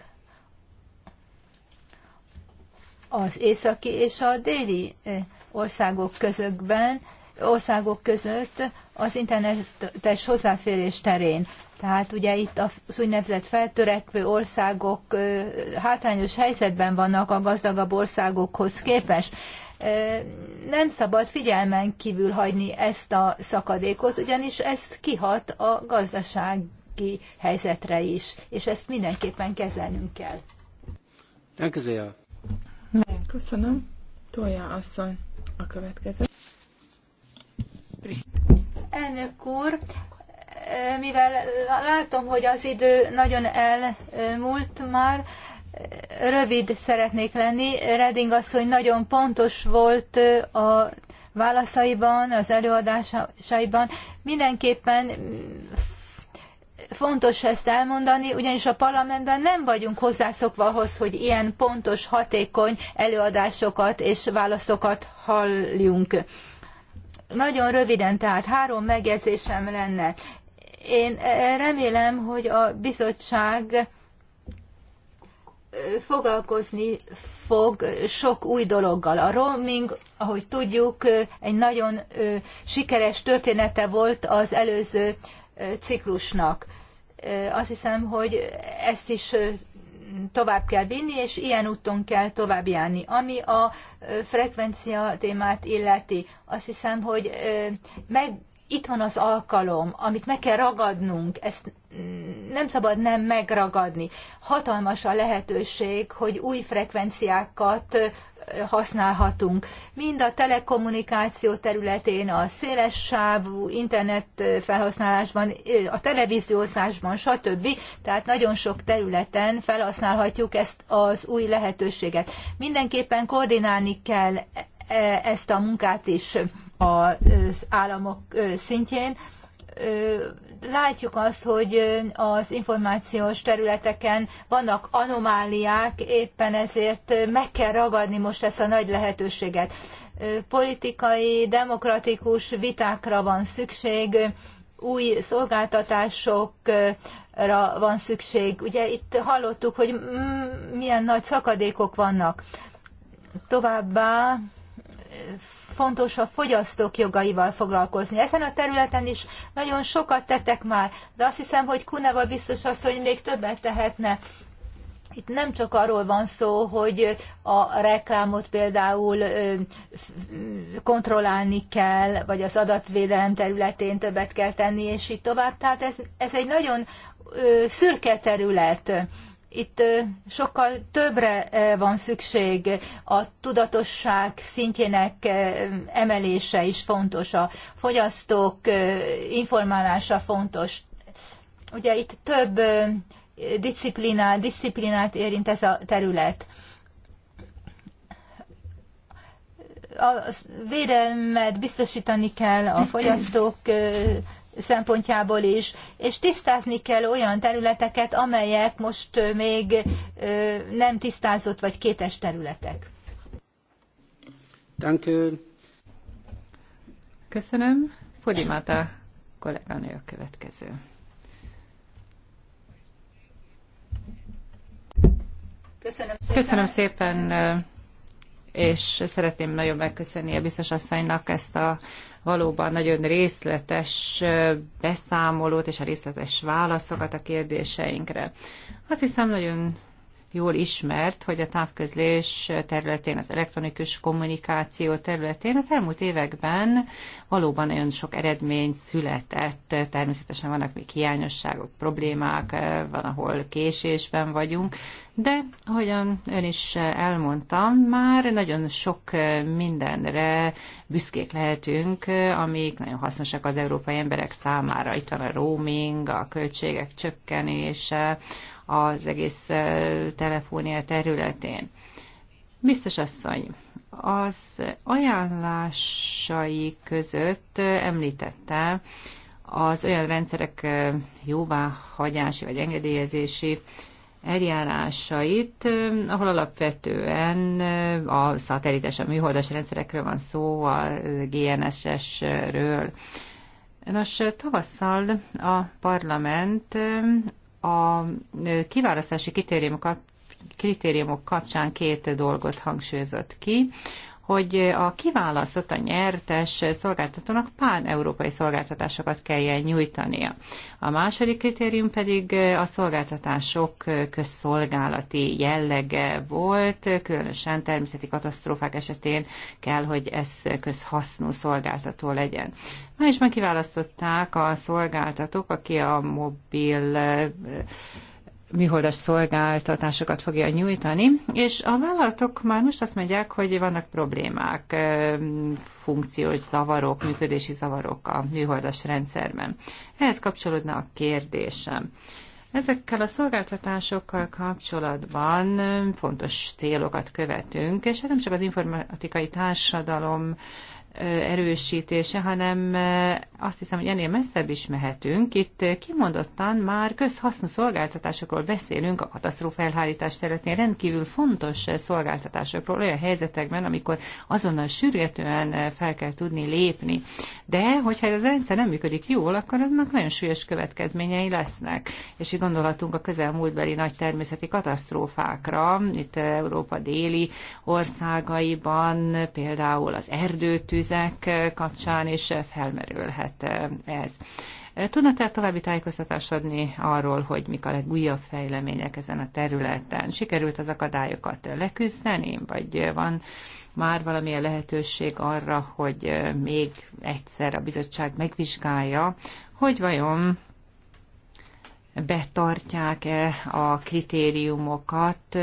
az északi és a déli eh, országok közökben, országok között az internetes hozzáférés terén. Tehát ugye itt az úgynevezett feltörekvő országok eh, hátrányos helyzetben vannak a gazdagabb országokhoz képest. Eh, nem szabad figyelmen kívül hagyni ezt a szakadékot, ugyanis ez kihat a gazdasági helyzetre is, és ezt mindenképpen kezelnünk kell. Köszönöm köszönöm. Tolja asszony a következő. Elnök úr, mivel látom, hogy az idő nagyon elmúlt már, rövid szeretnék lenni. Reding asszony nagyon pontos volt a válaszaiban, az előadásaiban. Mindenképpen Fontos ezt elmondani, ugyanis a parlamentben nem vagyunk hozzászokva ahhoz, hogy ilyen pontos, hatékony előadásokat és válaszokat halljunk. Nagyon röviden, tehát három megjegyzésem lenne. Én eh, remélem, hogy a bizottság eh, foglalkozni fog sok új dologgal. A roaming, ahogy tudjuk, eh, egy nagyon sikeres története volt az előző ciklusnak azt hiszem, hogy ezt is tovább kell vinni, és ilyen úton kell tovább járni. Ami a frekvencia témát illeti, azt hiszem, hogy meg, itt van az alkalom, amit meg kell ragadnunk, ezt mm, nem szabad nem megragadni. Hatalmas a lehetőség, hogy új frekvenciákat használhatunk. Mind a telekommunikáció területén, a széles sávú internet felhasználásban, a televíziózásban, stb. Tehát nagyon sok területen felhasználhatjuk ezt az új lehetőséget. Mindenképpen koordinálni kell e, ezt a munkát is az államok szintjén látjuk azt, hogy az információs területeken vannak anomáliák, éppen ezért meg kell ragadni most ezt a nagy lehetőséget. Politikai, demokratikus vitákra van szükség, új szolgáltatásokra van szükség. Ugye itt hallottuk, hogy mm, milyen nagy szakadékok vannak. Továbbá fontos a fogyasztók jogaival foglalkozni. Ezen a területen is nagyon sokat tettek már, de azt hiszem, hogy Kuneva biztos az, hogy még többet tehetne. Itt nem csak arról van szó, hogy a reklámot például kontrollálni kell, vagy az adatvédelem területén többet kell tenni, és így tovább. Tehát ez, ez egy nagyon szürke terület itt sokkal többre van szükség, a tudatosság szintjének emelése is fontos, a fogyasztók informálása fontos. Ugye itt több disziplinát, disziplinát érint ez a terület. A védelmet biztosítani kell a fogyasztók szempontjából is, és tisztázni kell olyan területeket, amelyek most még nem tisztázott vagy kétes területek. Köszönöm. Podimata kolléganő a következő. Köszönöm szépen. Köszönöm szépen, és szeretném nagyon megköszönni a biztos asszonynak ezt a valóban nagyon részletes beszámolót és a részletes válaszokat a kérdéseinkre. Azt hiszem, nagyon jól ismert, hogy a távközlés területén, az elektronikus kommunikáció területén az elmúlt években valóban nagyon sok eredmény született. Természetesen vannak még hiányosságok, problémák, van, ahol késésben vagyunk, de ahogyan ön is elmondtam, már nagyon sok mindenre büszkék lehetünk, amik nagyon hasznosak az európai emberek számára. Itt van a roaming, a költségek csökkenése, az egész telefónia területén. Biztos asszony, az ajánlásai között említette az olyan rendszerek jóváhagyási vagy engedélyezési eljárásait, ahol alapvetően a szatelites, a műholdas rendszerekről van szó, a GNSS-ről. Nos, tavasszal a parlament a kiválasztási kritériumok kapcsán két dolgot hangsúlyozott ki hogy a kiválasztott, a nyertes szolgáltatónak pán-európai szolgáltatásokat kelljen nyújtania. A második kritérium pedig a szolgáltatások közszolgálati jellege volt, különösen természeti katasztrófák esetén kell, hogy ez közhasznú szolgáltató legyen. és megkiválasztották a szolgáltatók, aki a mobil műholdas szolgáltatásokat fogja nyújtani, és a vállalatok már most azt mondják, hogy vannak problémák, funkciós zavarok, működési zavarok a műholdas rendszerben. Ehhez kapcsolódna a kérdésem. Ezekkel a szolgáltatásokkal kapcsolatban fontos célokat követünk, és hát nem csak az informatikai társadalom erősítése, hanem azt hiszem, hogy ennél messzebb is mehetünk. Itt kimondottan már közhasznú szolgáltatásokról beszélünk, a katasztrófa elhárítás területén rendkívül fontos szolgáltatásokról olyan helyzetekben, amikor azonnal sürgetően fel kell tudni lépni. De hogyha ez a rendszer nem működik jól, akkor annak nagyon súlyos következményei lesznek. És itt gondolhatunk a közelmúltbeli nagy természeti katasztrófákra, itt Európa déli országaiban, például az erdőtű tűzek kapcsán is felmerülhet ez. Tudna tehát további tájékoztatást adni arról, hogy mik a legújabb fejlemények ezen a területen? Sikerült az akadályokat leküzdeni, vagy van már valamilyen lehetőség arra, hogy még egyszer a bizottság megvizsgálja, hogy vajon betartják-e a kritériumokat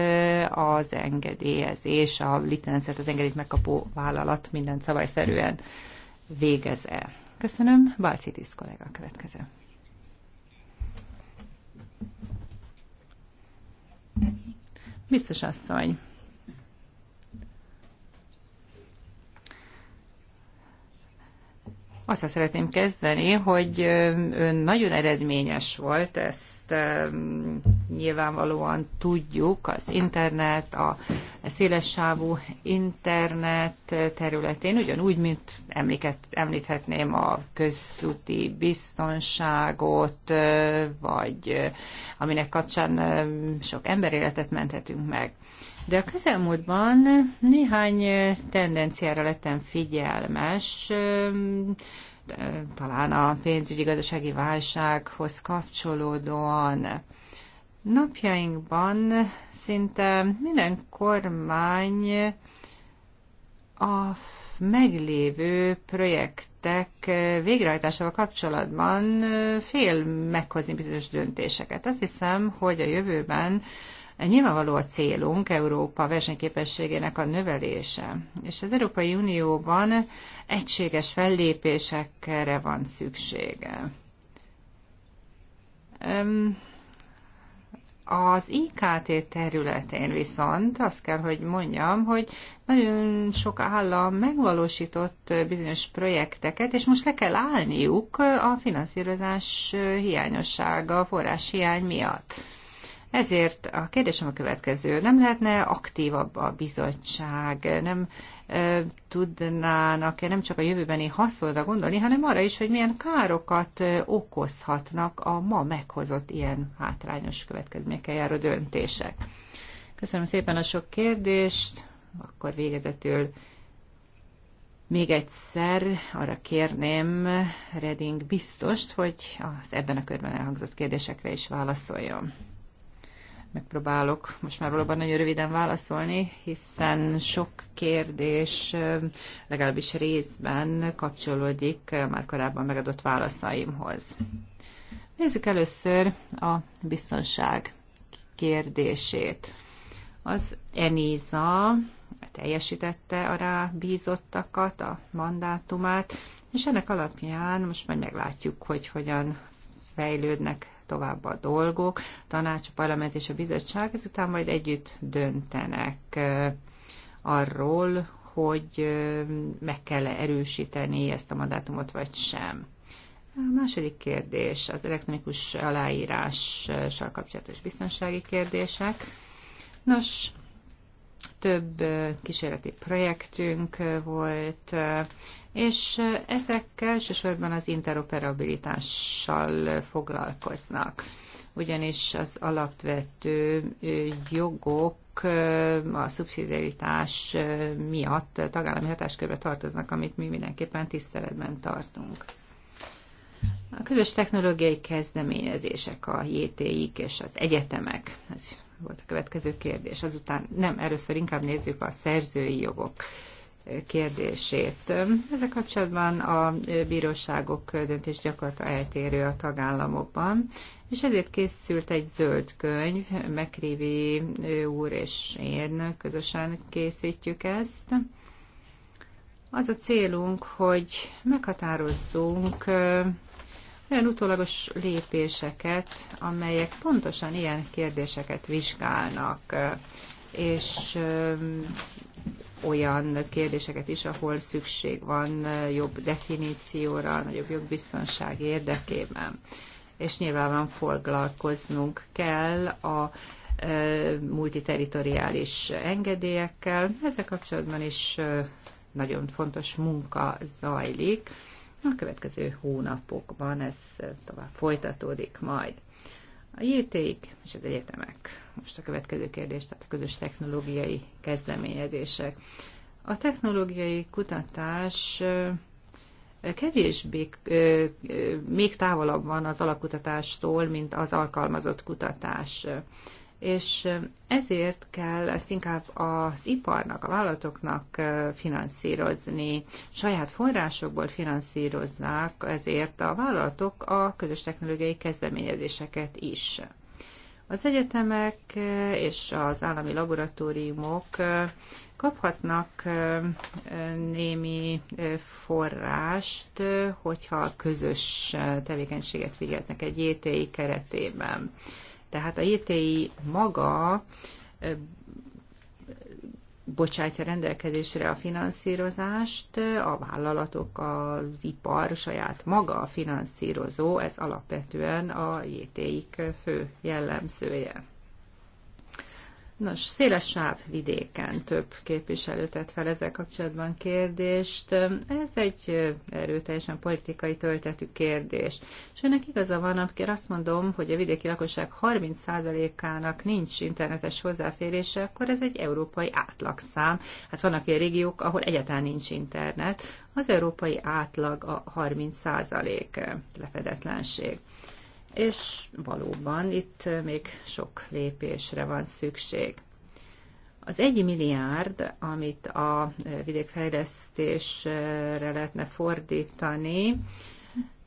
az engedélyezés, a licencet az engedélyt megkapó vállalat minden szabályszerűen végez-e. Köszönöm. Balci Tisz kollega következő. Biztos asszony, Azt szeretném kezdeni, hogy ön nagyon eredményes volt, ezt ezt nyilvánvalóan tudjuk, az internet, a szélessávú internet területén, ugyanúgy, mint emléket, említhetném a közúti biztonságot, vagy aminek kapcsán sok emberéletet menthetünk meg. De a közelmúltban néhány tendenciára lettem figyelmes, talán a pénzügyi gazdasági válsághoz kapcsolódóan. Napjainkban szinte minden kormány a meglévő projektek végrehajtásával kapcsolatban fél meghozni bizonyos döntéseket. Azt hiszem, hogy a jövőben E, nyilvánvaló a célunk Európa versenyképességének a növelése, és az Európai Unióban egységes fellépésekre van szüksége. Az IKT területén viszont azt kell, hogy mondjam, hogy nagyon sok állam megvalósított bizonyos projekteket, és most le kell állniuk a finanszírozás hiányossága, a forráshiány miatt. Ezért a kérdésem a következő. Nem lehetne aktívabb a bizottság? Nem e, tudnának-e nem csak a jövőbeni haszonra gondolni, hanem arra is, hogy milyen károkat okozhatnak a ma meghozott ilyen hátrányos következményekkel járó döntések? Köszönöm szépen a sok kérdést. Akkor végezetül még egyszer arra kérném Reding biztost, hogy az ebben a körben elhangzott kérdésekre is válaszoljon. Megpróbálok most már valóban nagyon röviden válaszolni, hiszen sok kérdés legalábbis részben kapcsolódik már korábban megadott válaszaimhoz. Nézzük először a biztonság kérdését. Az ENISA teljesítette a rábízottakat, a mandátumát, és ennek alapján most majd meglátjuk, hogy hogyan fejlődnek tovább a dolgok, a tanács, a parlament és a bizottság, ezután majd együtt döntenek arról, hogy meg kell -e erősíteni ezt a mandátumot, vagy sem. A második kérdés az elektronikus aláírással kapcsolatos biztonsági kérdések. Nos, több kísérleti projektünk volt, és ezek elsősorban az interoperabilitással foglalkoznak, ugyanis az alapvető jogok a szubszidiaritás miatt tagállami hatáskörbe tartoznak, amit mi mindenképpen tiszteletben tartunk. A közös technológiai kezdeményezések, a JTI-k és az egyetemek, ez volt a következő kérdés. Azután nem, először inkább nézzük a szerzői jogok kérdését. Ezzel kapcsolatban a bíróságok döntés gyakorlata eltérő a tagállamokban, és ezért készült egy zöld könyv, Mekrivi úr és én közösen készítjük ezt. Az a célunk, hogy meghatározzunk olyan utólagos lépéseket, amelyek pontosan ilyen kérdéseket vizsgálnak, és olyan kérdéseket is, ahol szükség van jobb definícióra, nagyobb jogbiztonság érdekében. És nyilvánvalóan foglalkoznunk kell a multiterritoriális engedélyekkel. Ezzel kapcsolatban is nagyon fontos munka zajlik. A következő hónapokban ez tovább folytatódik majd. A JTIK és az egyetemek. Most a következő kérdés, tehát a közös technológiai kezdeményezések. A technológiai kutatás kevésbé, még távolabb van az alapkutatástól, mint az alkalmazott kutatás és ezért kell ezt inkább az iparnak, a vállalatoknak finanszírozni. Saját forrásokból finanszírozzák ezért a vállalatok a közös technológiai kezdeményezéseket is. Az egyetemek és az állami laboratóriumok kaphatnak némi forrást, hogyha közös tevékenységet végeznek egy JTI keretében. Tehát a JTI maga bocsátja rendelkezésre a finanszírozást, a vállalatok, az ipar saját maga a finanszírozó, ez alapvetően a JTI-k fő jellemzője. Nos, széles vidéken több képviselő tett fel ezzel kapcsolatban kérdést. Ez egy erőteljesen politikai töltetű kérdés. És ennek igaza van, amikor azt mondom, hogy a vidéki lakosság 30%-ának nincs internetes hozzáférése, akkor ez egy európai átlagszám. Hát vannak ilyen régiók, ahol egyáltalán nincs internet. Az európai átlag a 30% lefedetlenség és valóban itt még sok lépésre van szükség. Az egy milliárd, amit a vidékfejlesztésre lehetne fordítani,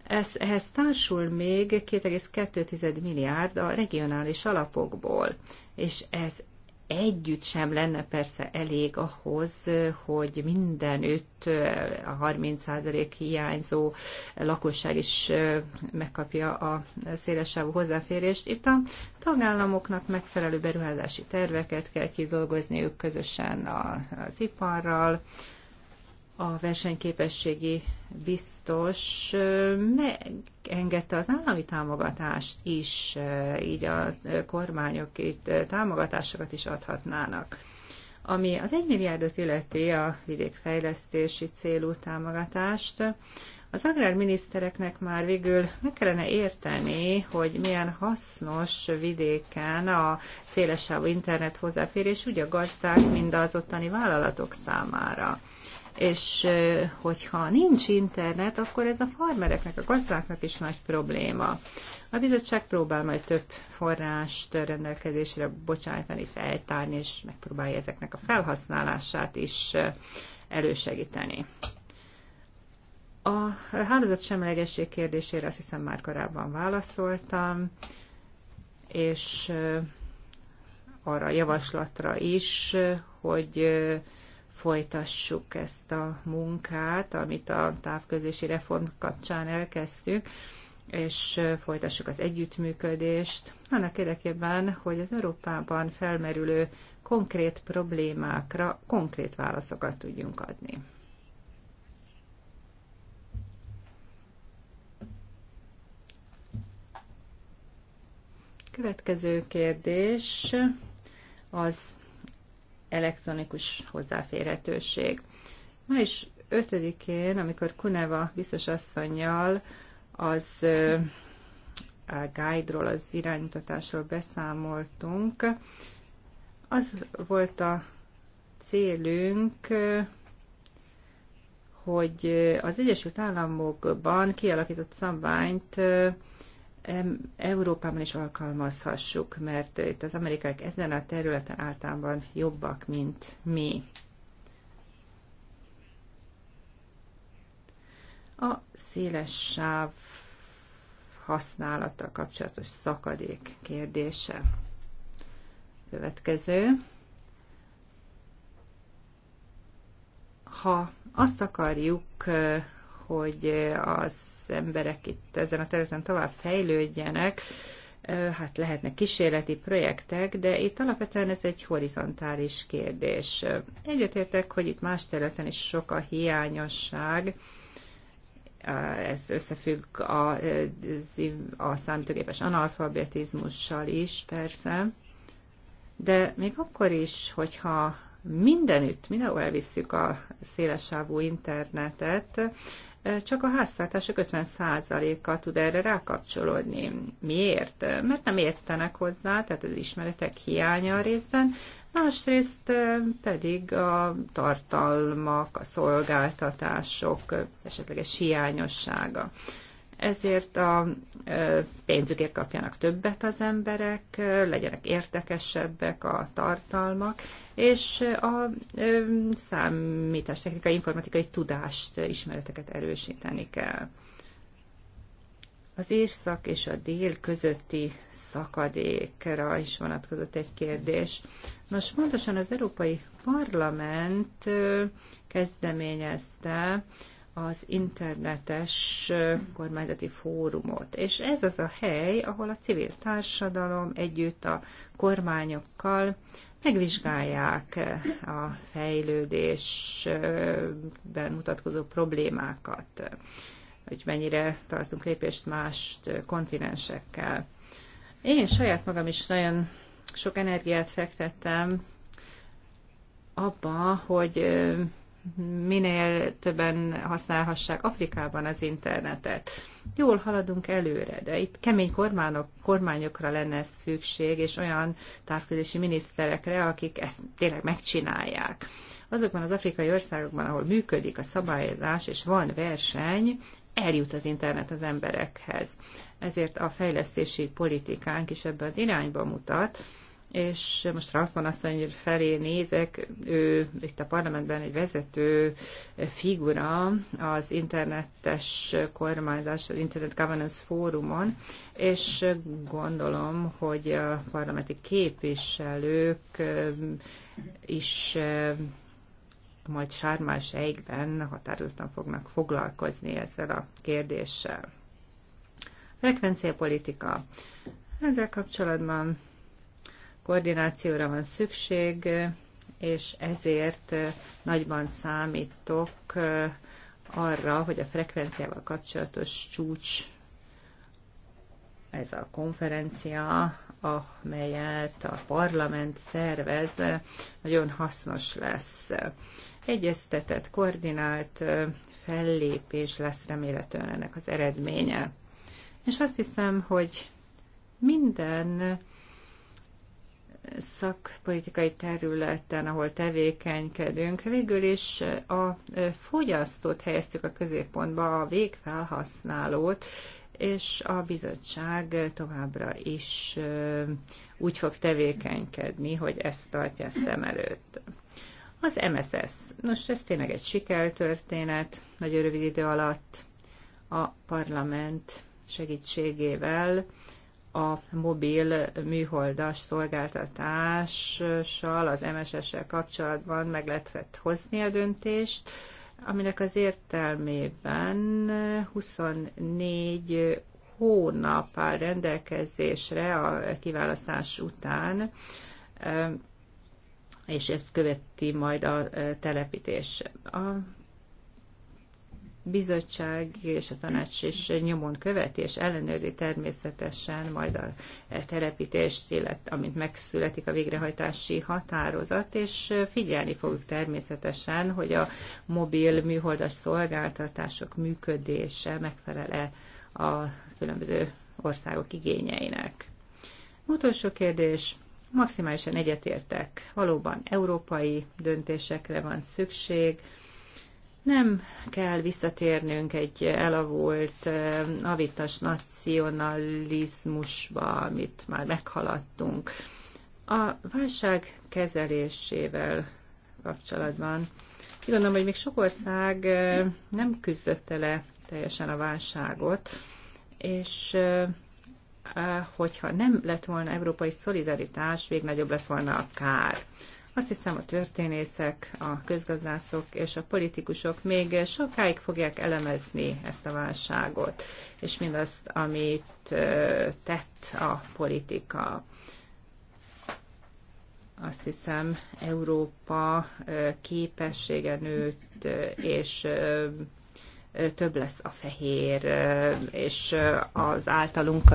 ez, ehhez társul még 2,2 milliárd a regionális alapokból, és ez együtt sem lenne persze elég ahhoz, hogy mindenütt a 30% hiányzó lakosság is megkapja a szélesávú hozzáférést. Itt a tagállamoknak megfelelő beruházási terveket kell kidolgozniuk közösen az iparral, a versenyképességi biztos megengedte az állami támogatást is, így a kormányok itt támogatásokat is adhatnának. Ami az 1 milliárdot illeti a vidékfejlesztési célú támogatást, az agrárminisztereknek már végül meg kellene érteni, hogy milyen hasznos vidéken a szélesávú internet hozzáférés úgy a gazdák, mind az ottani vállalatok számára és hogyha nincs internet, akkor ez a farmereknek, a gazdáknak is nagy probléma. A bizottság próbál majd több forrást rendelkezésre bocsájtani, feltárni, és megpróbálja ezeknek a felhasználását is elősegíteni. A hálózat semlegesség kérdésére azt hiszem már korábban válaszoltam, és arra a javaslatra is, hogy folytassuk ezt a munkát, amit a távközlési reform kapcsán elkezdtük, és folytassuk az együttműködést, annak érdekében, hogy az Európában felmerülő konkrét problémákra konkrét válaszokat tudjunk adni. Következő kérdés az elektronikus hozzáférhetőség. Ma is 5-én, amikor Kuneva biztos asszonyjal az a guide-ról, az iránymutatásról beszámoltunk, az volt a célünk, hogy az Egyesült Államokban kialakított szabványt Európában is alkalmazhassuk, mert itt az amerikaiak ezen a területen általában jobbak, mint mi. A széles sáv használata kapcsolatos szakadék kérdése. Következő. Ha azt akarjuk, eh, hogy az emberek itt ezen a területen tovább fejlődjenek, hát lehetnek kísérleti projektek, de itt alapvetően ez egy horizontális kérdés. Egyetértek, hogy itt más területen is sok a hiányosság, ez összefügg a, a számítógépes analfabetizmussal is, persze, de még akkor is, hogyha mindenütt, mindenhol elviszük a szélesávú internetet, csak a háztartások 50%-a tud erre rákapcsolódni. Miért? Mert nem értenek hozzá, tehát az ismeretek hiánya a részben, másrészt pedig a tartalmak, a szolgáltatások esetleges hiányossága ezért a pénzükért kapjanak többet az emberek, legyenek értekesebbek a tartalmak, és a számítás, technikai, informatikai tudást, ismereteket erősíteni kell. Az észak és a dél közötti szakadékra is vonatkozott egy kérdés. Nos, pontosan az Európai Parlament kezdeményezte az internetes kormányzati fórumot. És ez az a hely, ahol a civil társadalom együtt a kormányokkal megvizsgálják a fejlődésben mutatkozó problémákat, hogy mennyire tartunk lépést más kontinensekkel. Én saját magam is nagyon sok energiát fektettem abba, hogy minél többen használhassák Afrikában az internetet. Jól haladunk előre, de itt kemény kormányok, kormányokra lenne szükség, és olyan távközési miniszterekre, akik ezt tényleg megcsinálják. Azokban az afrikai országokban, ahol működik a szabályozás és van verseny, eljut az internet az emberekhez. Ezért a fejlesztési politikánk is ebbe az irányba mutat, és most Ralfon asszony felé nézek, ő itt a parlamentben egy vezető figura az internetes kormányzás, az Internet Governance Fórumon, és gondolom, hogy a parlamenti képviselők is majd sármás egyben határozottan fognak foglalkozni ezzel a kérdéssel. Frekvenciapolitika. Ezzel kapcsolatban koordinációra van szükség, és ezért nagyban számítok eh, arra, hogy a frekvenciával kapcsolatos csúcs, ez a konferencia, amelyet a parlament szervez, eh, nagyon hasznos lesz. Egyeztetett, koordinált eh, fellépés lesz remélhetően ennek az eredménye. És azt hiszem, hogy minden szakpolitikai területen, ahol tevékenykedünk, végül is eh, a eh, fogyasztót helyeztük a középpontba, a végfelhasználót, és a bizottság továbbra is eh, úgy fog tevékenykedni, hogy ezt tartja szem előtt. Az MSS. Nos, ez tényleg egy sikertörténet, nagyon rövid idő alatt a parlament segítségével a mobil műholdas szolgáltatással, az MSS-sel kapcsolatban meg lehetett hozni a döntést, aminek az értelmében 24 hónap áll rendelkezésre a kiválasztás után, és ezt követi majd a telepítés. A bizottság és a tanács is nyomon követi és ellenőrzi természetesen majd a telepítést, illetve amint megszületik a végrehajtási határozat, és figyelni fogjuk természetesen, hogy a mobil műholdas szolgáltatások működése megfelele a különböző országok igényeinek. Utolsó kérdés, maximálisan egyetértek. Valóban európai döntésekre van szükség, nem kell visszatérnünk egy elavult eh, avitas nacionalizmusba, amit már meghaladtunk. A válság kezelésével kapcsolatban úgy gondolom, hogy még sok ország eh, nem küzdötte le teljesen a válságot, és eh, hogyha nem lett volna európai szolidaritás, még nagyobb lett volna a kár. Azt hiszem, a történészek, a közgazdászok és a politikusok még sokáig fogják elemezni ezt a válságot, és mindazt, amit tett a politika. Azt hiszem, Európa képessége nőtt, és több lesz a fehér, és az általunk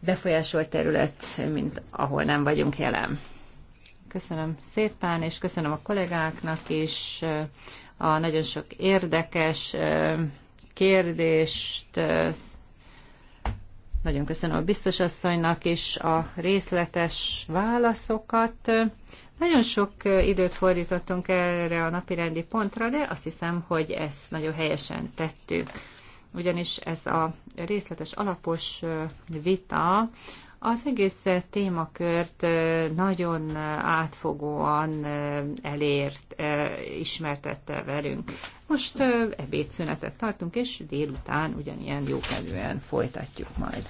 befolyásolt terület, mint ahol nem vagyunk jelen. Köszönöm szépen, és köszönöm a kollégáknak is eh, a nagyon sok érdekes eh, kérdést. Eh, nagyon köszönöm a biztos asszonynak is a részletes válaszokat. Nagyon sok időt fordítottunk erre a napirendi pontra, de azt hiszem, hogy ezt nagyon helyesen tettük ugyanis ez a részletes, alapos vita az egész témakört nagyon átfogóan elért, ismertette velünk. Most ebédszünetet tartunk, és délután ugyanilyen jókedvűen folytatjuk majd.